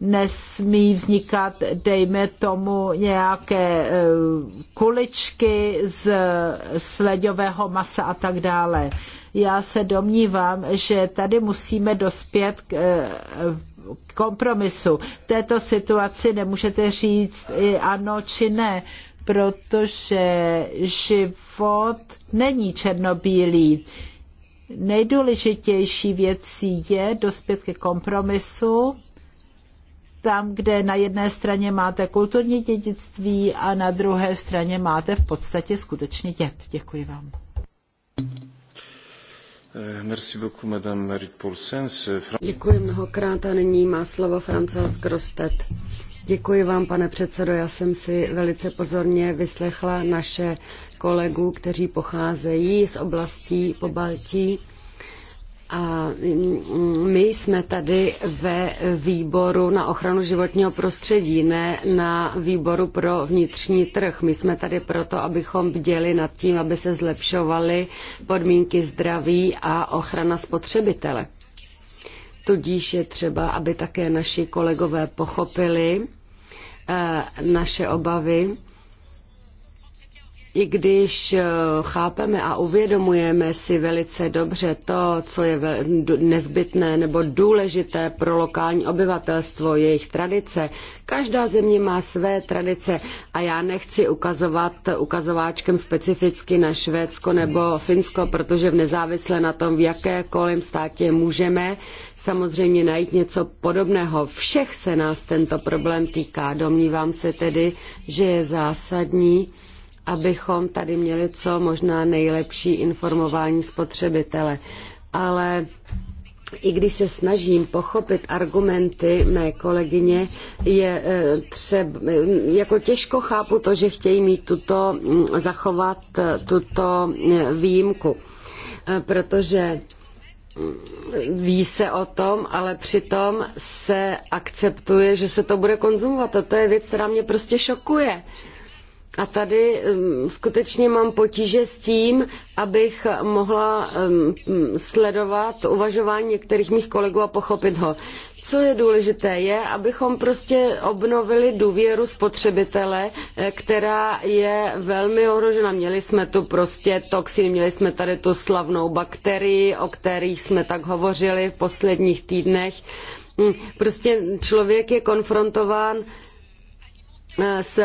nesmí vznikat, dejme tomu, nějaké e, kuličky z sledového masa a tak dále. Já se domnívám, že tady musíme dospět k e, kompromisu. V této situaci nemůžete říct ano či ne, protože život není černobílý. Nejdůležitější věcí je dospět ke kompromisu tam, kde na jedné straně máte kulturní dědictví a na druhé straně máte v podstatě skutečně dět. Děkuji vám. Eh, eh, Děkuji mnohokrát a nyní má slovo Francois Grostet. Děkuji vám, pane předsedo. Já jsem si velice pozorně vyslechla naše kolegů, kteří pocházejí z oblastí po Baltí a mm, mm, my jsme tady ve výboru na ochranu životního prostředí, ne na výboru pro vnitřní trh. My jsme tady proto, abychom bděli nad tím, aby se zlepšovaly podmínky zdraví a ochrana spotřebitele. Tudíž je třeba, aby také naši kolegové pochopili eh, naše obavy i když eh, chápeme a uvědomujeme si velice dobře to, co je nezbytné nebo důležité pro lokální obyvatelstvo, jejich tradice, každá země má své tradice a já nechci ukazovat ukazováčkem specificky na Švédsko nebo Finsko, protože v nezávisle na tom, v jakékoliv státě můžeme samozřejmě najít něco podobného. Všech se nás tento problém týká. Domnívám se tedy, že je zásadní, abychom tady měli co možná nejlepší informování spotřebitele. Ale i když se snažím pochopit argumenty mé kolegyně, je eh, třeba, eh, jako těžko chápu to, že chtějí mít tuto, mm, zachovat eh, tuto výjimku, protože mm, ví se o tom, ale přitom se akceptuje, že se to bude konzumovat. A to je věc, která mě prostě šokuje. A tady um, skutečně mám potíže s tím, abych mohla um, sledovat uvažování některých mých kolegů a pochopit ho. Co je důležité, je, abychom prostě obnovili důvěru spotřebitele, eh, která je velmi ohrožena. Měli jsme tu prostě toxin, měli jsme tady tu slavnou bakterii, o kterých jsme tak hovořili v posledních týdnech. Hm, prostě člověk je konfrontován s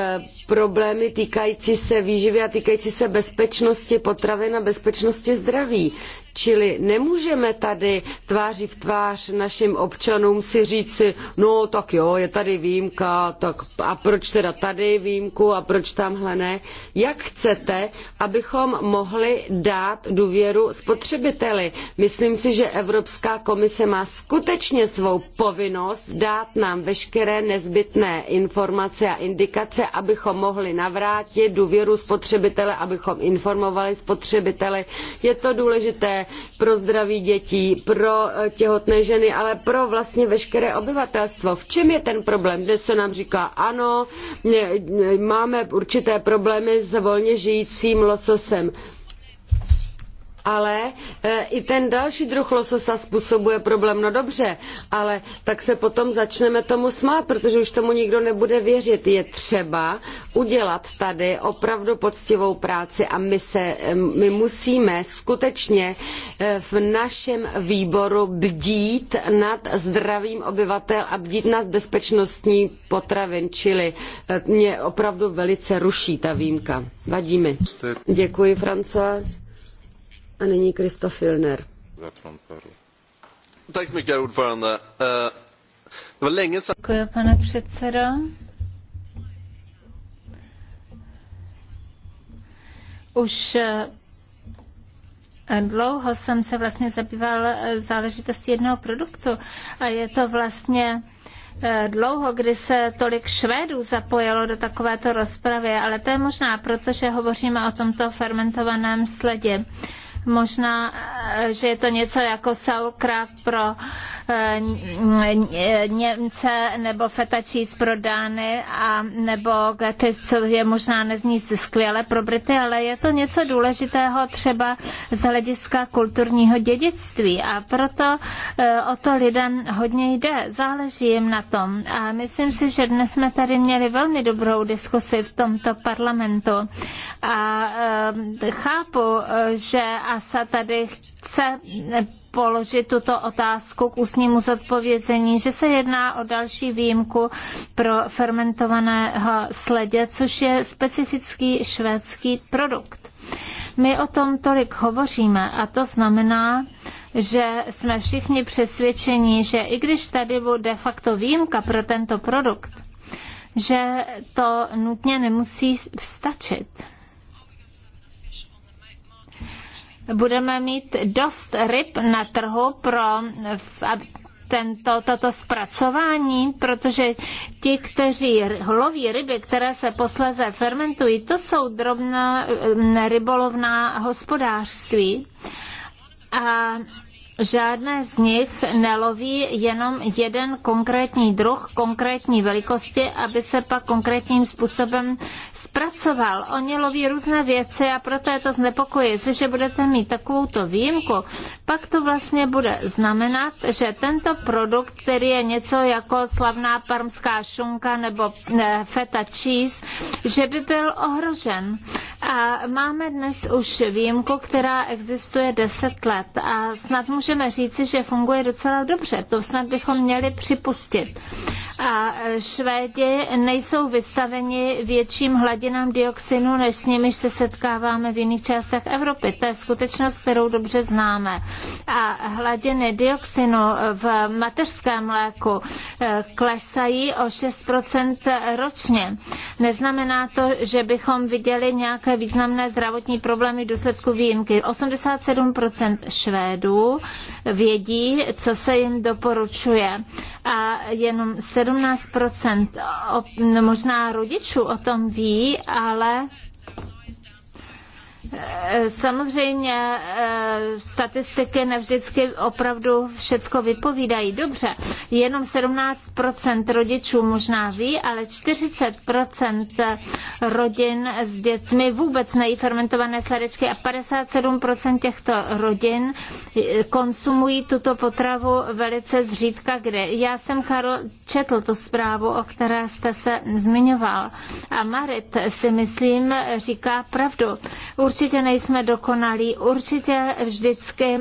problémy týkající se výživy a týkající se bezpečnosti potravin a bezpečnosti zdraví. Čili nemůžeme tady tváří v tvář našim občanům si říci, no tak jo, je tady výjimka, tak a proč teda tady výjimku a proč tamhle ne. Jak chcete, abychom mohli dát důvěru spotřebiteli? Myslím si, že Evropská komise má skutečně svou povinnost dát nám veškeré nezbytné informace a indikace, abychom mohli navrátit důvěru spotřebitele, abychom informovali spotřebitele. Je to důležité pro zdraví dětí, pro eh, těhotné ženy, ale pro vlastně veškeré obyvatelstvo. V čem je ten problém? Dnes se nám říká, ano, eh, eh, máme určité problémy s volně žijícím lososem ale e, i ten další druh lososa způsobuje problém. No dobře, ale tak se potom začneme tomu smát, protože už tomu nikdo nebude věřit. Je třeba udělat tady opravdu poctivou práci a my, se, e, my musíme skutečně e, v našem výboru bdít nad zdravím obyvatel a bdít nad bezpečnostní potravin, čili mě opravdu velice ruší ta výjimka. Vadí mi. Děkuji, Francois. A nyní Kristof Filner. Eh, Děkuji, pane předsedo. Už eh, dlouho jsem se vlastně zabýval eh, záležitostí jednoho produktu a je to vlastně dlouho, kdy se tolik Švédů zapojilo do takovéto rozpravy, ale to je možná proto, že hovoříme o tomto fermentovaném sledě. Možná, eh, že je to něco jako sauerkraut pro Eh, Němce nebo feta cheese pro Dány a nebo gatis, co je možná nezní skvěle pro Brity, ale je to něco důležitého třeba z hlediska kulturního dědictví a proto eh, o to lidem hodně jde, záleží jim na tom. A myslím si, že dnes jsme tady měli velmi dobrou diskusi v tomto parlamentu a eh, chápu, že ASA tady chce položit tuto otázku k ústnímu zodpovězení, že se jedná o další výjimku pro fermentovaného sledě, což je specifický švédský produkt. My o tom tolik hovoříme a to znamená, že jsme všichni přesvědčeni, že i když tady bude de facto výjimka pro tento produkt, že to nutně nemusí stačit. budeme mít dost ryb na trhu pro tento, toto zpracování, protože ti, kteří loví ryby, které se posléze fermentují, to jsou drobná mm, rybolovná hospodářství. A žádné z nich neloví jenom jeden konkrétní druh konkrétní velikosti, aby se pak konkrétním způsobem zpracoval. Oni loví různé věci a proto je to znepokojí. že budete mít takovouto výjimku, pak to vlastně bude znamenat, že tento produkt, který je něco jako slavná parmská šunka nebo feta cheese, že by byl ohrožen. A máme dnes už výjimku, která existuje 10 let a snad může můžeme říci, že funguje docela dobře. To snad bychom měli připustit. A Švédi nejsou vystaveni větším hladinám dioxinu, než s nimiž se setkáváme v jiných částech Evropy. To je skutečnost, kterou dobře známe. A hladiny dioxinu v mateřském mléku eh, klesají o 6% ročně. Neznamená to, že bychom viděli nějaké významné zdravotní problémy v důsledku výjimky. 87% Švédů vědí, co se jim doporučuje. A jenom 17% no, možná rodičů o tom ví, ale Samozřejmě eh, statistiky nevždycky opravdu všecko vypovídají. Dobře, jenom 17% rodičů možná ví, ale 40% eh, rodin s dětmi vůbec nejí fermentované sladečky a 57% těchto rodin eh, konsumují tuto potravu velice zřídka kde. Já jsem, Karl, četl tu zprávu, o které jste se zmiňoval a Marit si myslím říká pravdu. Určitě Určitě nejsme dokonalí, určitě vždycky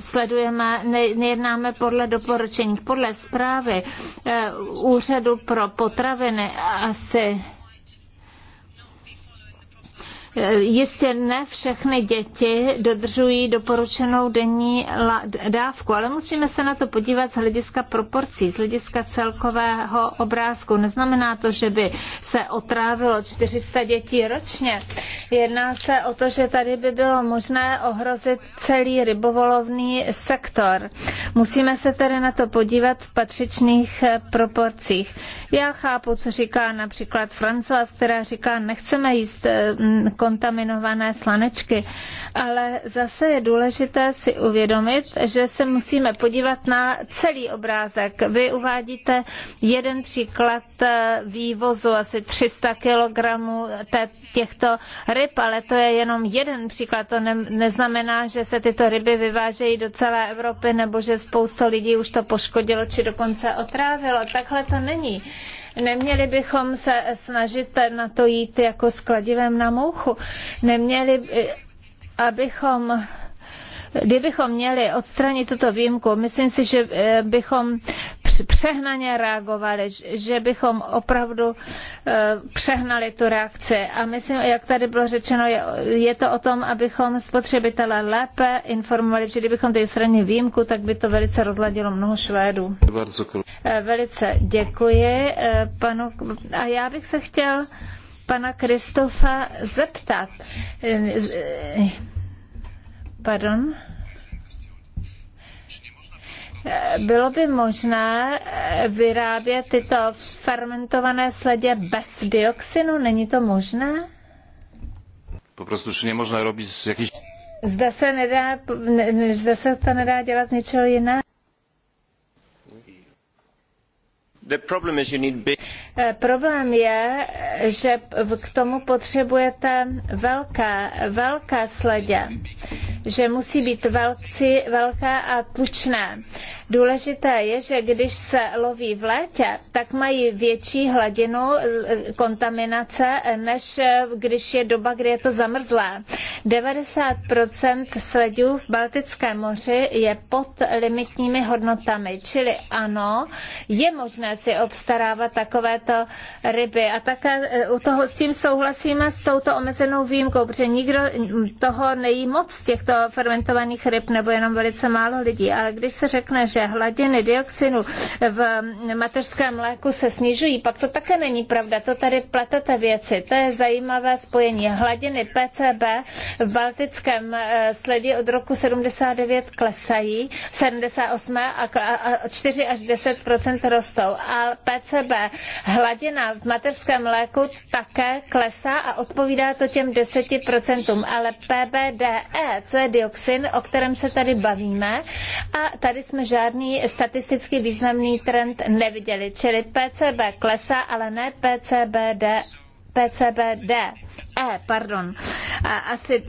sledujeme, ne, nejednáme podle doporučení, podle zprávy eh, Úřadu pro potraviny asi Jistě ne všechny děti dodržují doporučenou denní dávku, ale musíme se na to podívat z hlediska proporcí, z hlediska celkového obrázku. Neznamená to, že by se otrávilo 400 dětí ročně. Jedná se o to, že tady by bylo možné ohrozit celý rybovolovný sektor. Musíme se tedy na to podívat v patřičných eh, proporcích. Já chápu, co říká například Francois, která říká, nechceme jíst eh, kontaminované slanečky. Ale zase je důležité si uvědomit, že se musíme podívat na celý obrázek. Vy uvádíte jeden příklad eh, vývozu asi 300 kg těchto ryb, ale to je jenom jeden příklad. To ne, neznamená, že se tyto ryby vyvážejí do celé Evropy nebo že spousta lidí už to poškodilo či dokonce otrávilo. Takhle to není. Neměli bychom se snažit na to jít jako s kladivem na mouchu. Neměli, eh, abychom kdybychom měli odstranit tuto výjimku, myslím si, že eh, bychom přehnaně reagovali, že bychom opravdu eh, přehnali tu reakci. A myslím, jak tady bylo řečeno, je to o tom, abychom spotřebitele lépe informovali, že kdybychom tady straně výjimku, tak by to velice rozladilo mnoho Švédů. Eh, velice děkuji eh, panu. A já bych se chtěl pana Kristofa zeptat. Pardon? Bylo by možné eh, vyrábět tyto fermentované sledě bez dioxinu? Není to možné? Po prostu, už nemožné robit z jakých... Zda se, nedá, zda se to nedá dělat z něčeho jiného? Eh, problém je, že k tomu potřebujete velké, velké sledě, že musí být velcí, velké a tučné. Důležité je, že když se loví v létě, tak mají větší hladinu eh, kontaminace, než eh, když je doba, kdy je to zamrzlé. 90% sledů v Baltickém moři je pod limitními hodnotami, čili ano, je možné si obstarávat takovéto ryby. A také e, u toho, s tím souhlasíme s touto omezenou výjimkou, protože nikdo toho nejí moc těchto fermentovaných ryb, nebo jenom velice málo lidí. Ale když se řekne, že hladiny dioxinu v mateřském mléku se snižují, pak to také není pravda. To tady pletete věci. To je zajímavé spojení. Hladiny PCB v baltickém e, sledě od roku 79 klesají, 78 a 4 až 10 rostou a PCB hladina v mateřském mléku také klesá a odpovídá to těm 10%, ale PBDE, co je dioxin, o kterém se tady bavíme, a tady jsme žádný statisticky významný trend neviděli, čili PCB klesá, ale ne PCBDE. PCBD, E, pardon. A asi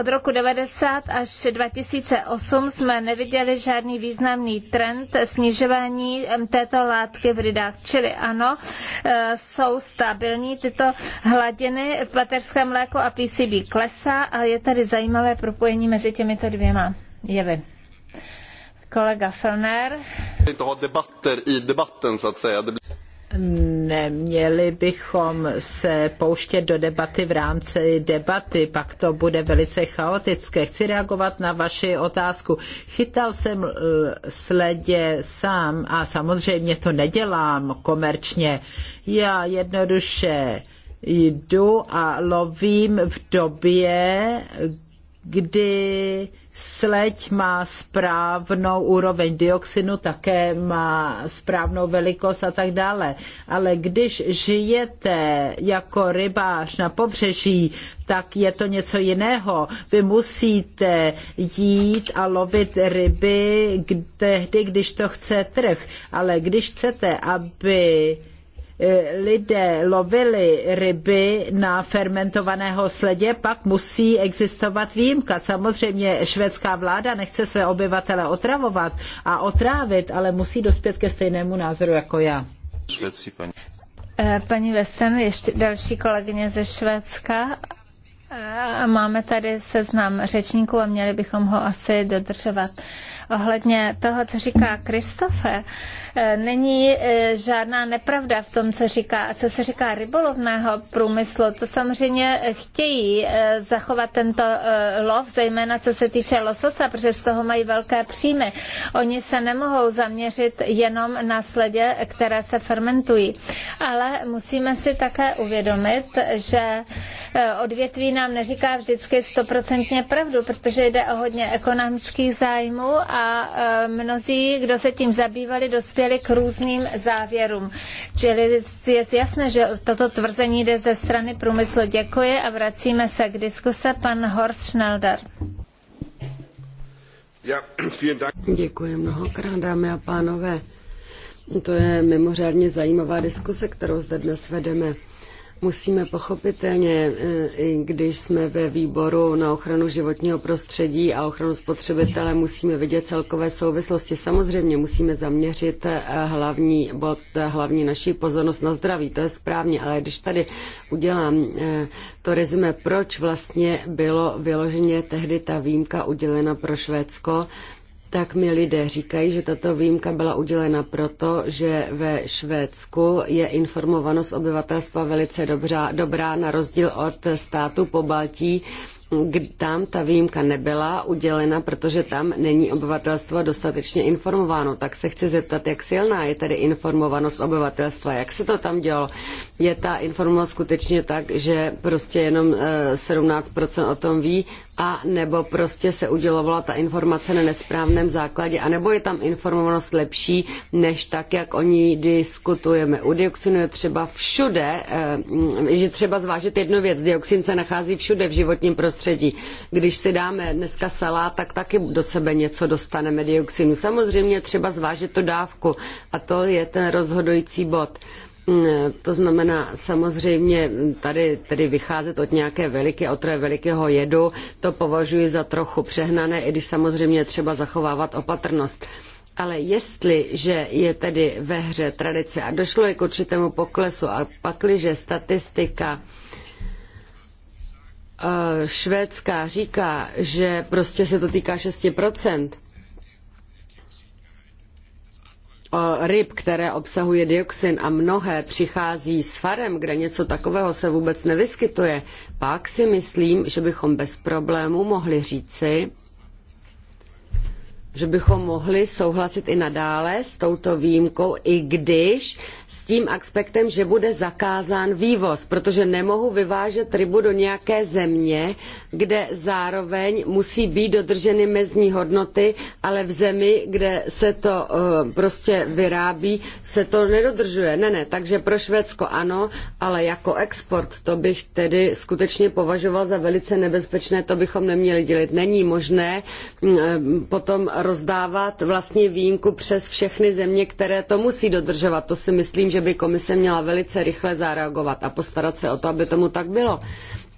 od roku 90 až 2008 jsme neviděli žádný významný trend snižování této látky v rydách. Čili ano, e, jsou stabilní tyto hladiny v baterském mléku a PCB klesá, ale je tady zajímavé propojení mezi těmito dvěma jevy kolega Fellner. Neměli bychom se pouštět do debaty v rámci debaty, pak to bude velice chaotické. Chci reagovat na vaši otázku. Chytal jsem eh, sledě sám a samozřejmě to nedělám komerčně. Já jednoduše jdu a lovím v době, kdy Sleď má správnou úroveň dioxinu, také má správnou velikost a tak dále. Ale když žijete jako rybář na pobřeží, tak je to něco jiného. Vy musíte jít a lovit ryby tehdy, když to chce trh. Ale když chcete, aby lidé lovili ryby na fermentovaného sledě, pak musí existovat výjimka. Samozřejmě švédská vláda nechce své obyvatele otravovat a otrávit, ale musí dospět ke stejnému názoru jako já. Švédci, paní. Eh, paní Western, ještě další kolegyně ze Švédska. Eh, máme tady seznam řečníků a měli bychom ho asi dodržovat ohledně toho, co říká Kristofe, eh, není eh, žádná nepravda v tom, co říká. A co se říká rybolovného průmyslu, to samozřejmě chtějí eh, zachovat tento lov, zejména co se týče lososa, protože z toho mají velké příjmy. Oni se nemohou zaměřit jenom na sledě, které se fermentují. Ale musíme si také uvědomit, že odvětví nám neříká vždycky stoprocentně pravdu, protože jde o hodně ekonomických zájmů a a e, mnozí, kdo se tím zabývali, dospěli k různým závěrům. Čili je jasné, že toto tvrzení jde ze strany průmyslu. Děkuji a vracíme se k diskuse. Pan Horst Schnelder. Děkuji mnohokrát, dámy a pánové. To je mimořádně zajímavá diskuse, kterou zde dnes vedeme. Musíme pochopitelně, eh, i když jsme ve výboru na ochranu životního prostředí a ochranu spotřebitele, musíme vidět celkové souvislosti. Samozřejmě musíme zaměřit eh, hlavní bod, eh, hlavní naší pozornost na zdraví, to je správně, ale když tady udělám to rezime, proč vlastně bylo vyloženě tehdy ta výjimka udělena pro Švédsko, tak mi lidé říkají, že tato výjimka byla udělena proto, že ve Švédsku je informovanost obyvatelstva velice dobrá, dobrá na rozdíl od státu po Baltí, tam ta výjimka nebyla udělena, protože tam není obyvatelstvo dostatečně informováno. Tak se chci zeptat, jak silná je tady informovanost obyvatelstva, jak se to tam dělo. Je ta informovanost skutečně tak, že prostě jenom 17% eh, o tom ví a nebo prostě se udělovala ta informace na nesprávném základě, a nebo je tam informovanost lepší, než tak, jak o ní diskutujeme. U dioxinu je třeba všude, eh, že třeba zvážit jednu věc, dioxin se nachází všude v životním prostředí. Když si dáme dneska salát, tak taky do sebe něco dostaneme dioxinu. Samozřejmě třeba zvážit tu dávku a to je ten rozhodující bod. To znamená, samozřejmě tady, tady vycházet od nějaké veliké otroje velikého jedu, to považuji za trochu přehnané, i když samozřejmě třeba zachovávat opatrnost. Ale jestliže je tedy ve hře tradice a došlo je k určitému poklesu a pakliže statistika eh, švédská říká, že prostě se to týká 6%, ryb, které obsahuje dioxin a mnohé přichází z farem, kde něco takového se vůbec nevyskytuje, pak si myslím, že bychom bez problému mohli říci, že bychom mohli souhlasit i nadále s touto výjimkou, i když s tím aspektem, že bude zakázán vývoz, protože nemohu vyvážet rybu do nějaké země, kde zároveň musí být dodrženy mezní hodnoty, ale v zemi, kde se to eh, prostě vyrábí, se to nedodržuje. Ne, ne, takže pro Švédsko ano, ale jako export to bych tedy skutečně považoval za velice nebezpečné, to bychom neměli dělit. Není možné mm, eh, potom eh, rozdávat vlastně výjimku přes všechny země, které to musí dodržovat. To si myslím, že by komise měla velice rychle zareagovat a postarat se o to, aby tomu tak bylo.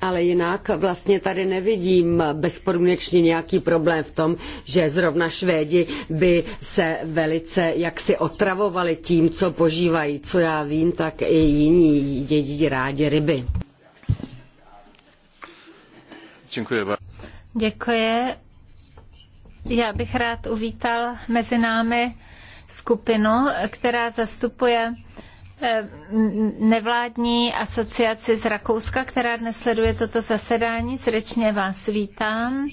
Ale jinak vlastně tady nevidím bezpodmínečně nějaký problém v tom, že zrovna Švédi by se velice jaksi otravovali tím, co požívají. Co já vím, tak i jiní jedí rádi ryby. Děkuji. Děkuji. Já bych rád uvítal mezi námi skupinu, která zastupuje eh, nevládní asociaci z Rakouska, která dnes sleduje toto zasedání. Srdečně vás vítám.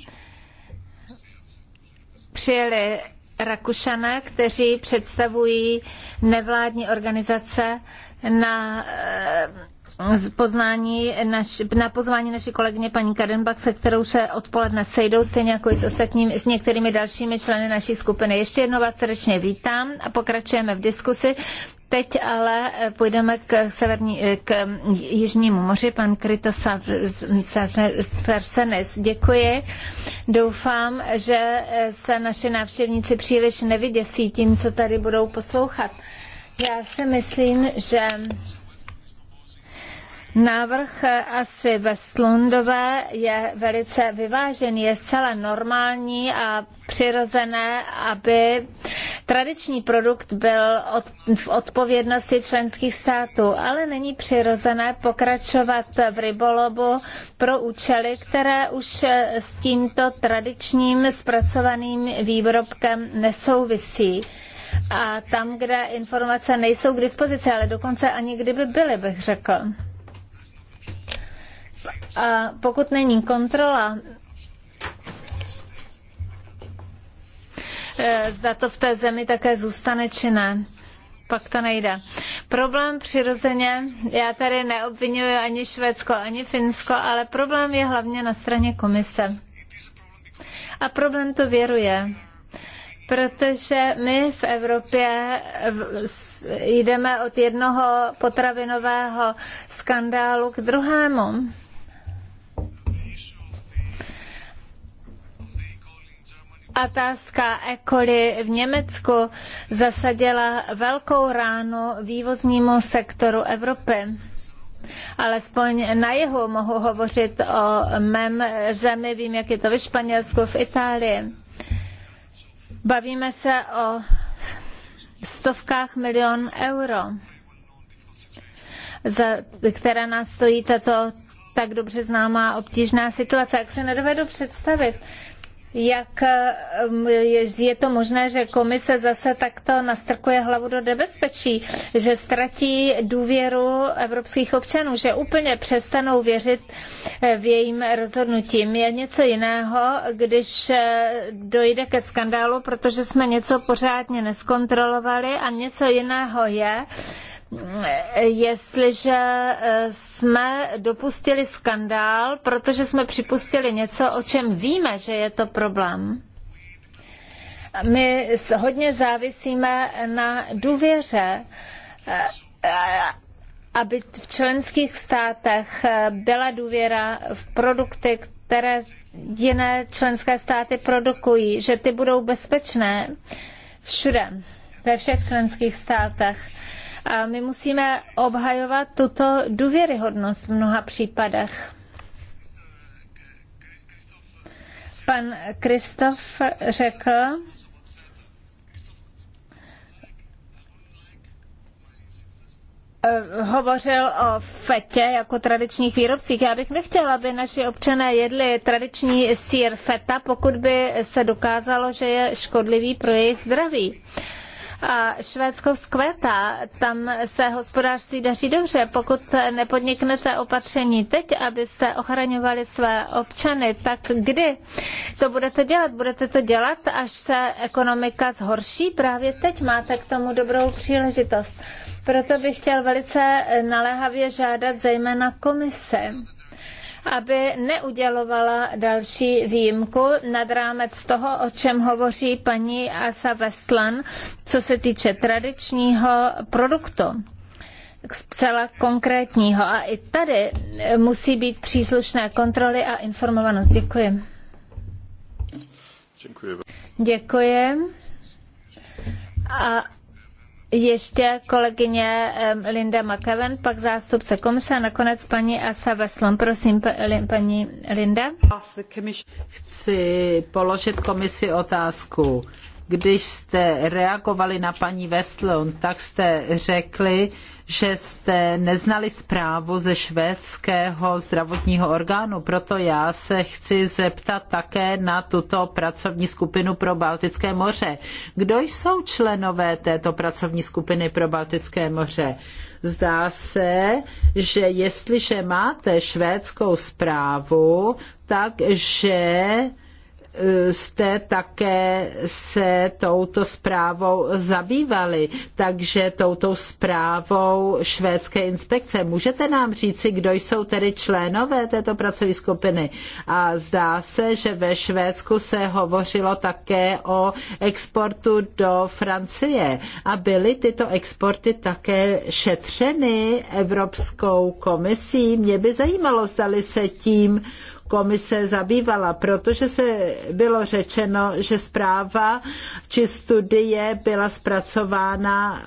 Přijeli Rakušané, kteří představují nevládní organizace na eh, z poznání naš, na pozvání naší kolegyně paní Kadenbach, se kterou se odpoledne sejdou, stejně jako i s, ostatními, s některými dalšími členy naší skupiny. Ještě jednou vás srdečně vítám a pokračujeme v diskusi. Teď ale eh, půjdeme k, severní, eh, k mm, Jižnímu moři. Pan Kryto Sarsenes, děkuji. Doufám, že eh, se naše návštěvníci příliš nevyděsí tím, co tady budou poslouchat. Já si myslím, že Návrh eh, asi Westlundové je velice vyvážený, je zcela normální a přirozené, aby tradiční produkt byl od, v odpovědnosti členských států, ale není přirozené pokračovat v rybolobu pro účely, které už eh, s tímto tradičním zpracovaným výrobkem nesouvisí a tam, kde informace nejsou k dispozici, ale dokonce ani kdyby byly, bych řekl. A pokud není kontrola, eh, zda to v té zemi také zůstane či ne pak to nejde. Problém přirozeně, já tady neobvinuji ani Švédsko, ani Finsko, ale problém je hlavně na straně komise. A problém to věruje. Protože my v Evropě jdeme od jednoho potravinového skandálu k druhému. Otázka Ekoli v Německu zasadila velkou ránu vývoznímu sektoru Evropy. Alespoň na jihu mohu hovořit o mém zemi, vím, jak je to ve Španělsku, v Itálii. Bavíme se o stovkách milion euro, za které nás stojí tato tak dobře známá obtížná situace, jak se nedovedu představit, jak eh, je to možné, že komise zase takto nastrkuje hlavu do nebezpečí, že ztratí důvěru evropských občanů, že úplně přestanou věřit eh, v jejím rozhodnutím. Je něco jiného, když eh, dojde ke skandálu, protože jsme něco pořádně neskontrolovali a něco jiného je, jestliže eh, jsme dopustili skandál, protože jsme připustili něco, o čem víme, že je to problém. My hodně závisíme na důvěře eh, aby v členských státech eh, byla důvěra v produkty, které jiné členské státy produkují, že ty budou bezpečné všude, ve všech členských státech. A my musíme obhajovat tuto důvěryhodnost v mnoha případech. Pan Kristof řekl, eh, hovořil o fetě jako tradičních výrobcích. Já bych nechtěla, aby naši občané jedli tradiční sír feta, pokud by se dokázalo, že je škodlivý pro jejich zdraví a Švédsko zkvétá. Tam se hospodářství daří dobře. Pokud nepodniknete opatření teď, abyste ochraňovali své občany, tak kdy to budete dělat? Budete to dělat, až se ekonomika zhorší? Právě teď máte k tomu dobrou příležitost. Proto bych chtěl velice naléhavě žádat zejména komise aby neudělovala další výjimku nad rámec toho, o čem hovoří paní Asa Westland, co se týče tradičního produktu zcela konkrétního. A i tady e, musí být příslušné kontroly a informovanost. Děkuji. Děkuji. Děkuji. A ještě kolegyně Linda McEwen, pak zástupce komise a nakonec paní Asa Veslom. Prosím, paní Linda. Chci položit komisi otázku. Když jste reagovali na paní Veslon, tak jste řekli, že jste neznali zprávu ze švédského zdravotního orgánu, proto já se chci zeptat také na tuto pracovní skupinu pro Baltické moře. Kdo jsou členové této pracovní skupiny pro Baltické moře? Zdá se, že jestliže máte švédskou zprávu, takže Eh, jste také se touto zprávou zabývali, takže touto zprávou švédské inspekce. Můžete nám říci, kdo jsou tedy členové této pracovní skupiny? A zdá se, že ve Švédsku se hovořilo také o exportu do Francie a byly tyto exporty také šetřeny Evropskou komisí. Mě by zajímalo, zdali se tím komise zabývala, protože se bylo řečeno, že zpráva či studie byla zpracována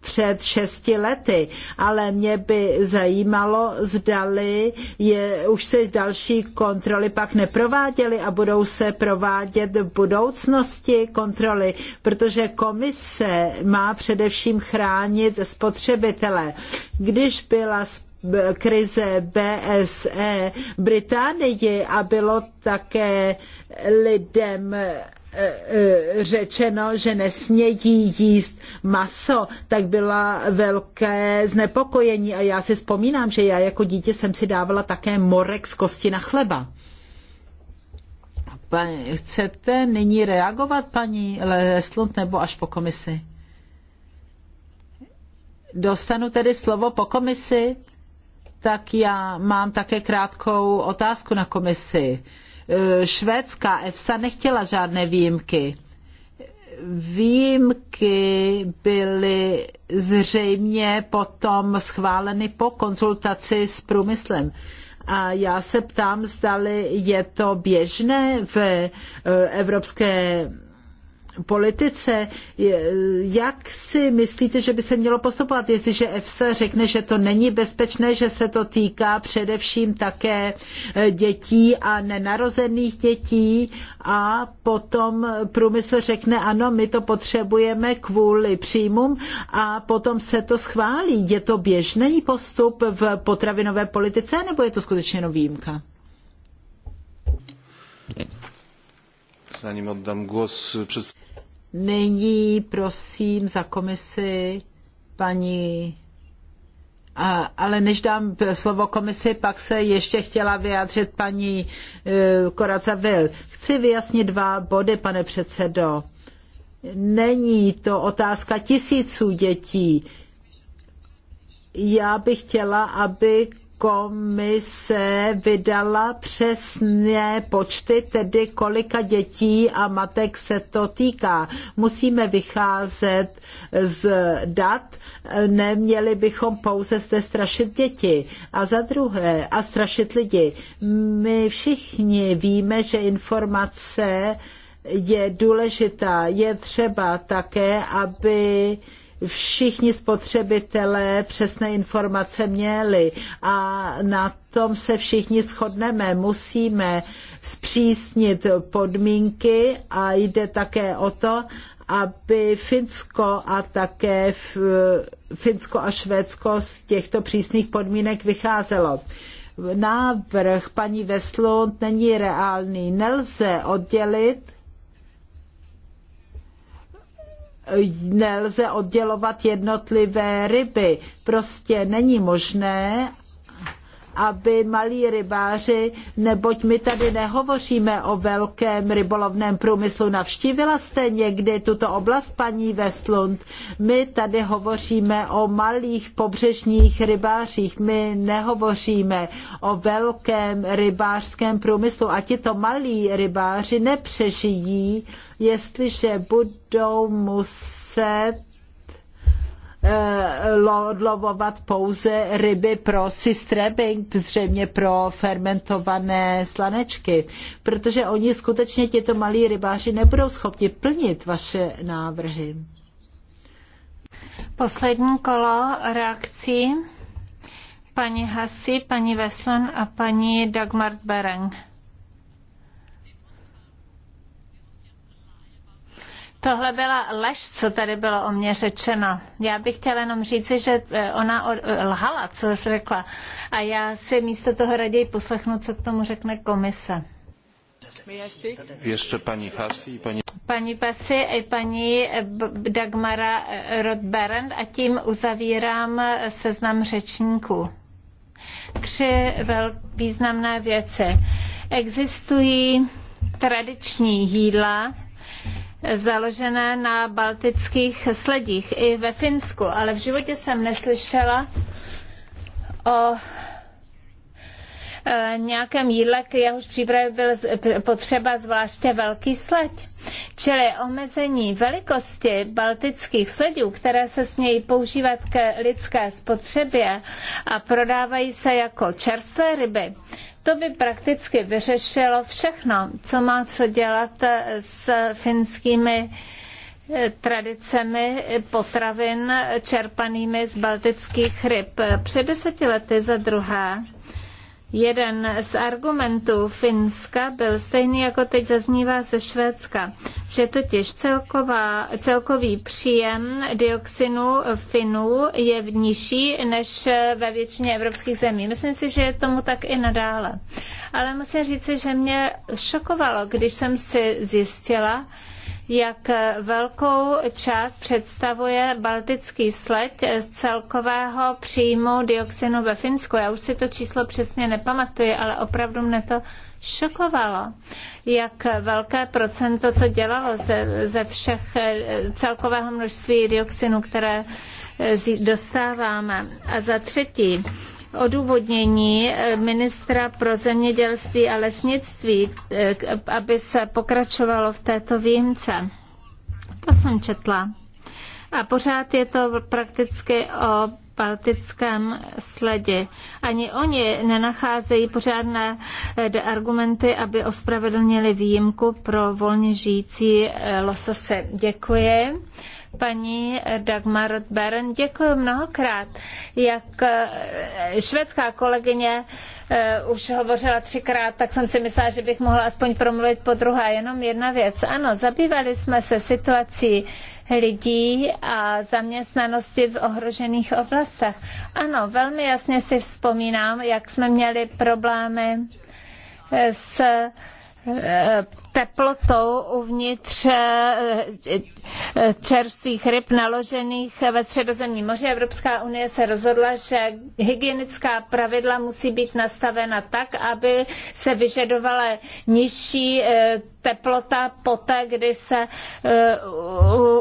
před šesti lety, ale mě by zajímalo, zdali je, už se další kontroly pak neprováděly a budou se provádět v budoucnosti kontroly, protože komise má především chránit spotřebitele. Když byla krize BSE Británii a bylo také lidem e, e, řečeno, že nesmějí jíst maso, tak byla velké znepokojení a já si vzpomínám, že já jako dítě jsem si dávala také morek z kosti na chleba. Chcete nyní reagovat, paní Leslund, nebo až po komisi? Dostanu tedy slovo po komisi? tak já mám také krátkou otázku na komisi. E, Švédská EFSA nechtěla žádné výjimky. Výjimky byly zřejmě potom schváleny po konzultaci s průmyslem. A já se ptám, zdali je to běžné v e, Evropské politice, jak si myslíte, že by se mělo postupovat, jestliže EFSA řekne, že to není bezpečné, že se to týká především také e, dětí a nenarozených dětí a potom průmysl řekne, ano, my to potřebujeme kvůli příjmům a potom se to schválí. Je to běžný postup v potravinové politice nebo je to skutečně jenom výjimka? Zanim oddam głos przez... Nyní prosím za komisi paní ale než dám slovo komisi, pak se ještě chtěla vyjádřit paní e, Vil. Chci vyjasnit dva body, pane předsedo. Není to otázka tisíců dětí. Já bych chtěla, aby komise vydala přesné počty, tedy kolika dětí a matek se to týká. Musíme vycházet z dat, neměli bychom pouze zde strašit děti. A za druhé, a strašit lidi. My všichni víme, že informace je důležitá. Je třeba také, aby všichni spotřebitelé přesné informace měli a na tom se všichni shodneme. Musíme zpřísnit podmínky a jde také o to, aby Finsko a také Finsko a Švédsko z těchto přísných podmínek vycházelo návrh paní Veslund není reálný. Nelze oddělit nelze oddělovat jednotlivé ryby. Prostě není možné, aby malí rybáři, neboť my tady nehovoříme o velkém rybolovném průmyslu. Navštívila jste někdy tuto oblast, paní Westlund? My tady hovoříme o malých pobřežních rybářích. My nehovoříme o velkém rybářském průmyslu. A tito malí rybáři nepřežijí, jestliže budou muset Eh, odlovovat pouze ryby pro sistrebbing, zřejmě pro fermentované slanečky, protože oni skutečně těto malí rybáři nebudou schopni plnit vaše návrhy. Poslední kolo reakcí paní Hasi, paní Veslan a paní Dagmar Bereng. Tohle byla lež, co tady bylo o mě řečeno. Já bych chtěla jenom říci, že e, ona e, lhala, co řekla. A já si místo toho raději poslechnu, co k tomu řekne komise. Ještě paní Pasi, paní... Paní Pasi i paní e, Dagmara Rodberend a tím uzavírám seznam řečníků. Tři velké významné věci. Existují tradiční jídla, založené na baltických sledích i ve Finsku, ale v životě jsem neslyšela o Eh, nějakém jídle, k jehož přípravě byl potřeba zvláště velký sled. Čili omezení velikosti baltických sledů, které se smějí používat ke lidské spotřebě a prodávají se jako čerstvé ryby, to by prakticky vyřešilo všechno, co má co dělat eh, s finskými eh, tradicemi potravin čerpanými z baltických ryb. Před deseti lety za druhé Jeden z argumentů Finska byl stejný, jako teď zaznívá ze Švédska, že totiž celková, celkový příjem dioxinu Finů je nižší než ve většině evropských zemí. Myslím si, že je tomu tak i nadále. Ale musím říct, že mě šokovalo, když jsem si zjistila, jak velkou část představuje baltický sled z celkového příjmu dioxinu ve Finsku. Já už si to číslo přesně nepamatuji, ale opravdu mne to šokovalo, jak velké procento to dělalo ze, ze všech eh, celkového množství dioxinu, které eh, dostáváme. A za třetí, odůvodnění eh, ministra pro zemědělství a lesnictví, eh, aby se pokračovalo v této výjimce. To jsem četla. A pořád je to prakticky o baltickém sledě. Ani oni nenacházejí pořádné eh, argumenty, aby ospravedlnili výjimku pro volně žijící lososy. Děkuji paní Dagmar Baron, Děkuji mnohokrát. Jak eh, švédská kolegyně eh, už hovořila třikrát, tak jsem si myslela, že bych mohla aspoň promluvit po druhá. Jenom jedna věc. Ano, zabývali jsme se situací lidí a zaměstnanosti v ohrožených oblastech. Ano, velmi jasně si vzpomínám, jak jsme měli problémy s teplotou uvnitř eh, eh, čerstvých ryb naložených ve středozemním moři. Evropská unie se rozhodla, že hygienická pravidla musí být nastavena tak, aby se vyžadovala nižší eh, teplota poté, kdy se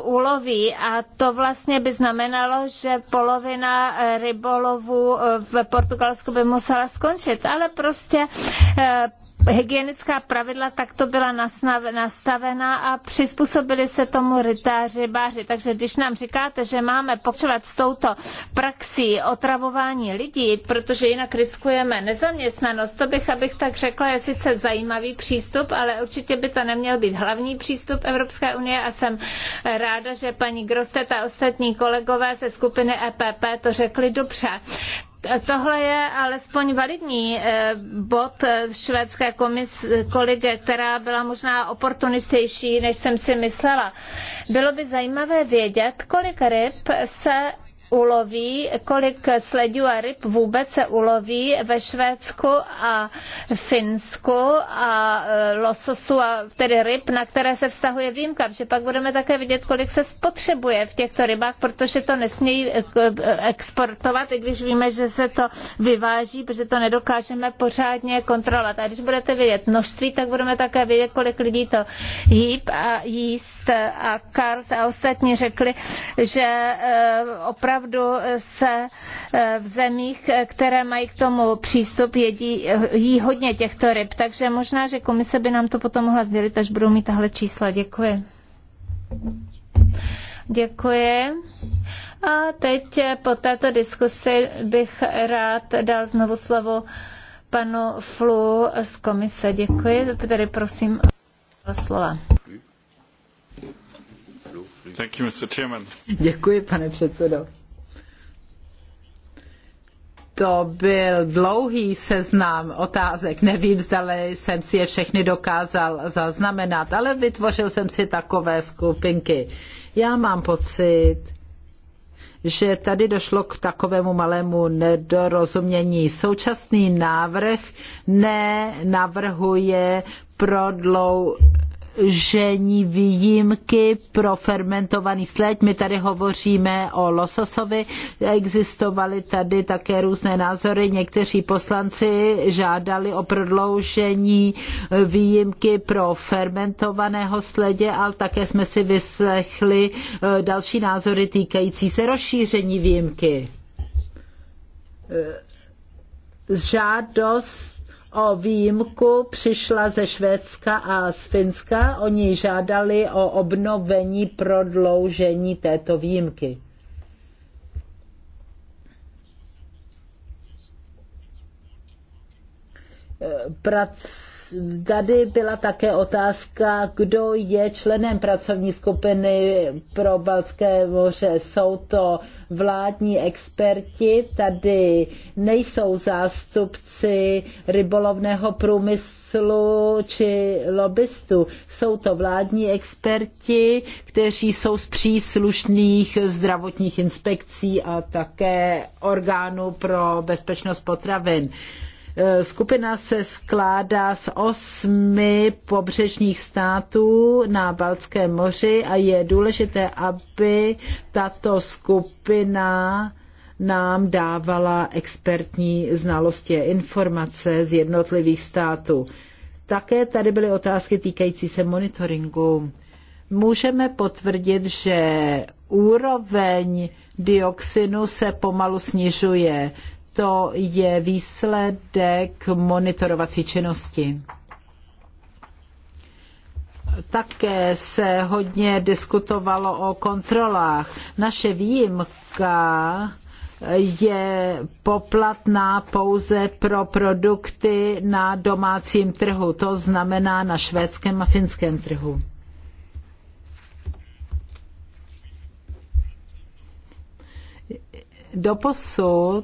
uloví. A to vlastně by znamenalo, že polovina rybolovu v Portugalsku by musela skončit. Ale prostě hygienická pravidla takto byla nastavena a přizpůsobili se tomu rytáři, báři. Takže když nám říkáte, že máme pokračovat s touto praxí otravování lidí, protože jinak riskujeme nezaměstnanost, to bych, abych tak řekla, je sice zajímavý přístup, ale určitě by to neměl být hlavní přístup Evropské unie a jsem ráda, že paní Grostet a ostatní kolegové ze skupiny EPP to řekli dobře. Tohle je alespoň validní eh, bod švédské komis, která byla možná oportunistější, než jsem si myslela. Bylo by zajímavé vědět, kolik ryb se uloví, kolik sledí a ryb vůbec se uloví ve Švédsku a Finsku a e, lososu a tedy ryb, na které se vztahuje výjimka, protože pak budeme také vidět, kolik se spotřebuje v těchto rybách, protože to nesmějí e, e, exportovat, i když víme, že se to vyváží, protože to nedokážeme pořádně kontrolovat. A když budete vědět množství, tak budeme také vědět, kolik lidí to jí a jíst. A Karl a ostatní řekli, že opravdu opravdu eh, se eh, v zemích, eh, které mají k tomu přístup, jedí, jí hodně těchto ryb. Takže možná, že komise by nám to potom mohla sdělit, až budou mít tahle čísla. Děkuji. Děkuji. A teď po této diskusi bych rád dal znovu slovo panu Flu z komise. Děkuji, Tady prosím slova. Děkuji, pane předsedo to byl dlouhý seznam otázek. Nevím, zdali jsem si je všechny dokázal zaznamenat, ale vytvořil jsem si takové skupinky. Já mám pocit, že tady došlo k takovému malému nedorozumění. Současný návrh nenavrhuje prodlou žení výjimky pro fermentovaný sled. My tady hovoříme o lososovi. Existovaly tady také různé názory. Někteří poslanci žádali o prodloužení výjimky pro fermentovaného sledě, ale také jsme si vyslechli eh, další názory týkající se rozšíření výjimky. Eh, žádost o výjimku přišla ze Švédska a z Finska. Oni žádali o obnovení prodloužení této výjimky. Prac tady byla také otázka, kdo je členem pracovní skupiny pro Balské moře. Jsou to vládní experti, tady nejsou zástupci rybolovného průmyslu či lobbystů. Jsou to vládní experti, kteří jsou z příslušných zdravotních inspekcí a také orgánů pro bezpečnost potravin. Eh, skupina se skládá z osmi pobřežních států na Baltském moři a je důležité, aby tato skupina nám dávala expertní znalosti a informace z jednotlivých států. Také tady byly otázky týkající se monitoringu. Můžeme potvrdit, že úroveň dioxinu se pomalu snižuje to je výsledek monitorovací činnosti. Také se hodně diskutovalo o kontrolách. Naše výjimka je poplatná pouze pro produkty na domácím trhu, to znamená na švédském a finském trhu. Doposud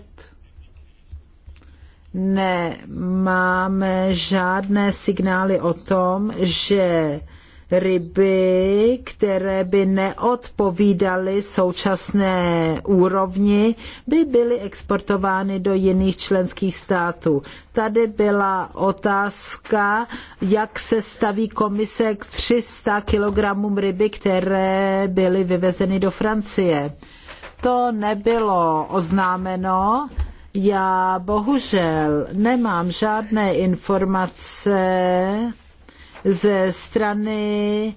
nemáme žádné signály o tom, že ryby, které by neodpovídaly současné úrovni, by byly exportovány do jiných členských států. Tady byla otázka, jak se staví komise k 300 kilogramům ryby, které byly vyvezeny do Francie. To nebylo oznámeno, já bohužel nemám žádné informace ze strany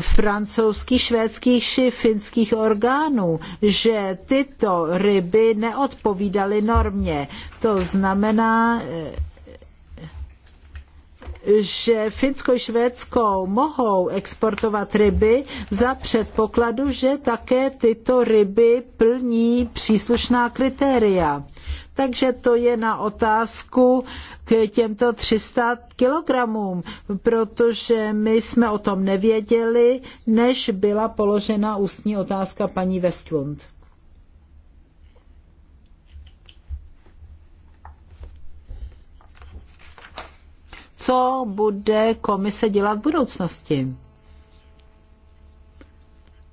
francouzských, švédských či finských orgánů, že tyto ryby neodpovídaly normě. To znamená, že Finsko i Švédsko mohou exportovat ryby za předpokladu, že také tyto ryby plní příslušná kritéria. Takže to je na otázku k těmto 300 kilogramům, protože my jsme o tom nevěděli, než byla položena ústní otázka paní Westlund. co bude komise dělat v budoucnosti.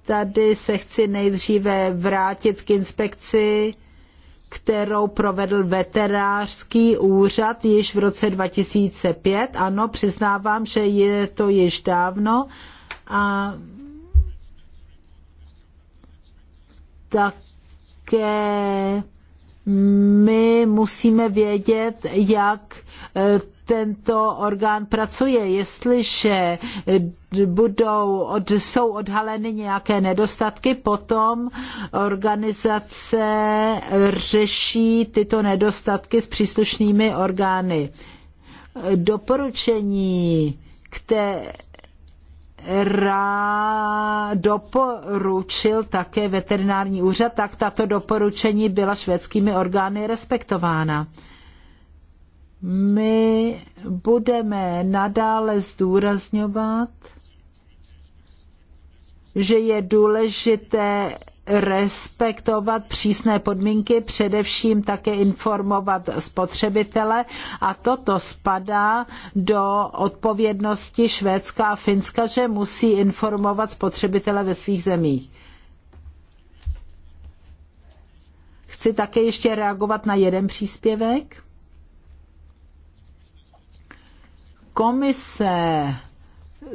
Tady se chci nejdříve vrátit k inspekci, kterou provedl veterářský úřad již v roce 2005. Ano, přiznávám, že je to již dávno. A také my musíme vědět, jak eh, tento orgán pracuje. Jestliže eh, budou, od, jsou odhaleny nějaké nedostatky, potom organizace řeší tyto nedostatky s příslušnými orgány. Doporučení, které doporučil také veterinární úřad, tak tato doporučení byla švédskými orgány respektována. My budeme nadále zdůrazňovat, že je důležité respektovat přísné podmínky, především také informovat spotřebitele a toto spadá do odpovědnosti Švédska a Finska, že musí informovat spotřebitele ve svých zemích. Chci také ještě reagovat na jeden příspěvek. Komise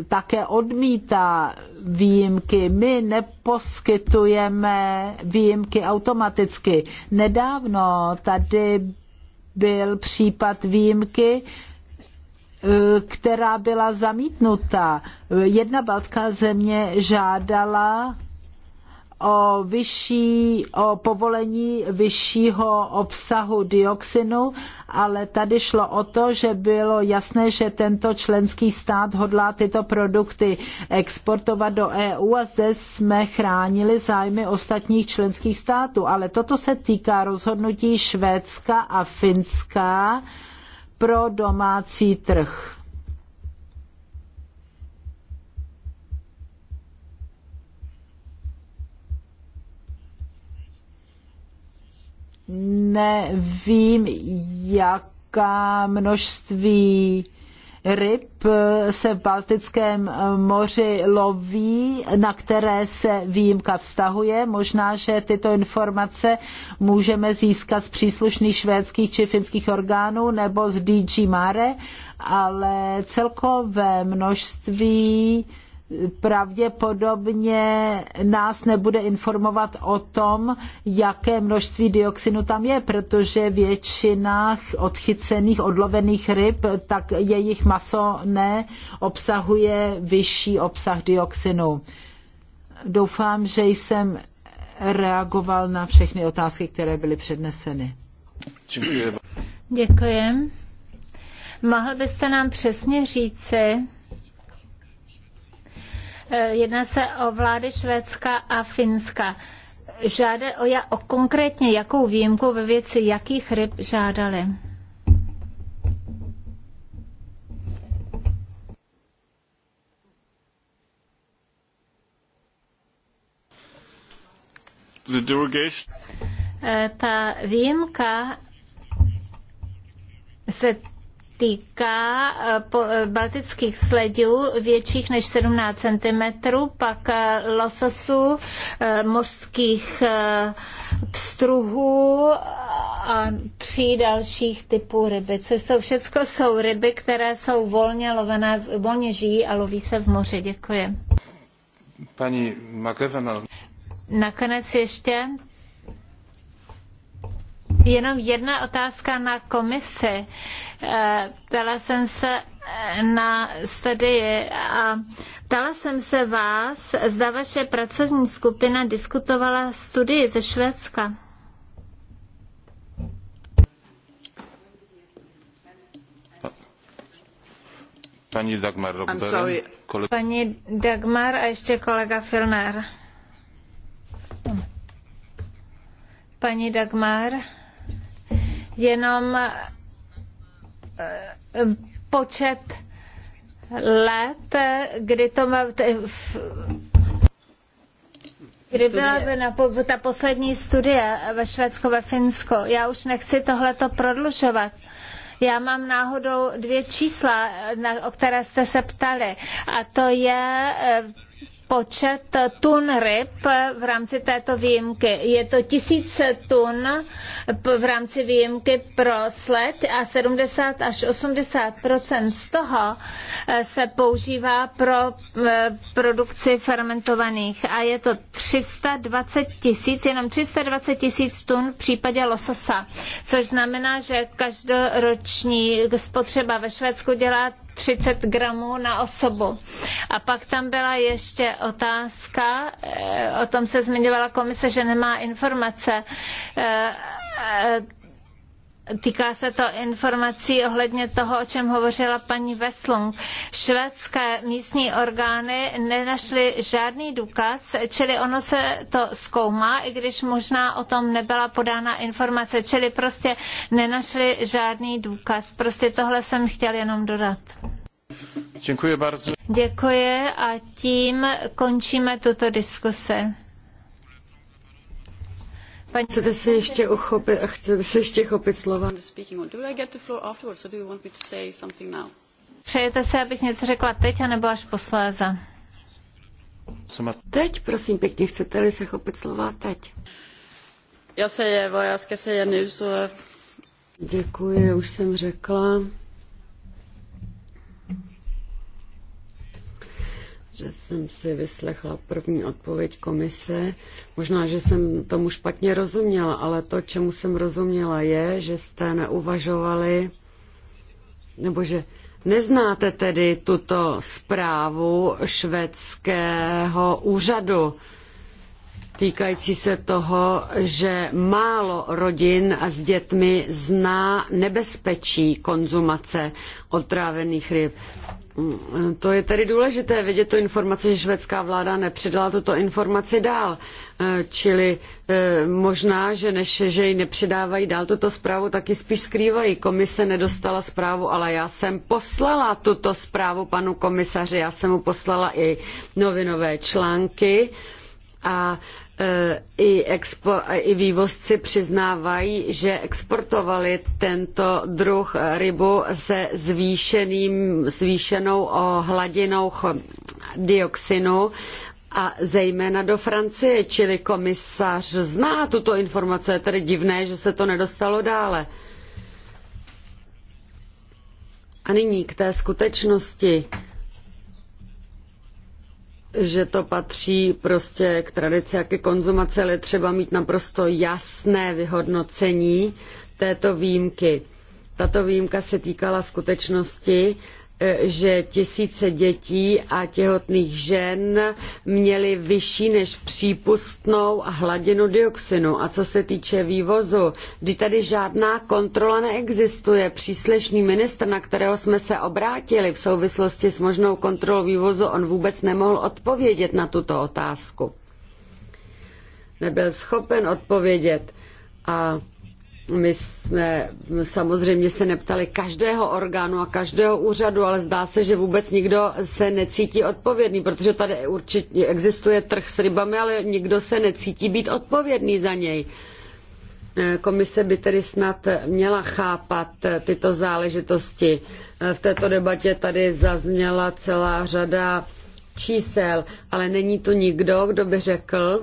také odmítá výjimky. My neposkytujeme výjimky automaticky. Nedávno tady byl případ výjimky, eh, která byla zamítnuta. Jedna baltská země žádala o vyšší, o povolení vyššího obsahu dioxinu, ale tady šlo o to, že bylo jasné, že tento členský stát hodlá tyto produkty exportovat do EU a zde jsme chránili zájmy ostatních členských států. Ale toto se týká rozhodnutí Švédska a Finska pro domácí trh nevím, jaká množství ryb se v Baltickém moři loví, na které se výjimka vztahuje. Možná, že tyto informace můžeme získat z příslušných švédských či finských orgánů nebo z DG Mare, ale celkové množství pravděpodobně nás nebude informovat o tom, jaké množství dioxinu tam je, protože většina odchycených, odlovených ryb, tak jejich maso ne, obsahuje vyšší obsah dioxinu. Doufám, že jsem reagoval na všechny otázky, které byly předneseny. Děkuji. Děkuji. Mohl byste nám přesně říci, Eh, jedná se o vlády Švédska a Finska. Žádá o, o konkrétně jakou výjimku ve věci jakých ryb žádali? The derogation. Eh, ta výjimka se týká eh, eh, baltických sledů větších než 17 cm, pak eh, lososů, mořských pstruhů a tří dalších typů ryby, Co jsou všechno jsou ryby, které jsou volně lovené, volně žijí a loví se v moři. Děkuji. Paní Makevena. Nakonec ještě jenom jedna otázka na komisi. Eh, ptala jsem se eh, na studii a ptala jsem se vás, zda vaše pracovní skupina diskutovala studii ze Švédska. Paní Dagmar Robberen. Paní Dagmar a ještě kolega Filner. Paní Dagmar, jenom Eh, počet let, kdy to má, Kdy byla by na, ta poslední studie ve Švédsku, ve Finsku? Já už nechci tohleto prodlužovat. Já mám náhodou dvě čísla, eh, na, o které jste se ptali, a to je eh, počet tun ryb v rámci této výjimky. Je to tisíc tun v rámci výjimky pro sled a 70 až 80 z toho eh, se používá pro eh, produkci fermentovaných a je to 320 tisíc, jenom 320 tisíc tun v případě lososa, což znamená, že každoroční spotřeba ve Švédsku dělá 30 gramů na osobu. A pak tam byla ještě otázka, eh, o tom se zmiňovala komise, že nemá informace eh, eh, Týká se to informací ohledně toho, o čem hovořila paní Veslung. Švédské místní orgány nenašly žádný důkaz, čili ono se to zkoumá, i když možná o tom nebyla podána informace, čili prostě nenašli žádný důkaz. Prostě tohle jsem chtěl jenom dodat. Děkuji bardzo. Děkuji a tím končíme tuto diskusi. Paní, chcete se ještě, uchopit, chcete se ještě chopit slova? Přejete se, abych něco řekla teď, anebo až posléze? Teď, prosím pěkně, chcete-li se chopit slova teď? Já se je, já se je, Děkuji, už jsem řekla. že jsem si vyslechla první odpověď komise. Možná, že jsem tomu špatně rozuměla, ale to, čemu jsem rozuměla, je, že jste neuvažovali, nebo že neznáte tedy tuto zprávu švédského úřadu týkající se toho, že málo rodin a s dětmi zná nebezpečí konzumace otrávených ryb. To je tedy důležité vědět tu informaci, že švédská vláda nepředala tuto informaci dál. Eh, čili eh, možná, že než že ji nepředávají dál tuto zprávu, tak ji spíš skrývají. Komise nedostala zprávu, ale já jsem poslala tuto zprávu panu komisaři, já jsem mu poslala i novinové články a Eh, i, expo, eh, i vývozci přiznávají, že exportovali tento druh rybu se zvýšeným, zvýšenou hladinou dioxinu a zejména do Francie, čili komisař zná tuto informaci, je tedy divné, že se to nedostalo dále. A nyní k té skutečnosti, že to patří prostě k tradici a ke konzumaci, ale třeba mít naprosto jasné vyhodnocení této výjimky. Tato výjimka se týkala skutečnosti, že tisíce dětí a těhotných žen měly vyšší než přípustnou hladinu dioxinu. A co se týče vývozu, kdy tady žádná kontrola neexistuje, příslušný ministr, na kterého jsme se obrátili v souvislosti s možnou kontrolou vývozu, on vůbec nemohl odpovědět na tuto otázku. Nebyl schopen odpovědět. A my jsme samozřejmě se neptali každého orgánu a každého úřadu, ale zdá se, že vůbec nikdo se necítí odpovědný, protože tady určitě existuje trh s rybami, ale nikdo se necítí být odpovědný za něj. Komise by tedy snad měla chápat tyto záležitosti. V této debatě tady zazněla celá řada čísel, ale není tu nikdo, kdo by řekl,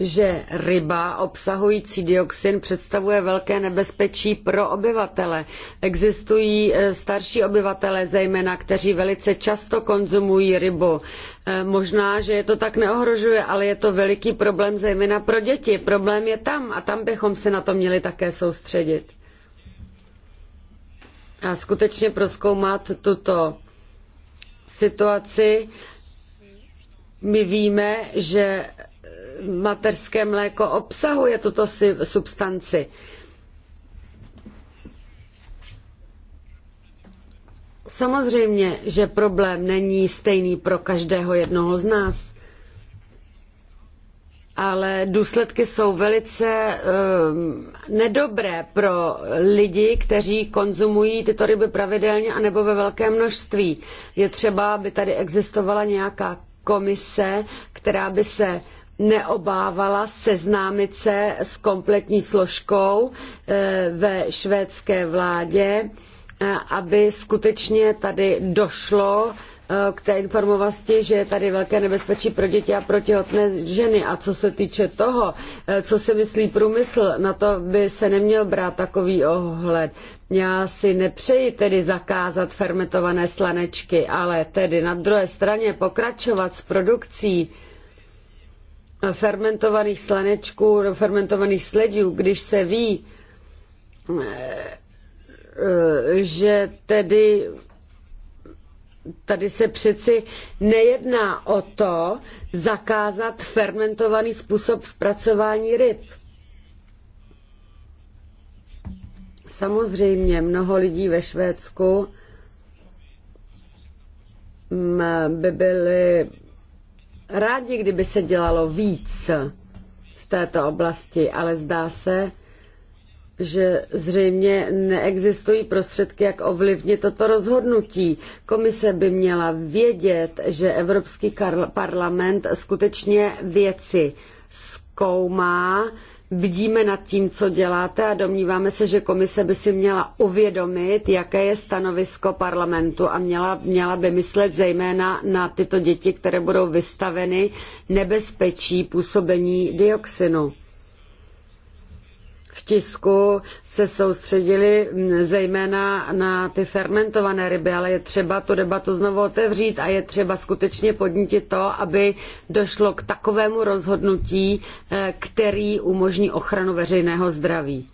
že ryba obsahující dioxin představuje velké nebezpečí pro obyvatele. Existují eh, starší obyvatelé zejména, kteří velice často konzumují rybu. Eh, možná, že je to tak neohrožuje, ale je to veliký problém zejména pro děti. Problém je tam a tam bychom se na to měli také soustředit. A skutečně prozkoumat tuto situaci. My víme, že mateřské mléko obsahuje tuto substanci. Samozřejmě, že problém není stejný pro každého jednoho z nás, ale důsledky jsou velice um, nedobré pro lidi, kteří konzumují tyto ryby pravidelně anebo ve velkém množství. Je třeba, aby tady existovala nějaká komise, která by se neobávala seznámit se s kompletní složkou eh, ve švédské vládě, eh, aby skutečně tady došlo eh, k té informovosti, že je tady velké nebezpečí pro děti a pro těhotné ženy. A co se týče toho, co si myslí průmysl, na to by se neměl brát takový ohled. Já si nepřeji tedy zakázat fermentované slanečky, ale tedy na druhé straně pokračovat s produkcí fermentovaných slanečků, fermentovaných sledů, když se ví, eh, že tedy tady se přeci nejedná o to zakázat fermentovaný způsob zpracování ryb. Samozřejmě mnoho lidí ve Švédsku mm, by byly rádi, kdyby se dělalo víc v této oblasti, ale zdá se, že zřejmě neexistují prostředky, jak ovlivnit toto rozhodnutí. Komise by měla vědět, že Evropský parlament skutečně věci zkoumá, bdíme nad tím, co děláte a domníváme se, že komise by si měla uvědomit, jaké je stanovisko parlamentu a měla, měla by myslet zejména na tyto děti, které budou vystaveny nebezpečí působení dioxinu v tisku se soustředili zejména na ty fermentované ryby, ale je třeba tu debatu znovu otevřít a je třeba skutečně podnítit to, aby došlo k takovému rozhodnutí, eh, který umožní ochranu veřejného zdraví.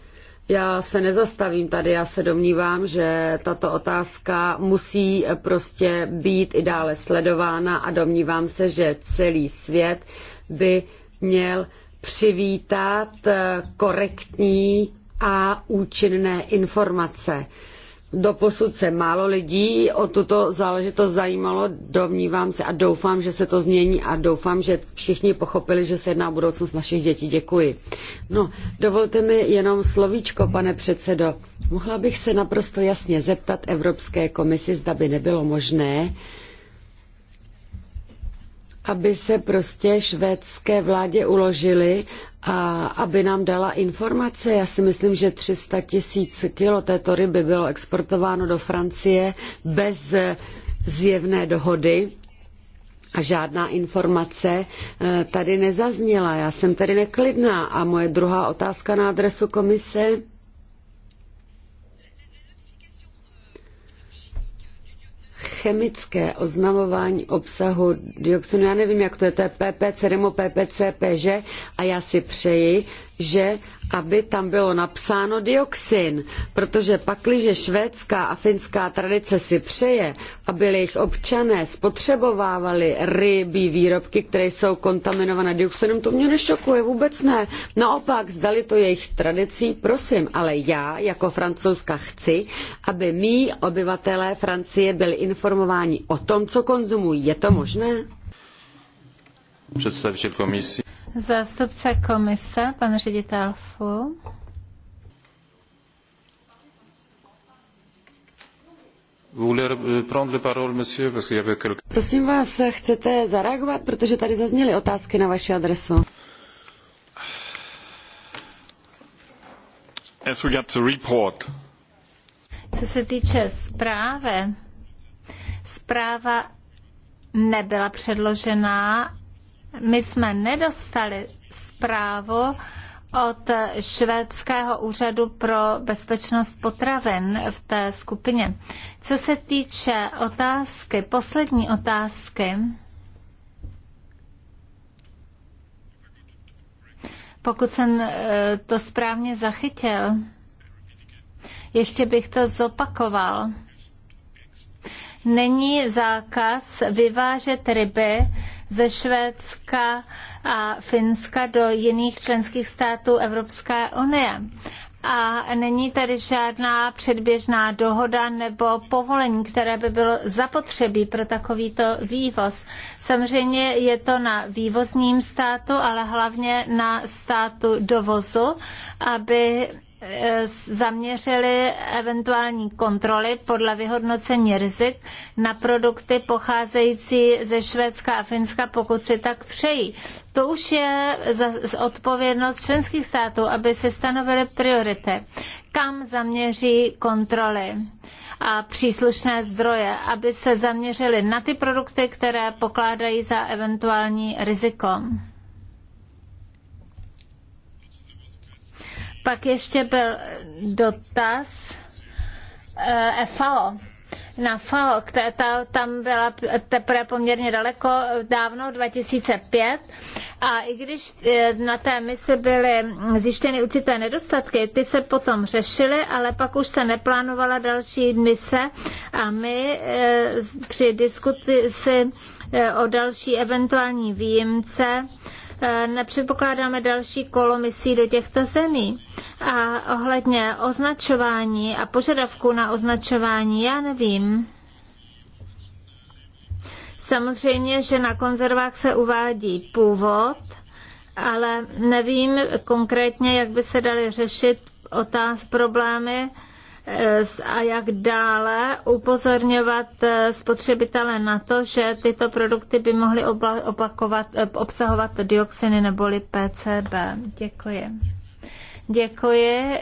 Já se nezastavím tady, já se domnívám, že tato otázka musí prostě být i dále sledována a domnívám se, že celý svět by měl přivítat eh, korektní a účinné informace. Doposud se málo lidí o tuto záležitost zajímalo, domnívám se a doufám, že se to změní a doufám, že všichni pochopili, že se jedná o budoucnost našich dětí. Děkuji. No, dovolte mi jenom slovíčko, pane předsedo. Mohla bych se naprosto jasně zeptat Evropské komisi, zda by nebylo možné, uh, aby se prostě švédské vládě uložili a aby nám dala informace. Já si myslím, že 300 tisíc kilo této ryby bylo exportováno do Francie bez zjevné dohody a žádná informace eh, tady nezazněla. Já jsem tady neklidná. A moje druhá otázka na adresu komise chemické oznamování obsahu dioxinu, já nevím, jak to je, to je PPC, nebo PPC, PŽ, a já si přeji, že aby tam bylo napsáno dioxin, protože pakliže švédská a finská tradice si přeje, aby jejich občané spotřebovávali rybí výrobky, které jsou kontaminované dioxinem, to mě nešokuje, vůbec ne. Naopak, zdali to jejich tradicí, prosím, ale já jako francouzka chci, aby mý obyvatelé Francie byli informováni o tom, co konzumují. Je to možné? Představitel komisí. Zástupce komise, pan ředitel FU. Euh, Prosím vás, chcete zareagovat, protože tady zazněly otázky na vaši adresu. As regards the report. Co se týče zprávy, zpráva nebyla předložena my jsme nedostali zprávu od švédského úřadu pro bezpečnost potravin v té skupině. Co se týče otázky, poslední otázky, pokud jsem eh, to správně zachytil, ještě bych to zopakoval. Není zákaz vyvážet ryby ze Švédska a Finska do jiných členských států Evropské unie a není tady žádná předběžná dohoda nebo povolení, které by bylo zapotřebí pro takovýto vývoz. Samozřejmě je to na vývozním státu, ale hlavně na státu dovozu, aby Eh, zaměřili eventuální kontroly podle vyhodnocení rizik na produkty pocházející ze Švédska a Finska, pokud si tak přejí. To už je odpovědnost členských států, aby se stanovily priority, kam zaměří kontroly a příslušné zdroje, aby se zaměřili na ty produkty, které pokládají za eventuální riziko. Pak ještě byl dotaz e, eh, FAO na FAO, ta, tam byla teprve poměrně daleko, dávno 2005. A i když eh, na té misi byly zjištěny určité nedostatky, ty se potom řešily, ale pak už se neplánovala další mise a my eh, při diskusi o další eventuální výjimce E, nepředpokládáme další kolo misí do těchto zemí. A ohledně označování a požadavků na označování, já nevím. Samozřejmě, že na konzervách se uvádí původ, ale nevím konkrétně, jak by se daly řešit otáz problémy Eh, a jak dále upozorňovat eh, spotřebitele na to, že tyto produkty by mohly opakovat, eh, obsahovat dioxiny neboli PCB. Děkuji. Děkuji.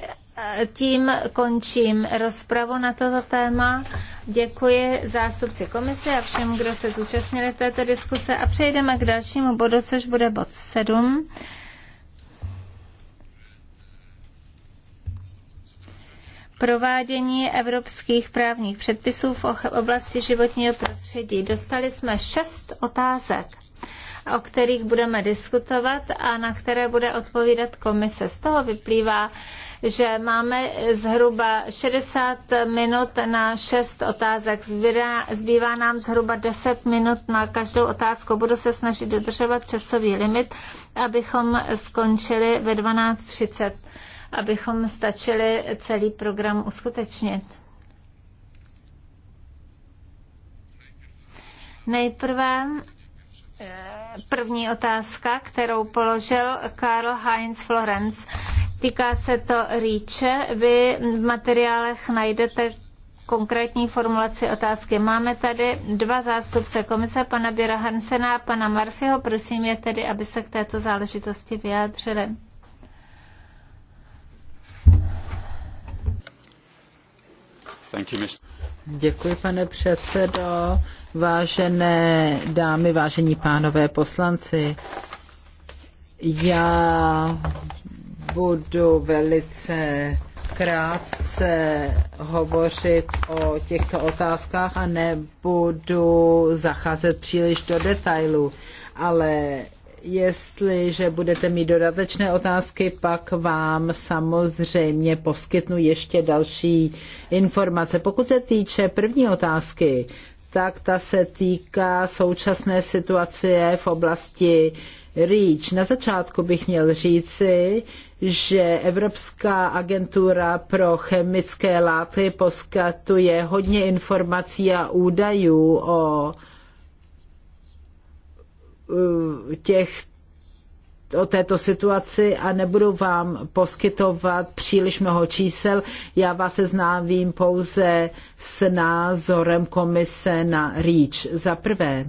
Tím končím rozpravu na toto téma. Děkuji zástupci komise a všem, kdo se zúčastnili této diskuse a přejdeme k dalšímu bodu, což bude bod 7. provádění evropských právních předpisů v oblasti životního prostředí. Dostali jsme šest otázek o kterých budeme diskutovat a na které bude odpovídat komise. Z toho vyplývá, že máme zhruba 60 minut na 6 otázek. Zbývá, zbývá nám zhruba 10 minut na každou otázku. Budu se snažit dodržovat časový limit, abychom skončili ve 12.30 abychom stačili celý program uskutečnit. Nejprve eh, první otázka, kterou položil Karl Heinz Florenz. Týká se to rýče. Vy v materiálech najdete konkrétní formulaci otázky. Máme tady dva zástupce komise, pana Běra Hansena a pana Marfiho. Prosím je tedy, aby se k této záležitosti vyjádřili. Děkuji, pane předsedo. Vážené dámy, vážení pánové poslanci, já budu velice krátce hovořit o těchto otázkách a nebudu zacházet příliš do detailů, ale Jestliže budete mít dodatečné otázky, pak vám samozřejmě poskytnu ještě další informace. Pokud se týče první otázky, tak ta se týká současné situace v oblasti REACH. Na začátku bych měl říci, že Evropská agentura pro chemické látky poskytuje hodně informací a údajů o Eh, těch o této situaci a nebudu vám poskytovat příliš mnoho čísel. Já vás seznámím pouze s názorem komise na REACH. Za prvé,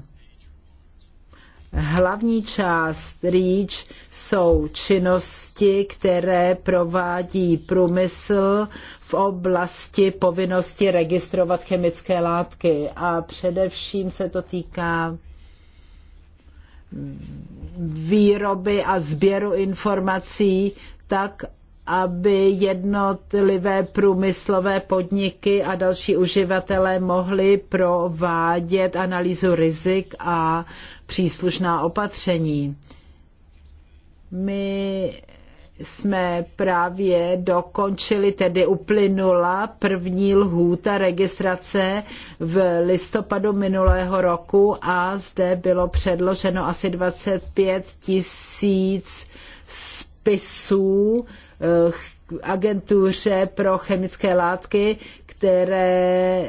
hlavní část REACH jsou činnosti, které provádí průmysl v oblasti povinnosti registrovat chemické látky a především se to týká výroby a sběru informací tak, aby jednotlivé průmyslové podniky a další uživatelé mohli provádět analýzu rizik a příslušná opatření. My jsme právě dokončili, tedy uplynula první lhůta registrace v listopadu minulého roku a zde bylo předloženo asi 25 tisíc spisů eh, agentuře pro chemické látky, které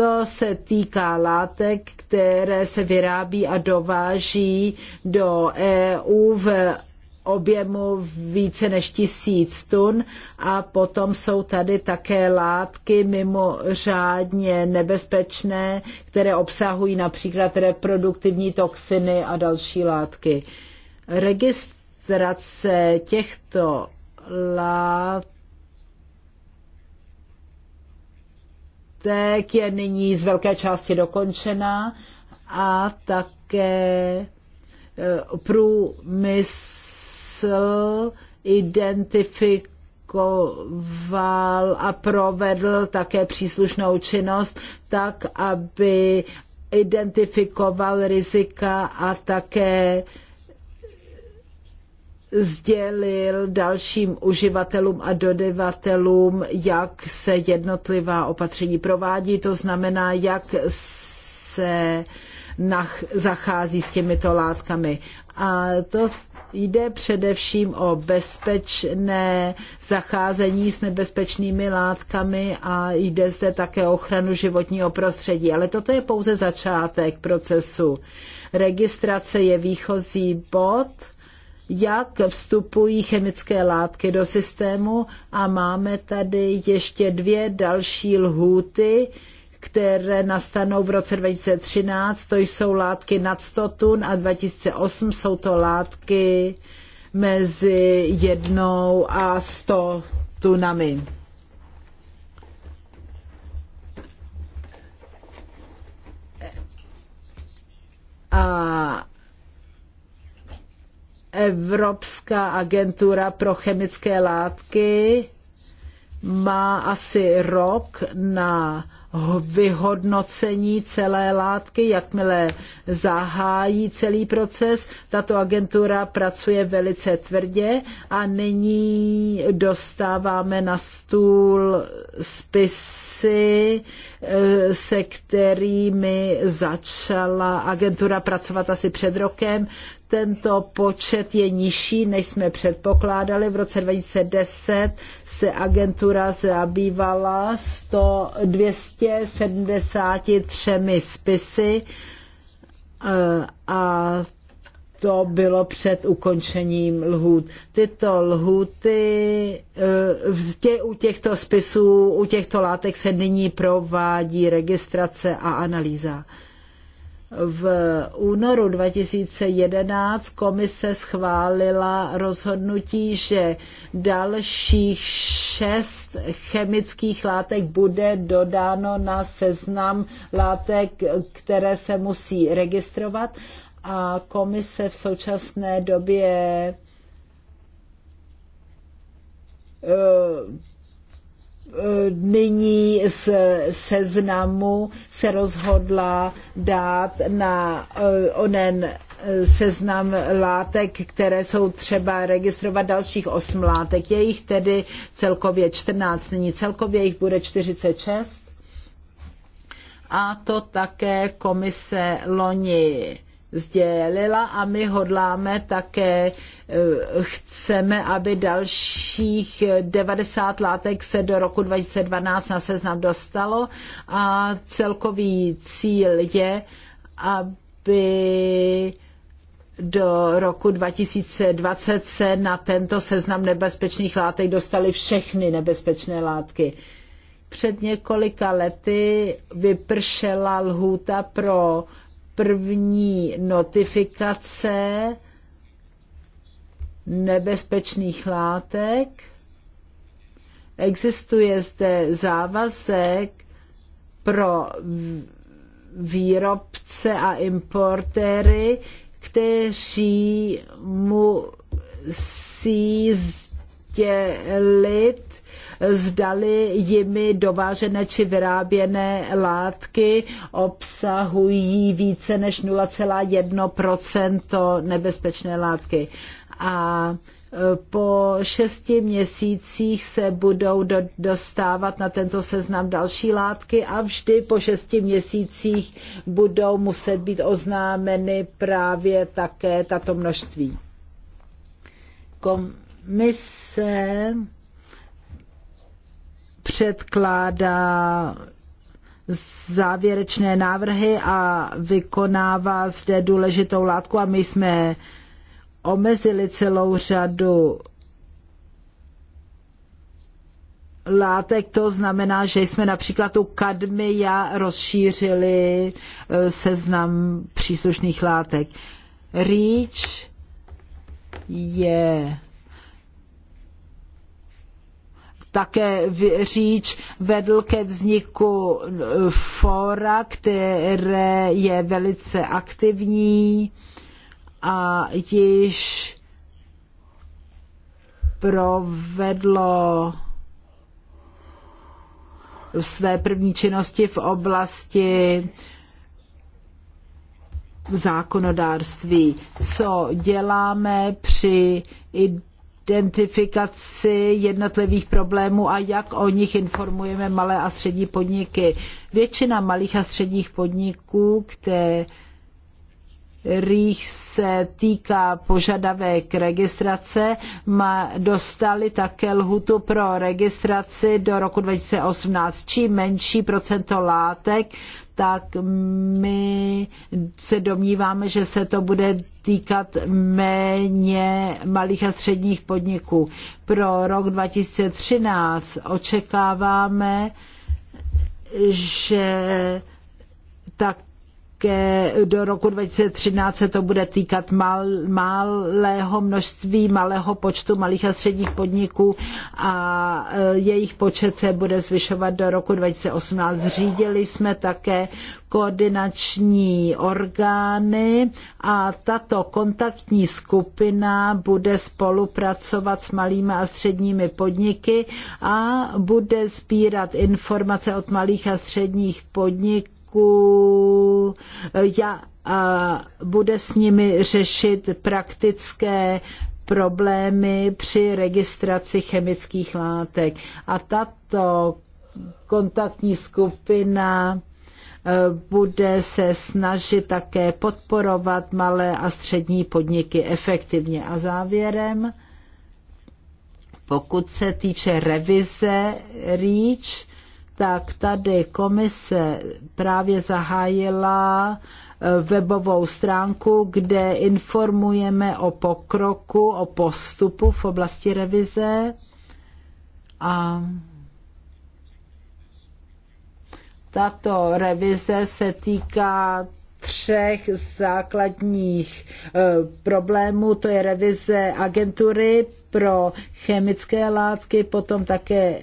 to se týká látek, které se vyrábí a dováží do EU v objemu více než tisíc tun a potom jsou tady také látky mimořádně nebezpečné, které obsahují například reproduktivní toxiny a další látky. Registrace těchto látek tak je nyní z velké části dokončena a také eh, průmysl identifikoval a provedl také příslušnou činnost tak, aby identifikoval rizika a také sdělil dalším uživatelům a dodavatelům, jak se jednotlivá opatření provádí, to znamená, jak se nach- zachází s těmito látkami. A to jde především o bezpečné zacházení s nebezpečnými látkami a jde zde také o ochranu životního prostředí. Ale toto je pouze začátek procesu. Registrace je výchozí bod jak vstupují chemické látky do systému a máme tady ještě dvě další lhůty, které nastanou v roce 2013. To jsou látky nad 100 tun a 2008 jsou to látky mezi jednou a 100 tunami. A Evropská agentura pro chemické látky má asi rok na vyhodnocení celé látky, jakmile zahájí celý proces. Tato agentura pracuje velice tvrdě a nyní dostáváme na stůl spis věci, eh, se kterými začala agentura pracovat asi před rokem. Tento počet je nižší, než jsme předpokládali. V roce 2010 se agentura zabývala 100, 273 spisy eh, a to bylo před ukončením lhůt. Tyto lhůty eh, tě, u těchto spisů, u těchto látek se nyní provádí registrace a analýza. V únoru 2011 komise schválila rozhodnutí, že dalších šest chemických látek bude dodáno na seznam látek, které se musí registrovat a komise v současné době eh, eh, nyní z seznamu se rozhodla dát na eh, onen seznam látek, které jsou třeba registrovat dalších osm látek. Je jich tedy celkově 14, nyní celkově jich bude 46. A to také komise loni sdělila a my hodláme také, eh, chceme, aby dalších 90 látek se do roku 2012 na seznam dostalo a celkový cíl je, aby do roku 2020 se na tento seznam nebezpečných látek dostaly všechny nebezpečné látky. Před několika lety vypršela lhůta pro první notifikace nebezpečných látek. Existuje zde závazek pro výrobce a importéry, kteří musí sdělit zdali jimi dovážené či vyráběné látky obsahují více než 0,1 nebezpečné látky. A e, po šesti měsících se budou do, dostávat na tento seznam další látky a vždy po šesti měsících budou muset být oznámeny právě také tato množství. Komise předkládá závěrečné návrhy a vykonává zde důležitou látku a my jsme omezili celou řadu látek, to znamená, že jsme například u kadmia rozšířili eh, seznam příslušných látek. REACH je také říč vedl ke vzniku fóra, které je velice aktivní a již provedlo své první činnosti v oblasti zákonodárství. Co děláme při identifikaci jednotlivých problémů a jak o nich informujeme malé a střední podniky. Většina malých a středních podniků, kterých se týká požadavek registrace, má, dostali také lhutu pro registraci do roku 2018. Čím menší procento látek, tak my se domníváme, že se to bude týkat méně malých a středních podniků. Pro rok 2013 očekáváme, že tak také do roku 2013 se to bude týkat mal, malého množství, malého počtu malých a středních podniků a e, jejich počet se bude zvyšovat do roku 2018. Zřídili jsme také koordinační orgány a tato kontaktní skupina bude spolupracovat s malými a středními podniky a bude sbírat informace od malých a středních podniků podniků já, a bude s nimi řešit praktické problémy při registraci chemických látek. A tato kontaktní skupina e, bude se snažit také podporovat malé a střední podniky efektivně. A závěrem, pokud se týče revize REACH, tak tady komise právě zahájila eh, webovou stránku, kde informujeme o pokroku, o postupu v oblasti revize a tato revize se týká třech základních eh, problémů. To je revize agentury pro chemické látky, potom také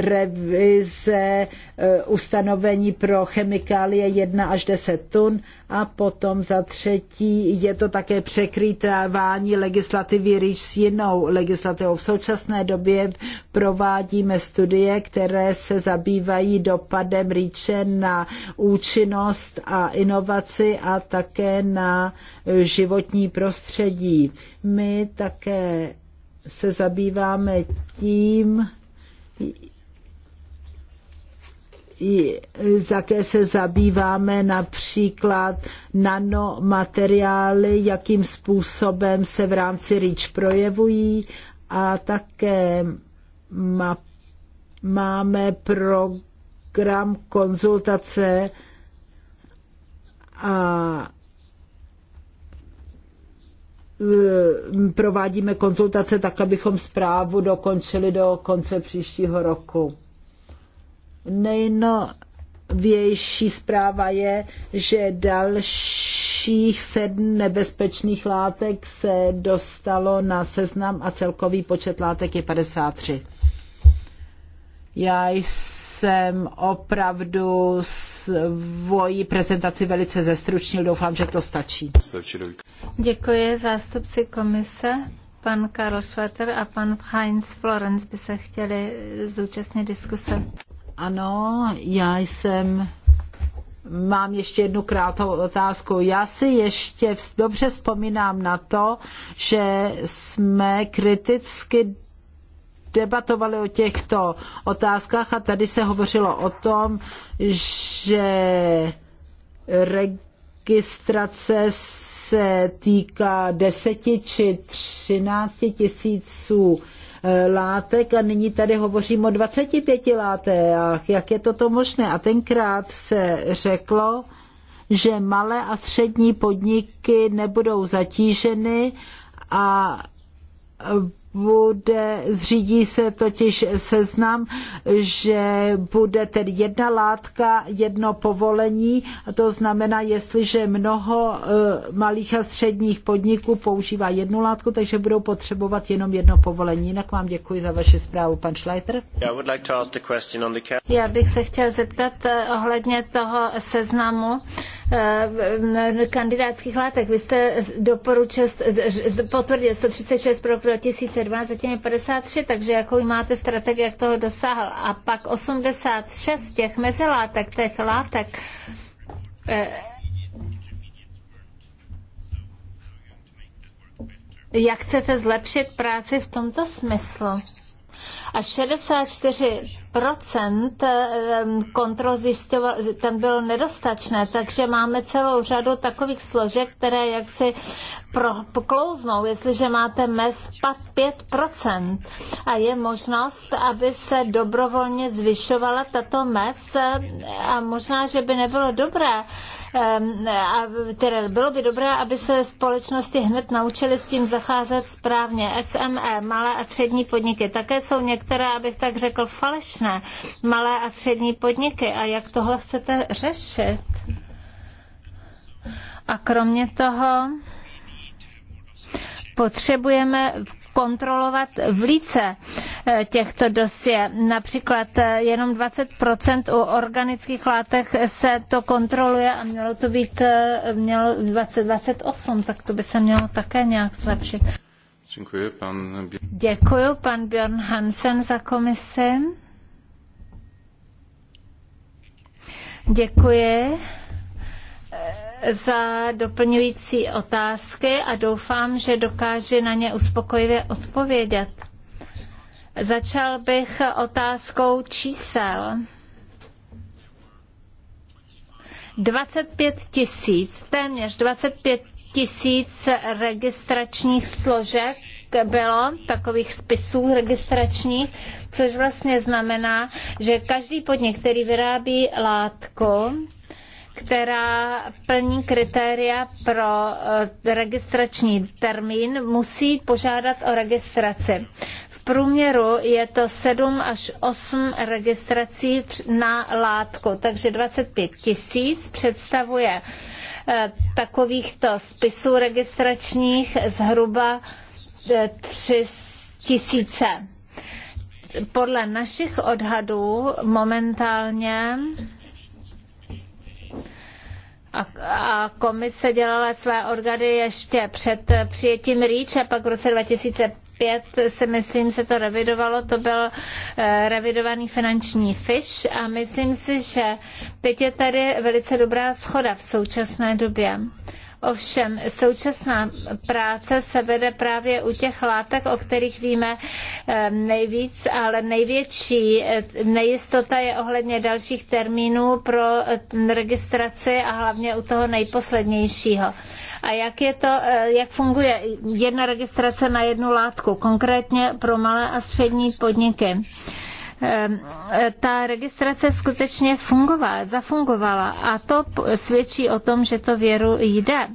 revize eh, ustanovení pro chemikálie 1 až 10 tun a potom za třetí je to také překrýtávání legislativy REACH s jinou legislativou. V současné době provádíme studie, které se zabývají dopadem REACH na účinnost a inovaci a také na životní prostředí. My také se zabýváme tím, jaké se zabýváme například nanomateriály, jakým způsobem se v rámci REACH projevují a také máme program konzultace a Eh, provádíme konzultace tak, abychom zprávu dokončili do konce příštího roku. Nejnovější zpráva je, že dalších sedm nebezpečných látek se dostalo na seznam a celkový počet látek je 53. Já jsem opravdu s svoji prezentaci velice zestručnil. Doufám, že to stačí. Děkuji zástupci komise. Pan Karl Schwetter a pan Heinz Florenz by se chtěli zúčastnit diskuse. Ano, já jsem mám ještě jednu krátkou otázku. Já si ještě dobře vzpomínám na to, že jsme kriticky debatovali o těchto otázkách a tady se hovořilo o tom, že registrace se týká deseti či třinácti tisíců eh, látek a nyní tady hovořím o 25 látkách. Jak je toto možné? A tenkrát se řeklo, že malé a střední podniky nebudou zatíženy a bude, zřídí se totiž seznam, že bude tedy jedna látka, jedno povolení, a to znamená, jestliže mnoho eh, malých a středních podniků používá jednu látku, takže budou potřebovat jenom jedno povolení. Jinak vám děkuji za vaši zprávu, pan Schleiter. Já bych se chtěla zeptat eh, ohledně toho seznamu Eh, kandidátských látek. Vy jste doporučil, potvrdil 136 pro 2012, zatím je 53, takže jakou máte strategii, jak toho dosáhl. A pak 86 těch mezilátek, těch látek, eh, jak chcete zlepšit práci v tomto smyslu? A 64 procent ehm, kontrol zjišťoval, tam bylo nedostačné, takže máme celou řadu takových složek, které jaksi pro, poklouznou, jestliže máte mez 5% a je možnost, aby se dobrovolně zvyšovala tato mez ehm, a možná, že by nebylo dobré, ehm, a teda bylo by dobré, aby se společnosti hned naučily s tím zacházet správně. SME, malé a střední podniky, také jsou některé, abych tak řekl, falešné nebezpečné. Malé a střední podniky a jak tohle chcete řešit? A kromě toho potřebujeme kontrolovat v líce eh, těchto dosie. Například eh, jenom 20% u organických látek se to kontroluje a mělo to být eh, mělo 20, 28, tak to by se mělo také nějak zlepšit. Děkuji, pan, Děkuji, pan Björn Hansen za komisi. Děkuji eh, za doplňující otázky a doufám, že dokáže na ně uspokojivě odpovědět. Začal bych otázkou čísel. 25 tisíc, téměř 25 tisíc registračních složek bylo takových spisů registračních, což vlastně znamená, že každý podnik, který vyrábí látku, která plní kritéria pro eh, registrační termín, musí požádat o registraci. V průměru je to 7 až 8 registrací na látku, takže 25 tisíc představuje eh, takovýchto spisů registračních zhruba 3 tisíce. Podle našich odhadů momentálně a, komise dělala své orgady ještě před přijetím REACH a pak v roce 2005 se myslím se to revidovalo, to byl eh, revidovaný finanční fish a myslím si, že teď je tady velice dobrá schoda v současné době. Ovšem současná práce se vede právě u těch látek, o kterých víme eh, nejvíc, ale největší eh, nejistota je ohledně dalších termínů pro eh, registraci a hlavně u toho nejposlednějšího. A jak, je to, jak funguje jedna registrace na jednu látku, konkrétně pro malé a střední podniky? Ehm, ta registrace skutečně fungovala, zafungovala a to svědčí o tom, že to věru jde.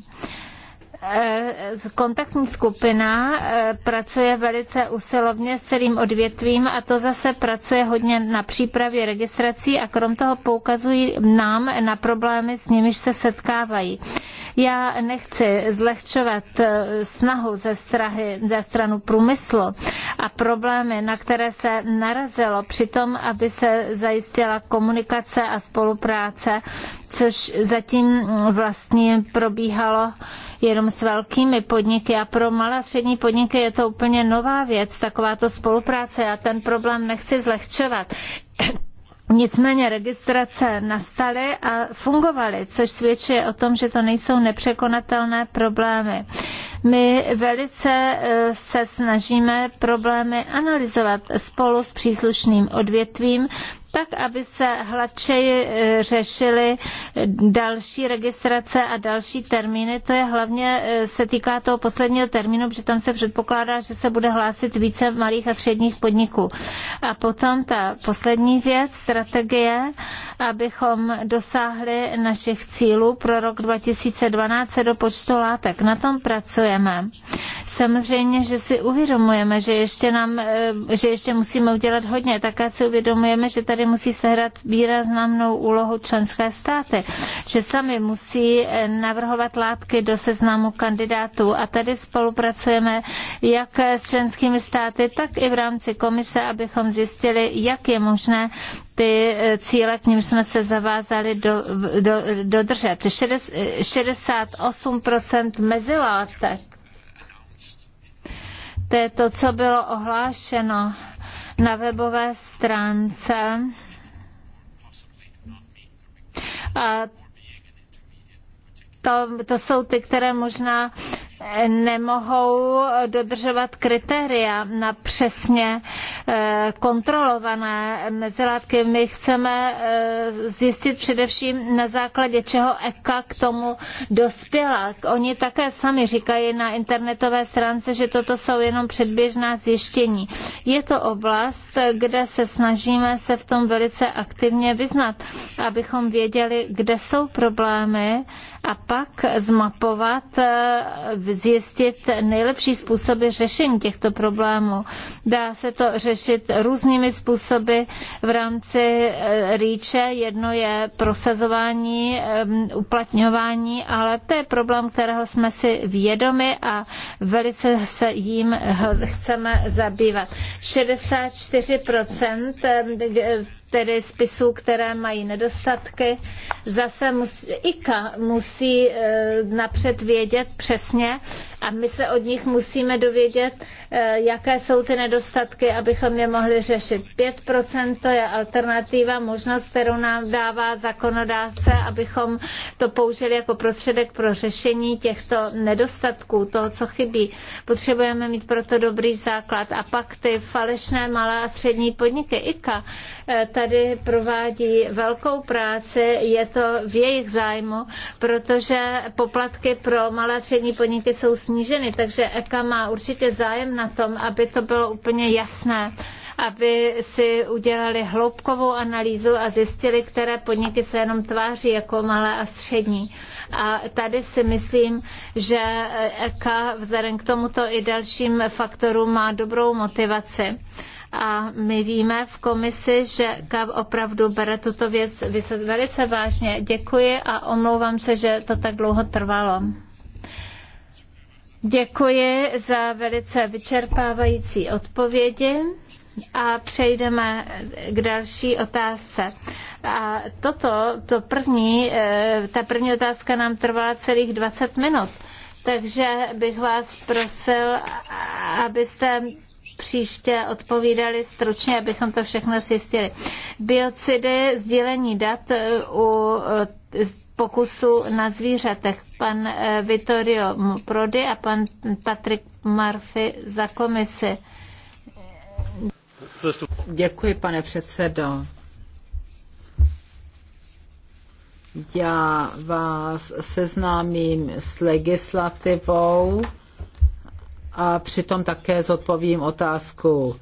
Eh, kontaktní skupina eh, pracuje velice usilovně s celým odvětvím a to zase pracuje hodně na přípravě registrací a krom toho poukazují nám na problémy, s nimiž se setkávají. Já nechci zlehčovat eh, snahu ze, strahy, ze stranu průmyslu a problémy, na které se narazilo při tom, aby se zajistila komunikace a spolupráce, což zatím vlastně probíhalo jenom s velkými podniky a pro malé a střední podniky je to úplně nová věc, takováto spolupráce. Já ten problém nechci zlehčovat. [coughs] Nicméně registrace nastaly a fungovaly, což svědčuje o tom, že to nejsou nepřekonatelné problémy. My velice e, se snažíme problémy analyzovat spolu s příslušným odvětvím, tak aby se hladčeji eh, řešily další registrace a další termíny. To je hlavně, eh, se týká toho posledního termínu, protože tam se předpokládá, že se bude hlásit více malých a středních podniků. A potom ta poslední věc, strategie, abychom dosáhli našich cílů pro rok 2012 do počtu látek. Na tom pracujeme. Samozřejmě, že si uvědomujeme, že ještě, nám, eh, že ještě musíme udělat hodně. Také si uvědomujeme, že tady musí sehrát výraznou úlohu členské státy, že sami musí eh, navrhovat látky do seznamu kandidátů. A tady spolupracujeme jak s členskými státy, tak i v rámci komise, abychom zjistili, jak je možné ty eh, cíle, k ním jsme se zavázali do, do, dodržet. 68% eh, mezilátek. To je to, co bylo ohlášeno na webové stránce. A to, to jsou ty, které možná nemohou dodržovat kritéria na přesně eh, kontrolované mezilátky. My chceme eh, zjistit především na základě čeho EKA k tomu dospěla. Oni také sami říkají na internetové stránce, že toto jsou jenom předběžná zjištění. Je to oblast, kde se snažíme se v tom velice aktivně vyznat, abychom věděli, kde jsou problémy a pak zmapovat eh, zjistit nejlepší způsoby řešení těchto problémů. Dá se to řešit různými způsoby v rámci eh, rýče. Jedno je prosazování, eh, uplatňování, ale to je problém, kterého jsme si vědomi a velice se jím chceme zabývat. 64% tedy spisů, které mají nedostatky. Zase musí, IKA musí e, napřed vědět přesně a my se od nich musíme dovědět, e, jaké jsou ty nedostatky, abychom je mohli řešit. 5% to je alternativa, možnost, kterou nám dává zakonodáce, abychom to použili jako prostředek pro řešení těchto nedostatků, toho, co chybí. Potřebujeme mít proto dobrý základ. A pak ty falešné malé a střední podniky, IKA, e, ta tady provádí velkou práci, je to v jejich zájmu, protože poplatky pro malé a střední podniky jsou sníženy, takže EKA má určitě zájem na tom, aby to bylo úplně jasné aby si udělali hloubkovou analýzu a zjistili, které podniky se jenom tváří jako malé a střední. A tady si myslím, že EKA vzhledem k tomuto i dalším faktorům má dobrou motivaci a my víme v komisi, že KAV opravdu bere tuto věc velice vážně. Děkuji a omlouvám se, že to tak dlouho trvalo. Děkuji za velice vyčerpávající odpovědi a přejdeme k další otázce. A toto, to první, eh, ta první otázka nám trvala celých 20 minut. Takže bych vás prosil, abyste příště odpovídali stručně, abychom to všechno zjistili. Biocidy, sdílení dat eh, u eh, pokusu na zvířatech. Pan eh, Vittorio Prodi a pan Patrick Murphy za komisi. Děkuji, pane předsedo. Já vás seznámím s legislativou a přitom také zodpovím otázku.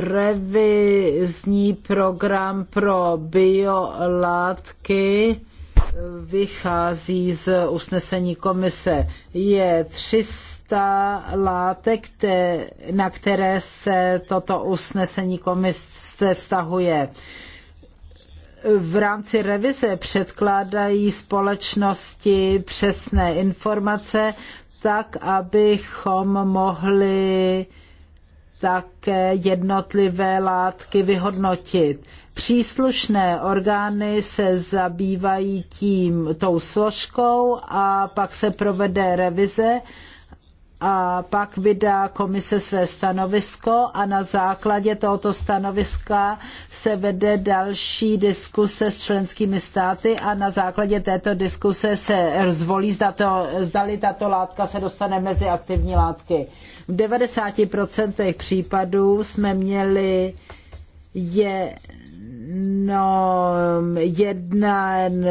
Revizní program pro biolátky vychází z usnesení komise. Je 300 látek, na které se toto usnesení komise vztahuje v rámci revize předkládají společnosti přesné informace, tak abychom mohli také jednotlivé látky vyhodnotit. Příslušné orgány se zabývají tím tou složkou a pak se provede revize a pak vydá komise své stanovisko a na základě tohoto stanoviska se vede další diskuse s členskými státy a na základě této diskuse se zvolí, zda to, zdali tato látka se dostane mezi aktivní látky. V 90% případů jsme měli je, no, jeden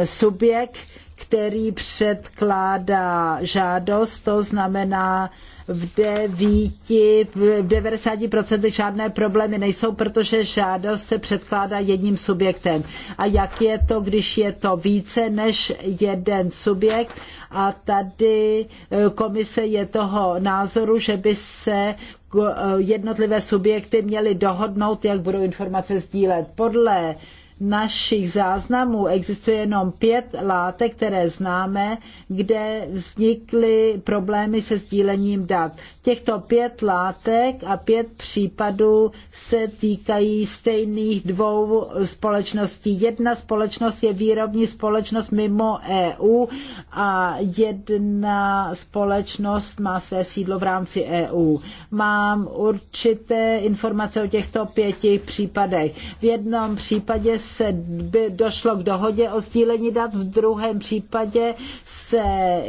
subjekt, který předkládá žádost, to znamená, v, devíti, v 90% žádné problémy nejsou, protože žádost se předkládá jedním subjektem. A jak je to, když je to více než jeden subjekt? A tady eh, komise je toho názoru, že by se eh, jednotlivé subjekty měly dohodnout, jak budou informace sdílet. Podle našich záznamů existuje jenom pět látek, které známe, kde vznikly problémy se sdílením dat. Těchto pět látek a pět případů se týkají stejných dvou společností. Jedna společnost je výrobní společnost mimo EU a jedna společnost má své sídlo v rámci EU. Mám určité informace o těchto pěti případech. V jednom případě se by došlo k dohodě o sdílení dat, v druhém případě se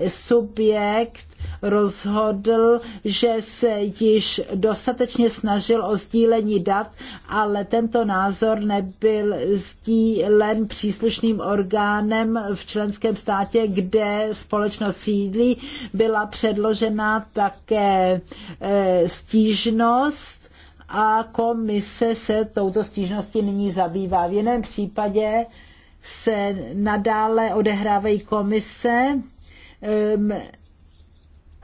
subjekt rozhodl, že se již dostatečně snažil o sdílení dat, ale tento názor nebyl sdílen příslušným orgánem v členském státě, kde společnost sídlí. Byla předložena také eh, stížnost a komise se touto stížností nyní zabývá. V jiném případě se nadále odehrávají komise ehm,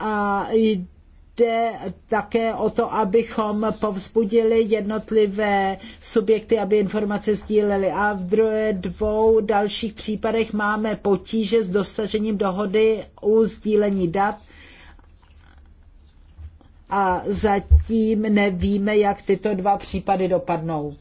a jde také o to, abychom povzbudili jednotlivé subjekty, aby informace sdíleli. A v druhé dvou dalších případech máme potíže s dosažením dohody u sdílení dat a zatím nevíme, jak tyto dva případy dopadnou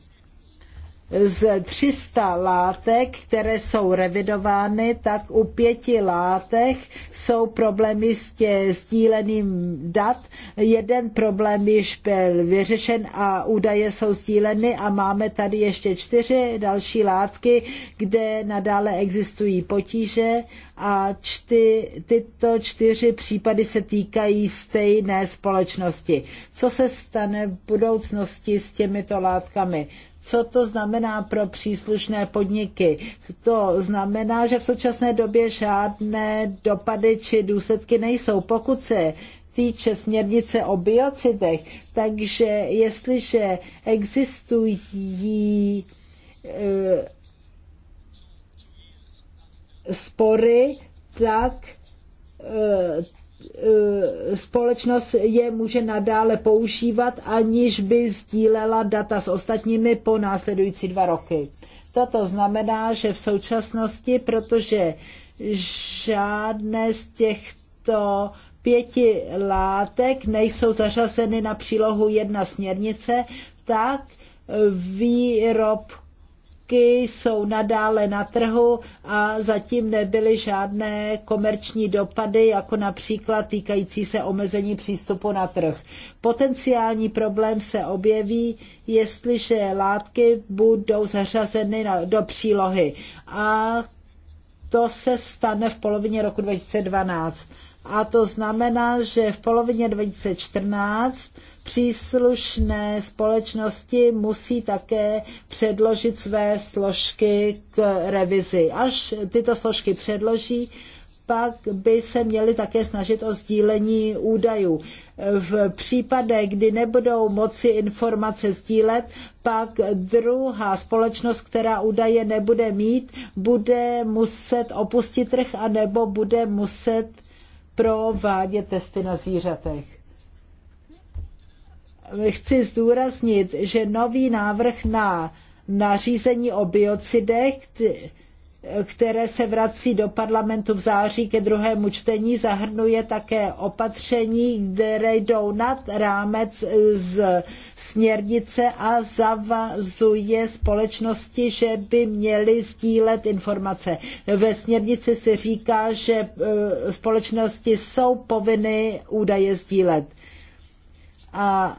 z 300 látek, které jsou revidovány, tak u pěti látek jsou problémy s tě, sdíleným dat. Jeden problém již byl vyřešen a údaje jsou sdíleny a máme tady ještě čtyři další látky, kde nadále existují potíže a čty, tyto čtyři případy se týkají stejné společnosti. Co se stane v budoucnosti s těmito látkami? co to znamená pro příslušné podniky. To znamená, že v současné době žádné dopady či důsledky nejsou. Pokud se týče směrnice o biocidech, takže jestliže existují e, spory, tak e, E, společnost je může nadále používat, aniž by sdílela data s ostatními po následující dva roky. Toto znamená, že v současnosti, protože žádné z těchto pěti látek nejsou zařazeny na přílohu jedna směrnice, tak výrob látky jsou nadále na trhu a zatím nebyly žádné komerční dopady, jako například týkající se omezení přístupu na trh. Potenciální problém se objeví, jestliže látky budou zařazeny do přílohy. A to se stane v polovině roku 2012. A to znamená, že v polovině 2014 Příslušné společnosti musí také předložit své složky k revizi. Až tyto složky předloží, pak by se měli také snažit o sdílení údajů. V případě, kdy nebudou moci informace sdílet, pak druhá společnost, která údaje nebude mít, bude muset opustit trh anebo bude muset provádět testy na zvířatech chci zdůraznit, že nový návrh na nařízení o biocidech, které se vrací do parlamentu v září ke druhému čtení, zahrnuje také opatření, které jdou nad rámec z směrnice a zavazuje společnosti, že by měly sdílet informace. Ve směrnici se říká, že e, společnosti jsou povinny údaje sdílet. A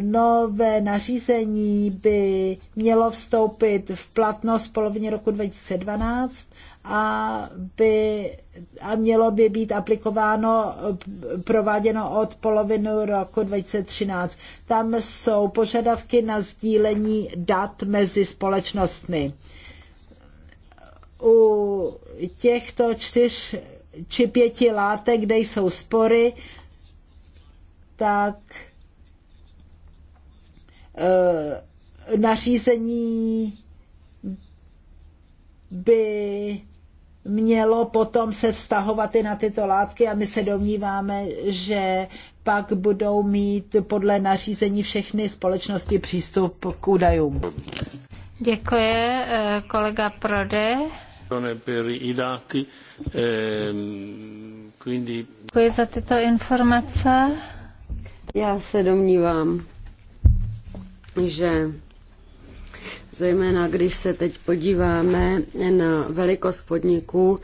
nové nařízení by mělo vstoupit v platnost v polovině roku 2012 a, by, a mělo by být aplikováno, prováděno od poloviny roku 2013. Tam jsou požadavky na sdílení dat mezi společnostmi. U těchto čtyř či pěti látek, kde jsou spory, tak Eh, nařízení by mělo potom se vztahovat i na tyto látky a my se domníváme, že pak budou mít podle nařízení všechny společnosti přístup k údajům. Děkuji, eh, kolega Prode. Děkuji za tyto informace. Já se domnívám, že zejména když se teď podíváme na velikost podniků,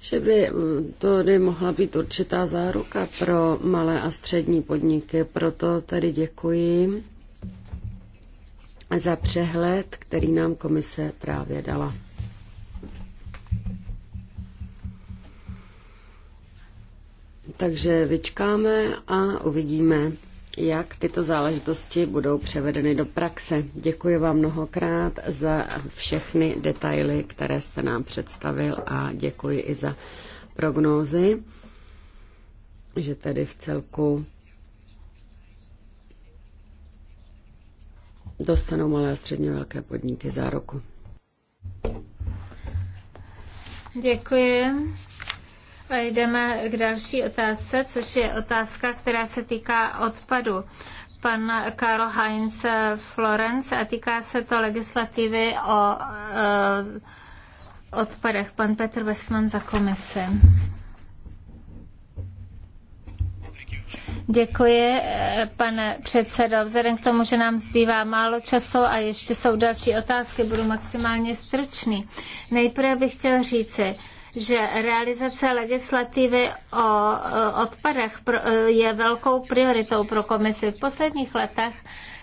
že by to by mohla být určitá záruka pro malé a střední podniky. Proto tedy děkuji za přehled, který nám komise právě dala. Takže vyčkáme a uvidíme jak tyto záležitosti budou převedeny do praxe. Děkuji vám mnohokrát za všechny detaily, které jste nám představil a děkuji i za prognózy, že tedy v celku dostanou malé a středně velké podniky za roku. Děkuji. A jdeme k další otázce, což je otázka, která se týká odpadu pan Karl Heinz Florence a týká se to legislativy o uh, odpadech. Pan Petr Westman za komisi. Děkuji, eh, pane předsedo. Vzhledem k tomu, že nám zbývá málo času a ještě jsou další otázky, budu maximálně stručný. Nejprve bych chtěl říci, že realizace legislativy o odpadech je velkou prioritou pro komisi. V posledních letech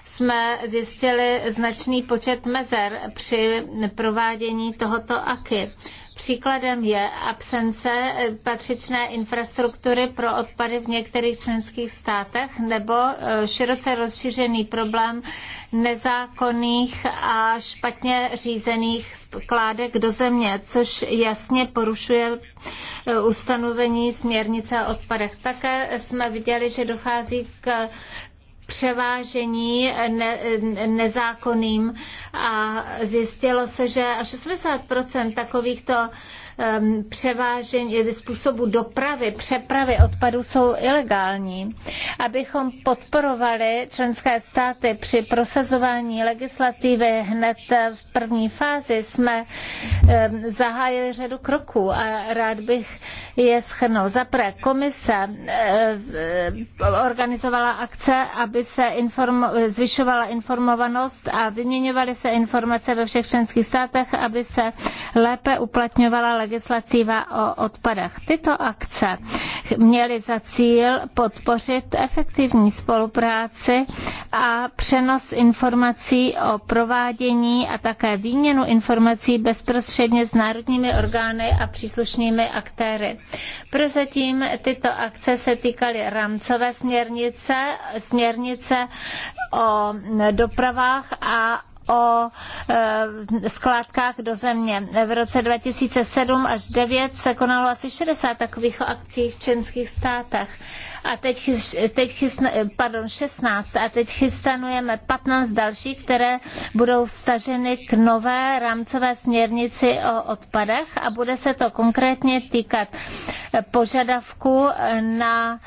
jsme zjistili značný počet mezer při provádění tohoto AKY. Příkladem je absence patřičné infrastruktury pro odpady v některých členských státech nebo e, široce rozšířený problém nezákonných a špatně řízených skládek do země, což jasně porušuje e, ustanovení směrnice o odpadech. Také jsme viděli, že dochází k převážení ne, nezákonným a zjistilo se, že až 80% takovýchto Ehm, převážení, eh, způsobu dopravy, přepravy odpadů jsou ilegální. Abychom podporovali členské státy při prosazování legislativy hned v první fázi, jsme ehm, zahájili řadu kroků a rád bych je schrnul. Za prvé, komise ehm, organizovala akce, aby se inform, zvyšovala informovanost a vyměňovaly se informace ve všech členských státech, aby se lépe uplatňovala legislativa legislativa o odpadech. Tyto akce měly za cíl podpořit efektivní spolupráci a přenos informací o provádění a také výměnu informací bezprostředně s národními orgány a příslušnými aktéry. Prozatím tyto akce se týkaly rámcové směrnice, směrnice o dopravách a o eh, skládkách do země. V roce 2007 až 2009 se konalo asi 60 takových akcí v členských státech a teď, teď chysna, pardon, 16 a teď chystanujeme 15 dalších, které budou vstaženy k nové rámcové směrnici o odpadech a bude se to konkrétně týkat požadavku na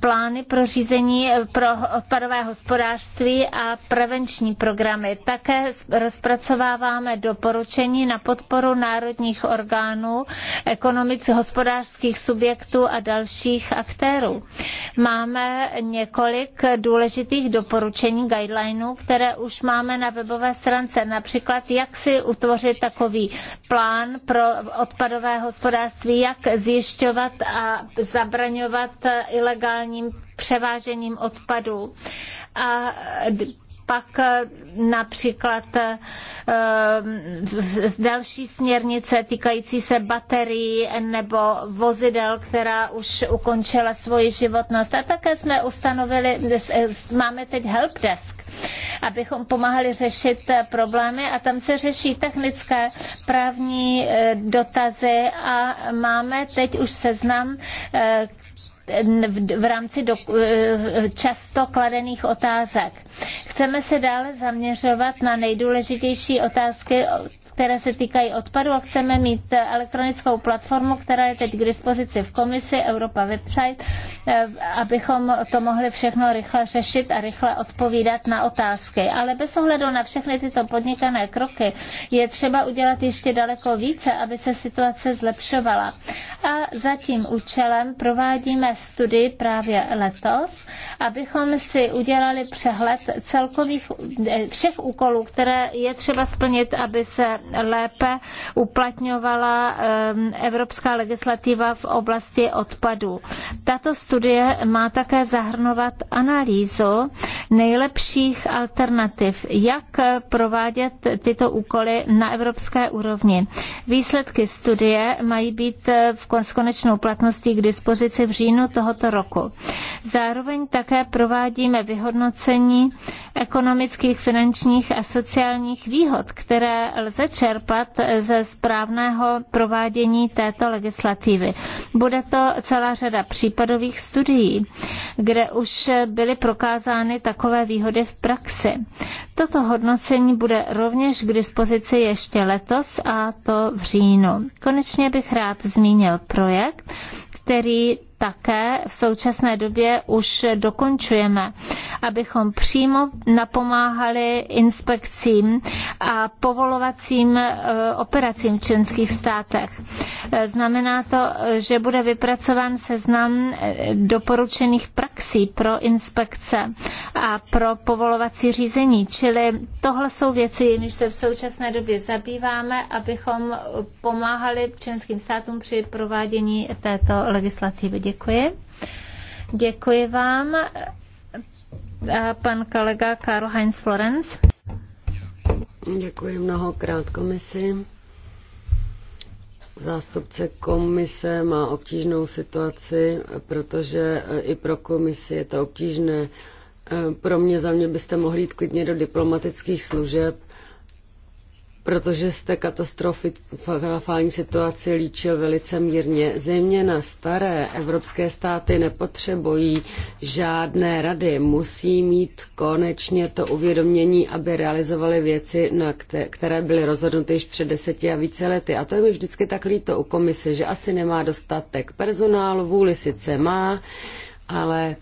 plány pro řízení pro odpadové hospodářství a prevenční programy. Také rozpracováváme doporučení na podporu národních orgánů, ekonomických, hospodářských subjektů a dalších aktérů. Máme několik důležitých doporučení, guidelineů, které už máme na webové stránce. Například, jak si utvořit takový plán pro odpadové hospodářství, jak zjišťovat a zabraňovat ilegálním převážením odpadů a pak eh, například eh, další směrnice týkající se baterií nebo vozidel, která už ukončila svoji životnost. A také jsme ustanovili, máme teď helpdesk, abychom pomáhali řešit eh, problémy a tam se řeší technické právní dotazy a máme teď už seznam v rámci do, eh, často kladených otázek. Chceme se dále zaměřovat na nejdůležitější otázky které se týkají odpadu a chceme mít elektronickou platformu, která je teď k dispozici v komisi Europa Website, eh, abychom to mohli všechno rychle řešit a rychle odpovídat na otázky. Ale bez ohledu na všechny tyto podnikané kroky je třeba udělat ještě daleko více, aby se situace zlepšovala. A za tím účelem provádíme studii právě letos, abychom si udělali přehled celkových eh, všech úkolů, které je třeba splnit, aby se lépe uplatňovala eh, evropská legislativa v oblasti odpadů. Tato studie má také zahrnovat analýzu nejlepších alternativ, jak provádět tyto úkoly na evropské úrovni. Výsledky studie mají být eh, v s konečnou platností k dispozici v říjnu tohoto roku. Zároveň také provádíme vyhodnocení ekonomických, finančních a sociálních výhod, které lze čerpat ze správného provádění této legislativy. Bude to celá řada případových studií, kde už byly prokázány takové výhody v praxi. Toto hodnocení bude rovněž k dispozici ještě letos a to v říjnu. Konečně bych rád zmínil projekt, který také v současné době už dokončujeme, abychom přímo napomáhali inspekcím a povolovacím e, operacím v členských státech. E, znamená to, že bude vypracován seznam e, doporučených praxí pro inspekce a pro povolovací řízení. Čili tohle jsou věci, jimiž se v současné době zabýváme, abychom pomáhali členským státům při provádění této legislativy. Děkuji. Děkuji. Děkuji vám. A pan kolega Karl Heinz Florenz. Děkuji mnohokrát komisi. Zástupce komise má obtížnou situaci, protože e, i pro komisi je to obtížné. E, pro mě, za mě byste mohli jít klidně do diplomatických služeb, protože jste katastrofální situaci líčil velice mírně. Zejména staré evropské státy nepotřebují žádné rady, musí mít konečně to uvědomění, aby realizovali věci, na které byly rozhodnuty již před deseti a více lety. A to je mi vždycky tak líto u komise, že asi nemá dostatek personálu, vůli sice má, ale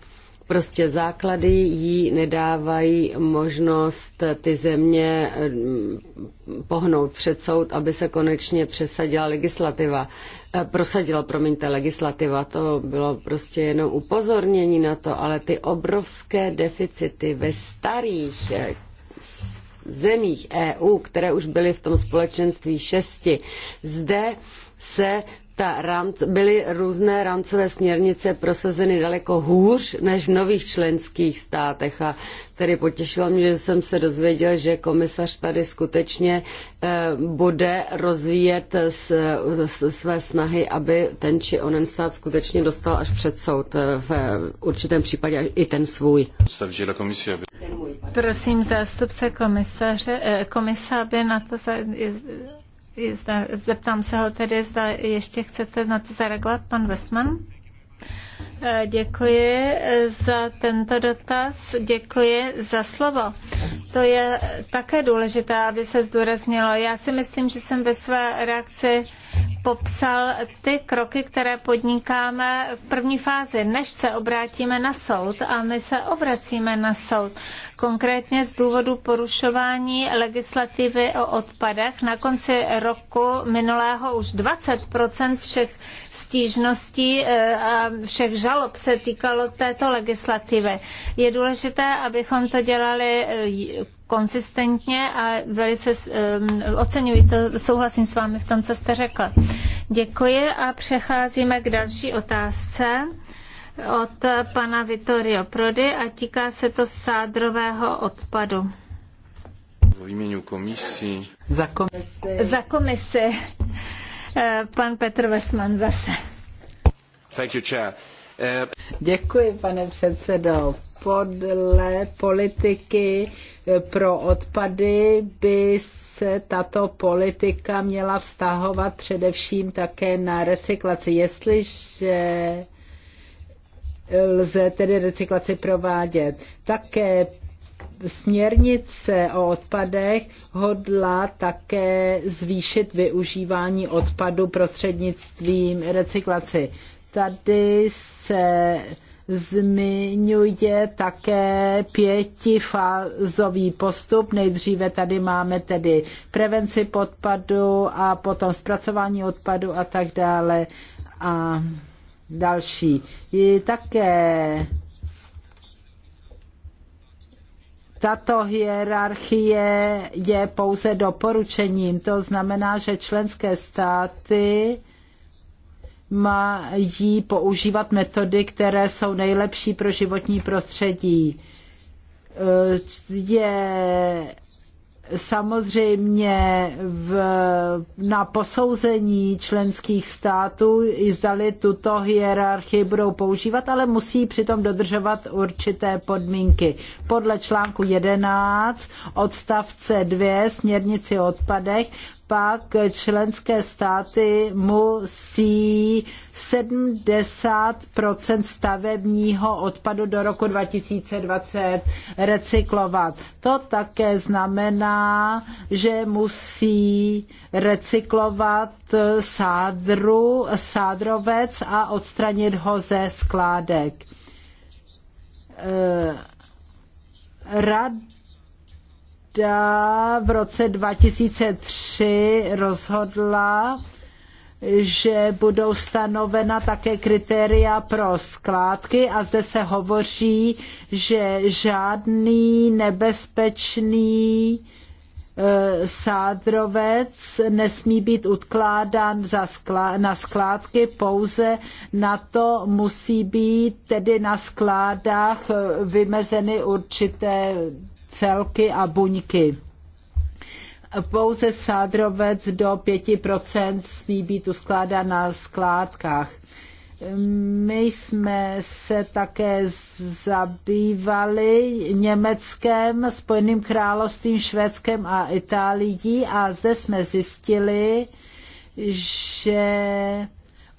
Prostě základy jí nedávají možnost ty země mm, pohnout před soud, aby se konečně přesadila legislativa. Eh, prosadila, promiňte, legislativa. To bylo prostě jenom upozornění na to, ale ty obrovské deficity ve starých eh, zemích EU, které už byly v tom společenství šesti, zde se ta byly různé rámcové směrnice prosazeny daleko hůř než v nových členských státech. A tedy potěšilo mě, že jsem se dozvěděl, že komisař tady skutečně eh, bude rozvíjet své snahy, aby ten či onen stát skutečně dostal až před soud. Eh, v určitém případě i ten svůj. Prosím zástupce komisaře, eh, komisa, aby na to za, Zda, zeptám se ho tedy, zda ještě chcete na to zareagovat, pan Westman. Eh, děkuji eh, za tento dotaz, děkuji za slovo. To je také důležité, aby se zdůraznilo. Já si myslím, že jsem ve své reakci popsal ty kroky, které podnikáme v první fázi, než se obrátíme na soud. A my se obracíme na soud. Konkrétně z důvodu porušování legislativy o odpadech. Na konci roku minulého už 20 všech stížností eh, a všech žalob žalob se týkalo této legislativy. Je důležité, abychom to dělali eh, konsistentně a velice oceňuji to, souhlasím s vámi v tom, co jste řekla. Děkuji a přecházíme k další otázce od pana Vittorio Prody a týká se to sádrového odpadu. V jménu komisí. Za komisi. Za komisi. Eh, pan Petr Vesman zase. Thank you, chair. Děkuji, pane předsedo. Podle politiky eh, pro odpady by se tato politika měla vztahovat především také na recyklaci. Jestliže lze tedy recyklaci provádět. Také směrnice o odpadech hodla také zvýšit využívání odpadu prostřednictvím recyklaci. Tady se zmiňuje také pětifázový postup. Nejdříve tady máme tedy prevenci podpadu a potom zpracování odpadu a tak dále a další. Je také Tato hierarchie je pouze doporučením. To znamená, že členské státy mají používat metody, které jsou nejlepší pro životní prostředí. Eh, je samozřejmě v, na posouzení členských států, zdali tuto hierarchii budou používat, ale musí přitom dodržovat určité podmínky. Podle článku 11 odstavce 2 směrnici o odpadech pak členské státy musí 70 stavebního odpadu do roku 2020 recyklovat. To také znamená, že musí recyklovat sádru, sádrovec a odstranit ho ze skládek. Eh, rad Rada v roce 2003 rozhodla, že budou stanovena také kritéria pro skládky a zde se hovoří, že žádný nebezpečný e, sádrovec nesmí být odkládán na skládky, pouze na to musí být tedy na skládách vymezeny určité celky a buňky. Pouze sádrovec do 5% smí být uskládán na skládkách. My jsme se také zabývali Německem, Spojeným královstvím, Švédskem a Itálií a zde jsme zjistili, že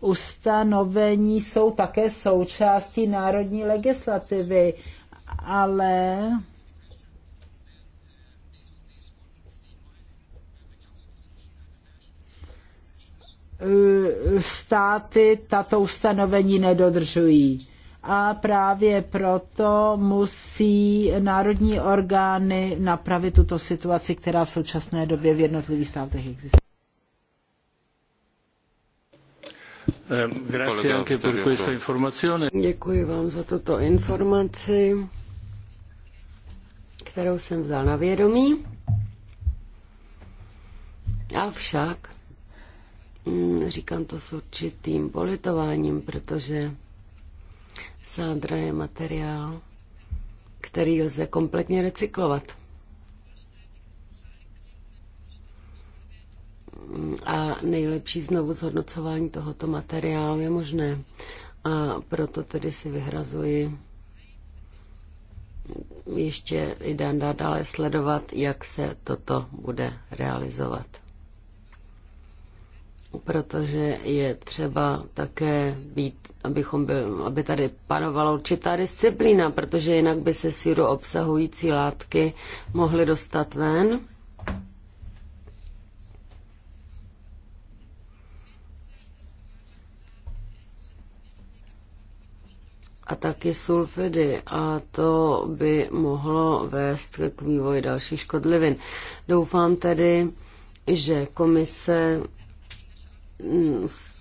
ustanovení jsou také součástí národní legislativy, ale Eh, státy tato ustanovení nedodržují. A právě proto musí národní orgány napravit tuto situaci, která v současné době v jednotlivých státech existuje. Děkuji vám za tuto informaci, kterou jsem vzal na vědomí. Avšak Mm, říkám to s určitým politováním, protože sádra je materiál, který lze kompletně recyklovat. A nejlepší znovu zhodnocování tohoto materiálu je možné. A proto tedy si vyhrazuji ještě i dále sledovat, jak se toto bude realizovat protože je třeba také být, abychom byl, aby tady panovala určitá disciplína, protože jinak by se síru obsahující látky mohly dostat ven. A taky sulfidy a to by mohlo vést k vývoji dalších škodlivin. Doufám tedy, že komise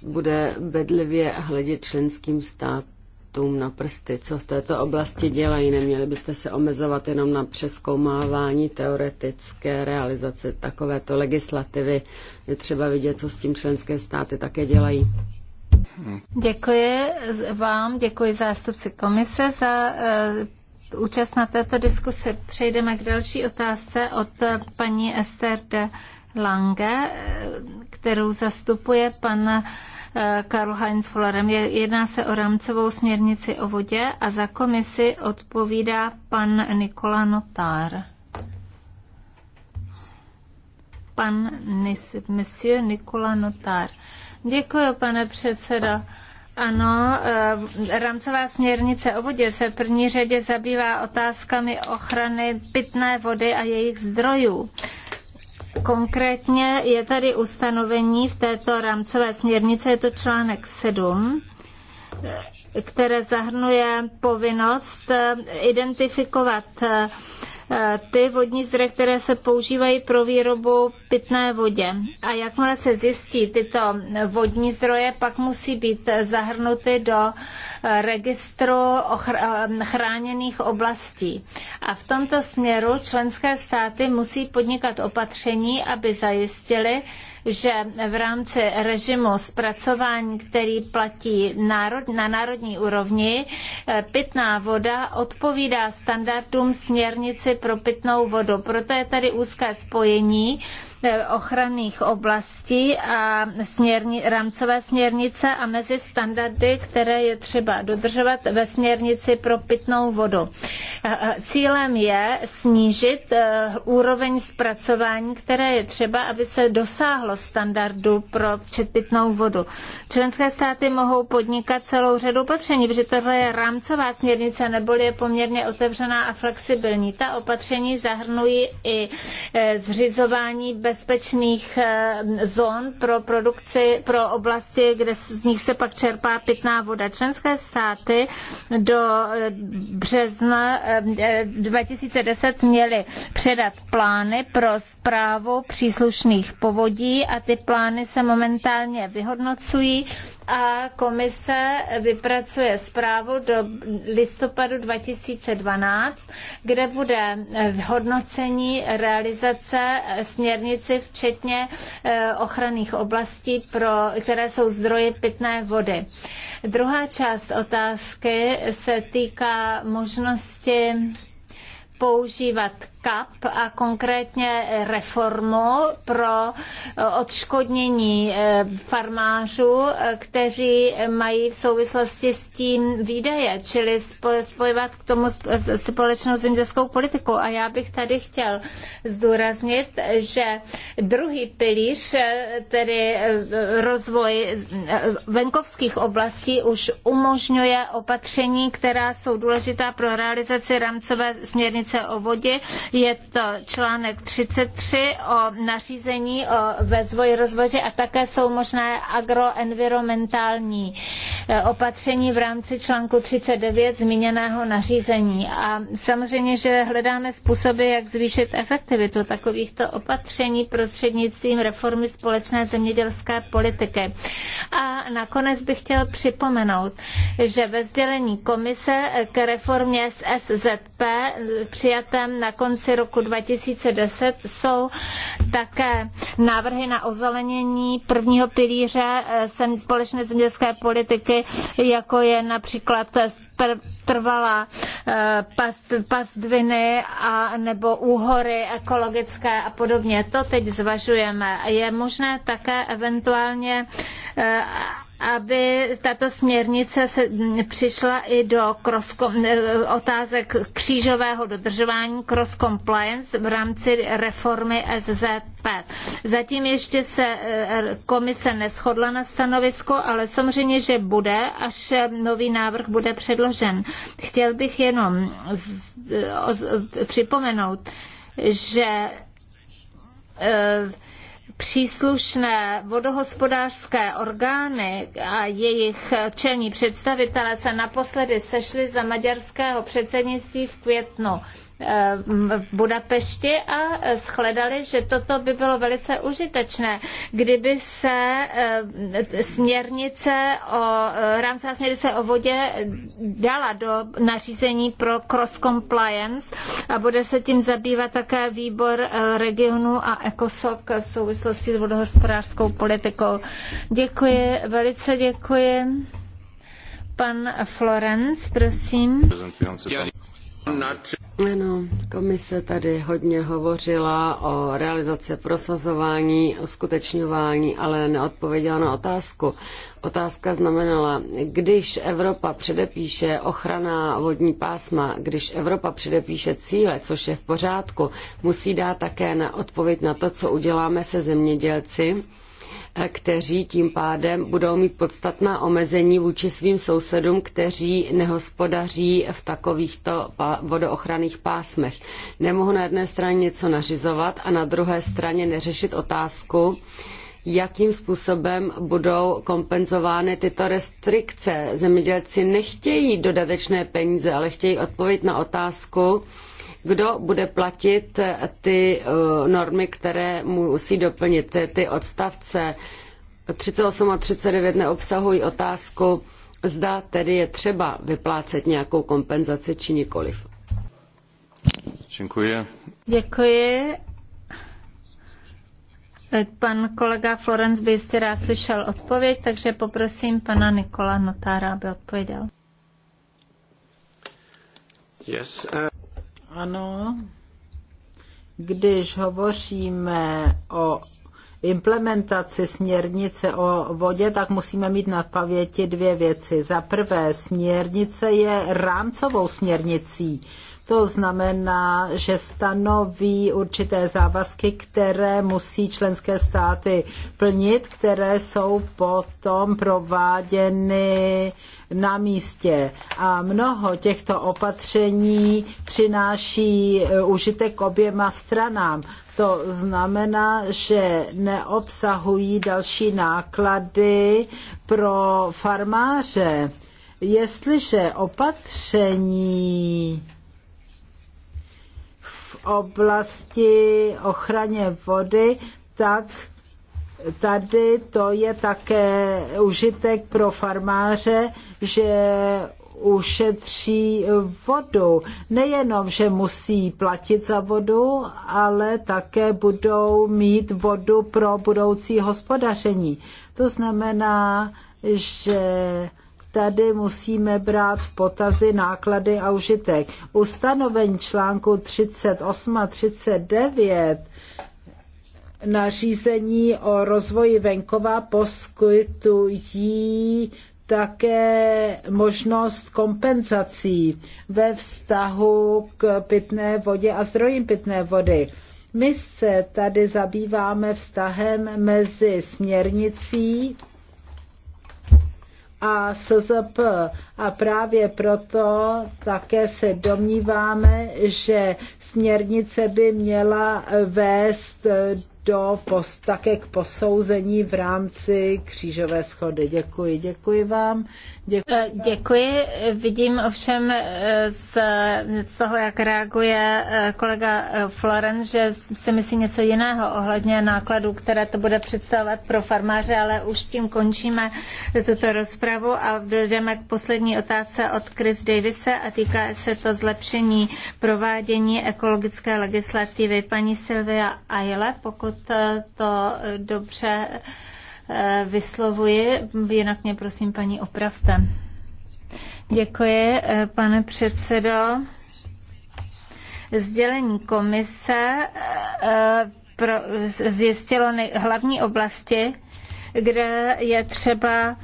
bude bedlivě hledět členským státům na prsty, co v této oblasti dělají. Neměli byste se omezovat jenom na přeskoumávání teoretické realizace takovéto legislativy. Je třeba vidět, co s tím členské státy také dělají. Děkuji vám, děkuji zástupci komise za uh, účast na této diskusi. Přejdeme k další otázce od eh, paní Esther de Lange, kterou zastupuje pan eh, Karl Heinz Fullerem. Jedná se o rámcovou směrnici o vodě a za komisi odpovídá pan Nikola Notár. Pan Nis, Monsieur Nikola Notár. Děkuji, pane předsedo. Ano, eh, rámcová směrnice o vodě se v první řadě zabývá otázkami ochrany pitné vody a jejich zdrojů. Konkrétně je tady ustanovení v této rámcové směrnici, je to článek 7, které zahrnuje povinnost eh, identifikovat eh, Eh, ty vodní zdroje, které se používají pro výrobu pitné vodě. A jakmile se zjistí tyto vodní zdroje, pak musí být zahrnuty do eh, registru eh, chráněných oblastí. A v tomto směru členské státy musí podnikat opatření, aby zajistili, že v rámci režimu zpracování, který platí na národní úrovni, eh, pitná voda odpovídá standardům směrnici pro pitnou vodu. Proto je tady úzké spojení Eh, ochranných oblastí a směrni, rámcové směrnice a mezi standardy, které je třeba dodržovat ve směrnici pro pitnou vodu. Eh, eh, cílem je snížit úroveň zpracování, které je třeba, aby se dosáhlo standardu pro pitnou vodu. Členské státy mohou podnikat celou řadu opatření, protože tohle je rámcová směrnice, neboli je poměrně otevřená a flexibilní. Ta opatření zahrnují i zřizování bez bezpečných eh, zón pro produkci, pro oblasti, kde z nich se pak čerpá pitná voda. Členské státy do eh, března 2010 eh, měly předat plány pro zprávu příslušných povodí a ty plány se momentálně vyhodnocují a komise vypracuje zprávu do listopadu 2012, kde bude hodnocení realizace směrnice věci, včetně eh, ochranných oblastí, pro, které jsou zdroje pitné vody. Druhá část otázky se týká možnosti používat CAP a konkrétně reformu pro odškodnění eh, farmářů, eh, kteří mají v souvislosti s tím výdaje, čili spojovat k tomu společnou zemědělskou politiku. A já bych tady chtěl zdůraznit, že druhý pilíř, eh, tedy rozvoj venkovských oblastí, už umožňuje opatření, která jsou důležitá pro realizaci rámcové směrnice o vodě, je to článek 33 o nařízení o vezvoji rozvoji a také jsou možné agroenvironmentální e, opatření v rámci článku 39 zmíněného nařízení. A samozřejmě, že hledáme způsoby, jak zvýšit efektivitu takovýchto opatření prostřednictvím reformy společné zemědělské politiky. A nakonec bych chtěl připomenout, že ve sdělení komise k reformě SSZP e, přijatém na konci konci roku 2010 jsou také návrhy na ozelenění prvního pilíře eh, společné zemědělské politiky, jako je například trvalá eh, past, pastviny a nebo úhory ekologické a podobně. To teď zvažujeme. Je možné také eventuálně eh, aby tato směrnice se přišla i do cross, eh, otázek křížového dodržování cross compliance v rámci reformy SZP. Zatím ještě se eh, komise neschodla na stanovisko, ale samozřejmě, že bude, až eh, nový návrh bude předložen. Chtěl bych jenom z, o, z, připomenout, že e, příslušné vodohospodářské orgány a jejich čelní představitelé se naposledy sešli za maďarského předsednictví v květnu v Budapešti a shledali, že toto by bylo velice užitečné, kdyby se eh, směrnice o eh, rámce směrnice o vodě dala do nařízení pro cross compliance a bude se tím zabývat také výbor eh, regionu a ECOSOC v souvislosti s vodohospodářskou politikou. Děkuji, velice děkuji. Pan Florence, prosím. Ano, komise tady hodně hovořila o realizaci prosazování, uskutečňování, ale neodpověděla na otázku. Otázka znamenala, když Evropa předepíše ochrana vodní pásma, když Evropa předepíše cíle, což je v pořádku, musí dát také na odpověď na to, co uděláme se zemědělci, kteří tím pádem budou mít podstatná omezení vůči svým sousedům, kteří nehospodaří v takovýchto vodoochranných pásmech. Nemohu na jedné straně něco nařizovat a na druhé straně neřešit otázku, jakým způsobem budou kompenzovány tyto restrikce. Zemědělci nechtějí dodatečné peníze, ale chtějí odpověď na otázku, kdo bude platit ty eh, normy, které musí doplnit ty odstavce. 38 a 39 neobsahují otázku, zda tedy je třeba vyplácet nějakou kompenzaci či nikoliv. Děkuji. Děkuji. Pan kolega Florenc by jistě rád slyšel odpověď, takže poprosím pana Nikola Notára, aby odpověděl. Yes, uh... Ano. Když hovoříme o implementaci směrnice o vodě, tak musíme mít na paměti dvě věci. Za prvé, směrnice je rámcovou směrnicí to znamená, že stanoví určité závazky, které musí členské státy plnit, které jsou potom prováděny na místě. A mnoho těchto opatření přináší e, užitek oběma stranám. To znamená, že neobsahují další náklady pro farmáře. Jestliže opatření oblasti ochraně vody, tak tady to je také užitek pro farmáře, že ušetří vodu. Nejenom, že musí platit za vodu, ale také budou mít vodu pro budoucí hospodaření. To znamená, že tady musíme brát v potazy náklady a užitek. Ustanovení článku 38 a 39 nařízení o rozvoji venkova poskytují také možnost kompenzací ve vztahu k pitné vodě a zdrojím pitné vody. My se tady zabýváme vztahem mezi směrnicí a SZP. A právě proto také se domníváme, že směrnice by měla vést do post, také k posouzení v rámci křížové schody. Děkuji, děkuji vám. Děkuji. Eh, děkuji. Vidím ovšem eh, z toho, jak reaguje eh, kolega Floren, že si myslí něco jiného ohledně nákladů, které to bude představovat pro farmáře, ale už tím končíme tuto rozpravu a dojdeme k poslední otázce od Chris Davise a týká se to zlepšení provádění ekologické legislativy. Paní Silvia Ayle. pokud pokud eh, to eh, dobře eh, vyslovuji, jinak mě prosím paní opravte. Děkuji, pane předsedo. Sdělení komise pro, zjistilo hlavní oblasti, kde je třeba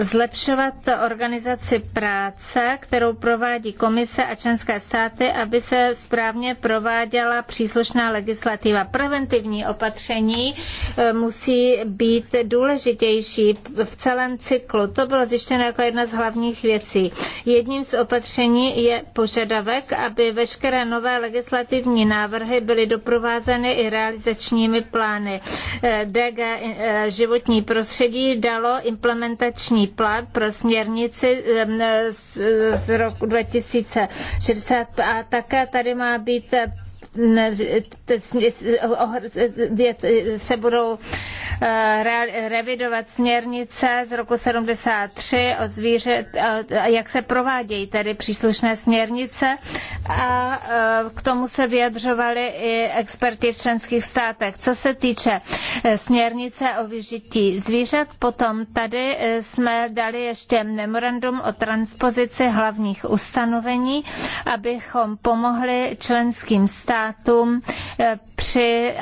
zlepšovat organizaci práce, kterou provádí komise a členské státy, aby se správně prováděla příslušná legislativa. Preventivní opatření eh, musí být důležitější v celém cyklu. To bylo zjištěno jako jedna z hlavních věcí. Jedním z opatření je požadavek, aby veškeré nové legislativní návrhy byly doprovázeny i realizačními plány. Eh, DG eh, životní prostředí dalo implementační akční plán pro směrnici z, z roku 2060 a také tady má být se budou eh, revidovat směrnice z roku 73 o zvíře, jak se provádějí tedy příslušné směrnice a eh, k tomu se vyjadřovali i experti v členských státech. Co se týče eh, směrnice o vyžití zvířat, potom tady jsme dali ještě memorandum o transpozici hlavních ustanovení, abychom pomohli členským státům eh, při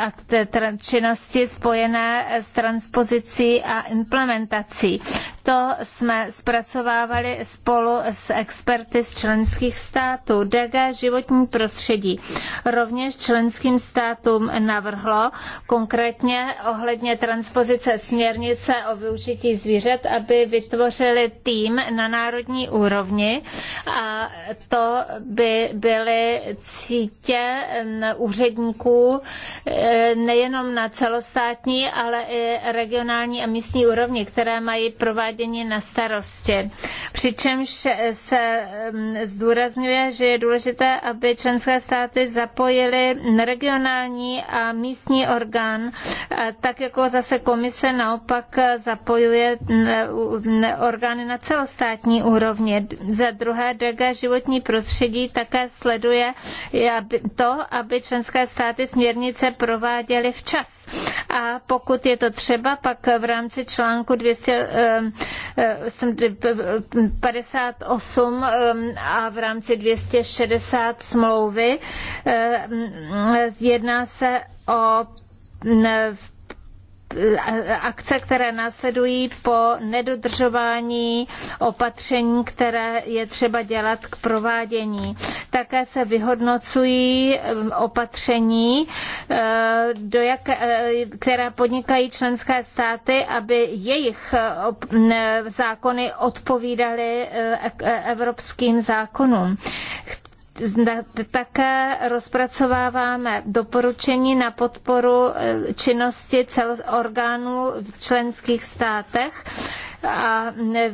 činnosti spojené s transpozicí a implementací. To jsme zpracovávali spolu s experty z členských států. DG životní prostředí rovněž členským státům navrhlo konkrétně ohledně transpozice směrnice o využití zvířat, aby vytvořili tým na národní úrovni a to by byly cítě úředníků nejenom na celostátní, ale i regionální a místní úrovni, které mají provádět uváděni na starosti. Přičemž se mm, zdůrazňuje, že je důležité, aby členské státy zapojily regionální a místní orgán, tak jako zase komise naopak zapojuje mm, mm, orgány na celostátní úrovni. Za druhé, DG životní prostředí také sleduje to, aby členské státy směrnice prováděly včas. A pokud je to třeba, pak v rámci článku 200, Eh, jsem 58 a v rámci 260 smlouvy eh, jedná se o akce, které následují po nedodržování opatření, které je třeba dělat k provádění. Také se vyhodnocují um, opatření, uh, do jak, uh, která podnikají členské státy, aby jejich uh, zákony odpovídaly e, evropským zákonům. Také rozpracováváme doporučení na podporu e, činnosti orgánů v členských státech a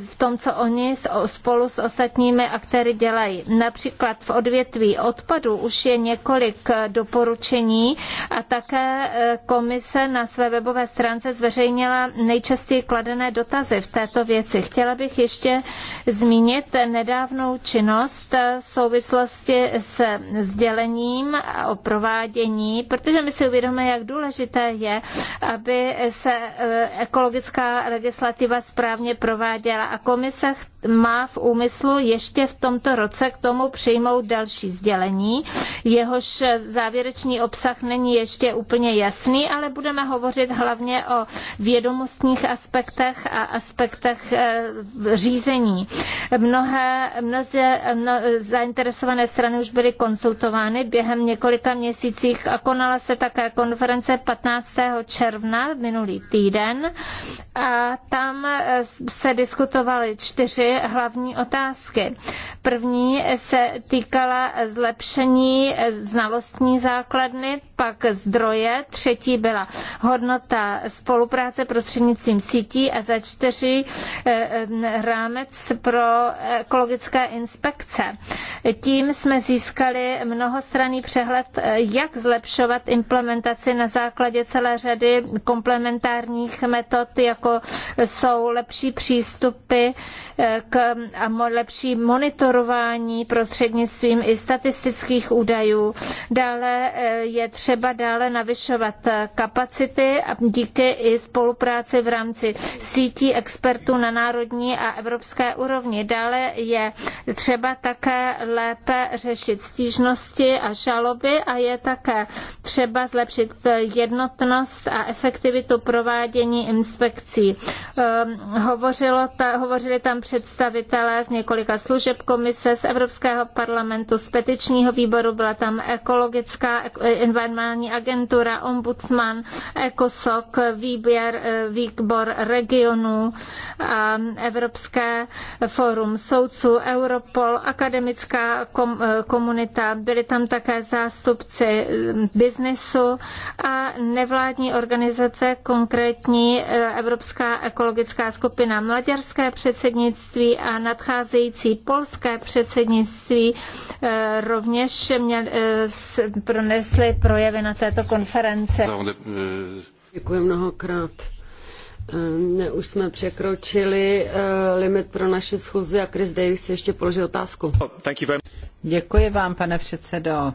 v tom, co oni spolu s ostatními aktéry dělají. Například v odvětví odpadu už je několik eh, doporučení a také eh, komise na své webové stránce zveřejnila nejčastěji kladené dotazy v této věci. Chtěla bych ještě zmínit nedávnou činnost eh, v souvislosti s sdělením o provádění, protože my si uvědomujeme, jak důležité je, aby se ekologická legislativa správně správně prováděla a komise má v úmyslu ještě v tomto roce k tomu přijmout další sdělení. Jehož závěrečný obsah není ještě úplně jasný, ale budeme hovořit hlavně o vědomostních aspektech a aspektech eh, řízení. Mnohé, mnoze, mno, zainteresované strany už byly konsultovány během několika měsících a konala se také konference 15. června minulý týden a tam eh, se diskutovaly čtyři hlavní otázky. První se týkala zlepšení znalostní základny, pak zdroje, třetí byla hodnota spolupráce prostřednictvím sítí a za čtyři eh, eh, rámec pro ekologické inspekce. Tím jsme získali mnohostranný přehled, eh, jak zlepšovat implementaci na základě celé řady komplementárních metod, jako jsou lepší lepší přístupy k lepší monitorování prostřednictvím i statistických údajů. Dále eh, je třeba dále navyšovat eh, kapacity a díky i spolupráci v rámci sítí expertů na národní a evropské úrovni. Dále je třeba také lépe řešit stížnosti a žaloby a je také třeba zlepšit eh, jednotnost a efektivitu provádění inspekcí. Ehm, hovořilo ta, hovořili tam představitelé z několika služeb komise, z Evropského parlamentu, z petičního výboru, byla tam ekologická, e- environmentální agentura, ombudsman, ECOSOC, výběr, e, výbor regionů, Evropské fórum soudců, Europol, akademická e, komunita, byli tam také zástupci biznesu a nevládní organizace, konkrétní Evropská ekologická skupina Maďarské předsednictví, předsednictví a nadcházející polské předsednictví eh, rovněž měl, eh, pronesly projevy na této konferenci. Děkuji mnohokrát. Ehm, už jsme překročili eh, limit pro naše schůzi a Chris Davis ještě položí otázku. Děkuji vám, pane předsedo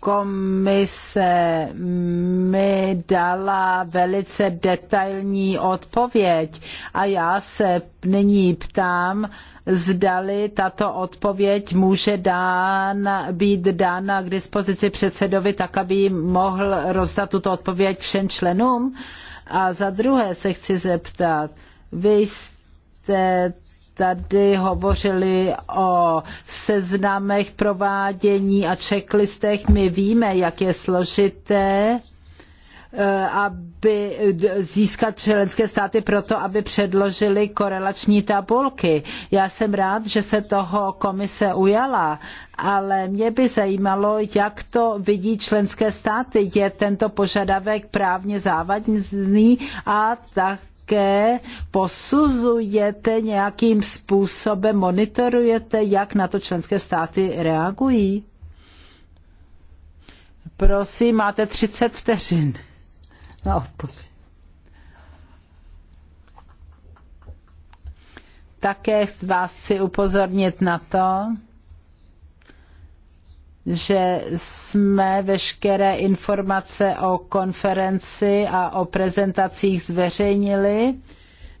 komise mi dala velice detailní odpověď a já se nyní ptám, zdali tato odpověď může dána, být dána k dispozici předsedovi, tak aby mohl rozdat tuto odpověď všem členům. A za druhé se chci zeptat, vy jste tady hovořili o seznamech provádění a checklistech. My víme, jak je složité eh, aby získat členské státy proto, aby předložili korelační tabulky. Já jsem rád, že se toho komise ujala, ale mě by zajímalo, jak to vidí členské státy. Je tento požadavek právně závadný a tak také posuzujete nějakým způsobem, monitorujete, jak na to členské státy reagují? Prosím, máte 30 vteřin na odpověď. Také vás chci upozornit na to, že jsme veškeré informace o konferenci a o prezentacích zveřejnili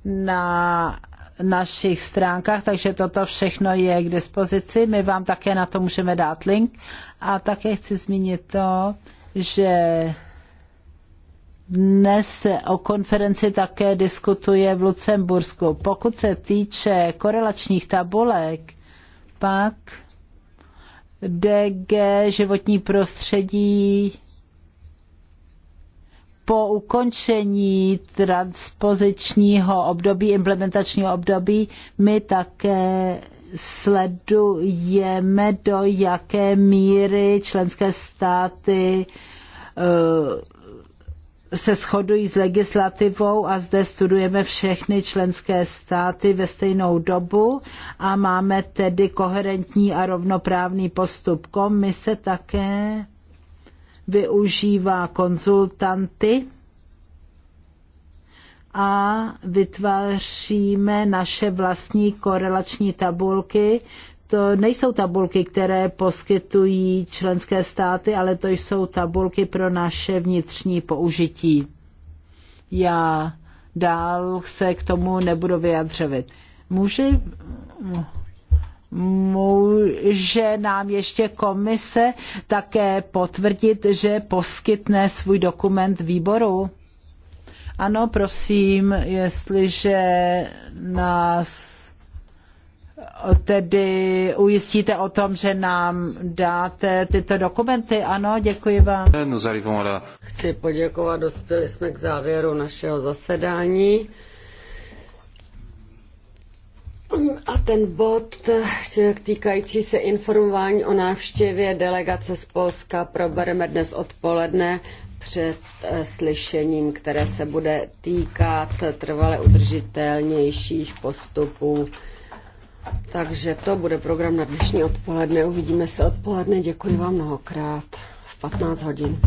na našich stránkách, takže toto všechno je k dispozici. My vám také na to můžeme dát link. A také chci zmínit to, že dnes se o konferenci také diskutuje v Lucembursku. Pokud se týče korelačních tabulek, pak DG životní prostředí po ukončení transpozičního období, implementačního období, my také sledujeme, do jaké míry členské státy uh, se shodují s legislativou a zde studujeme všechny členské státy ve stejnou dobu a máme tedy koherentní a rovnoprávný postup. Komise také využívá konzultanty a vytváříme naše vlastní korelační tabulky, to nejsou tabulky, které poskytují členské státy, ale to jsou tabulky pro naše vnitřní použití. Já dál se k tomu nebudu vyjadřovat. Může, může nám ještě komise také potvrdit, že poskytne svůj dokument výboru? Ano, prosím, jestliže nás tedy ujistíte o tom, že nám dáte tyto dokumenty. Ano, děkuji vám. Chci poděkovat, dospěli jsme k závěru našeho zasedání. A ten bod eh, týkající se informování o návštěvě delegace z Polska probereme dnes odpoledne před eh, slyšením, které se bude týkat trvale udržitelnějších postupů takže to bude program na dnešní odpoledne. Uvidíme se odpoledne. Děkuji vám mnohokrát v 15 hodin.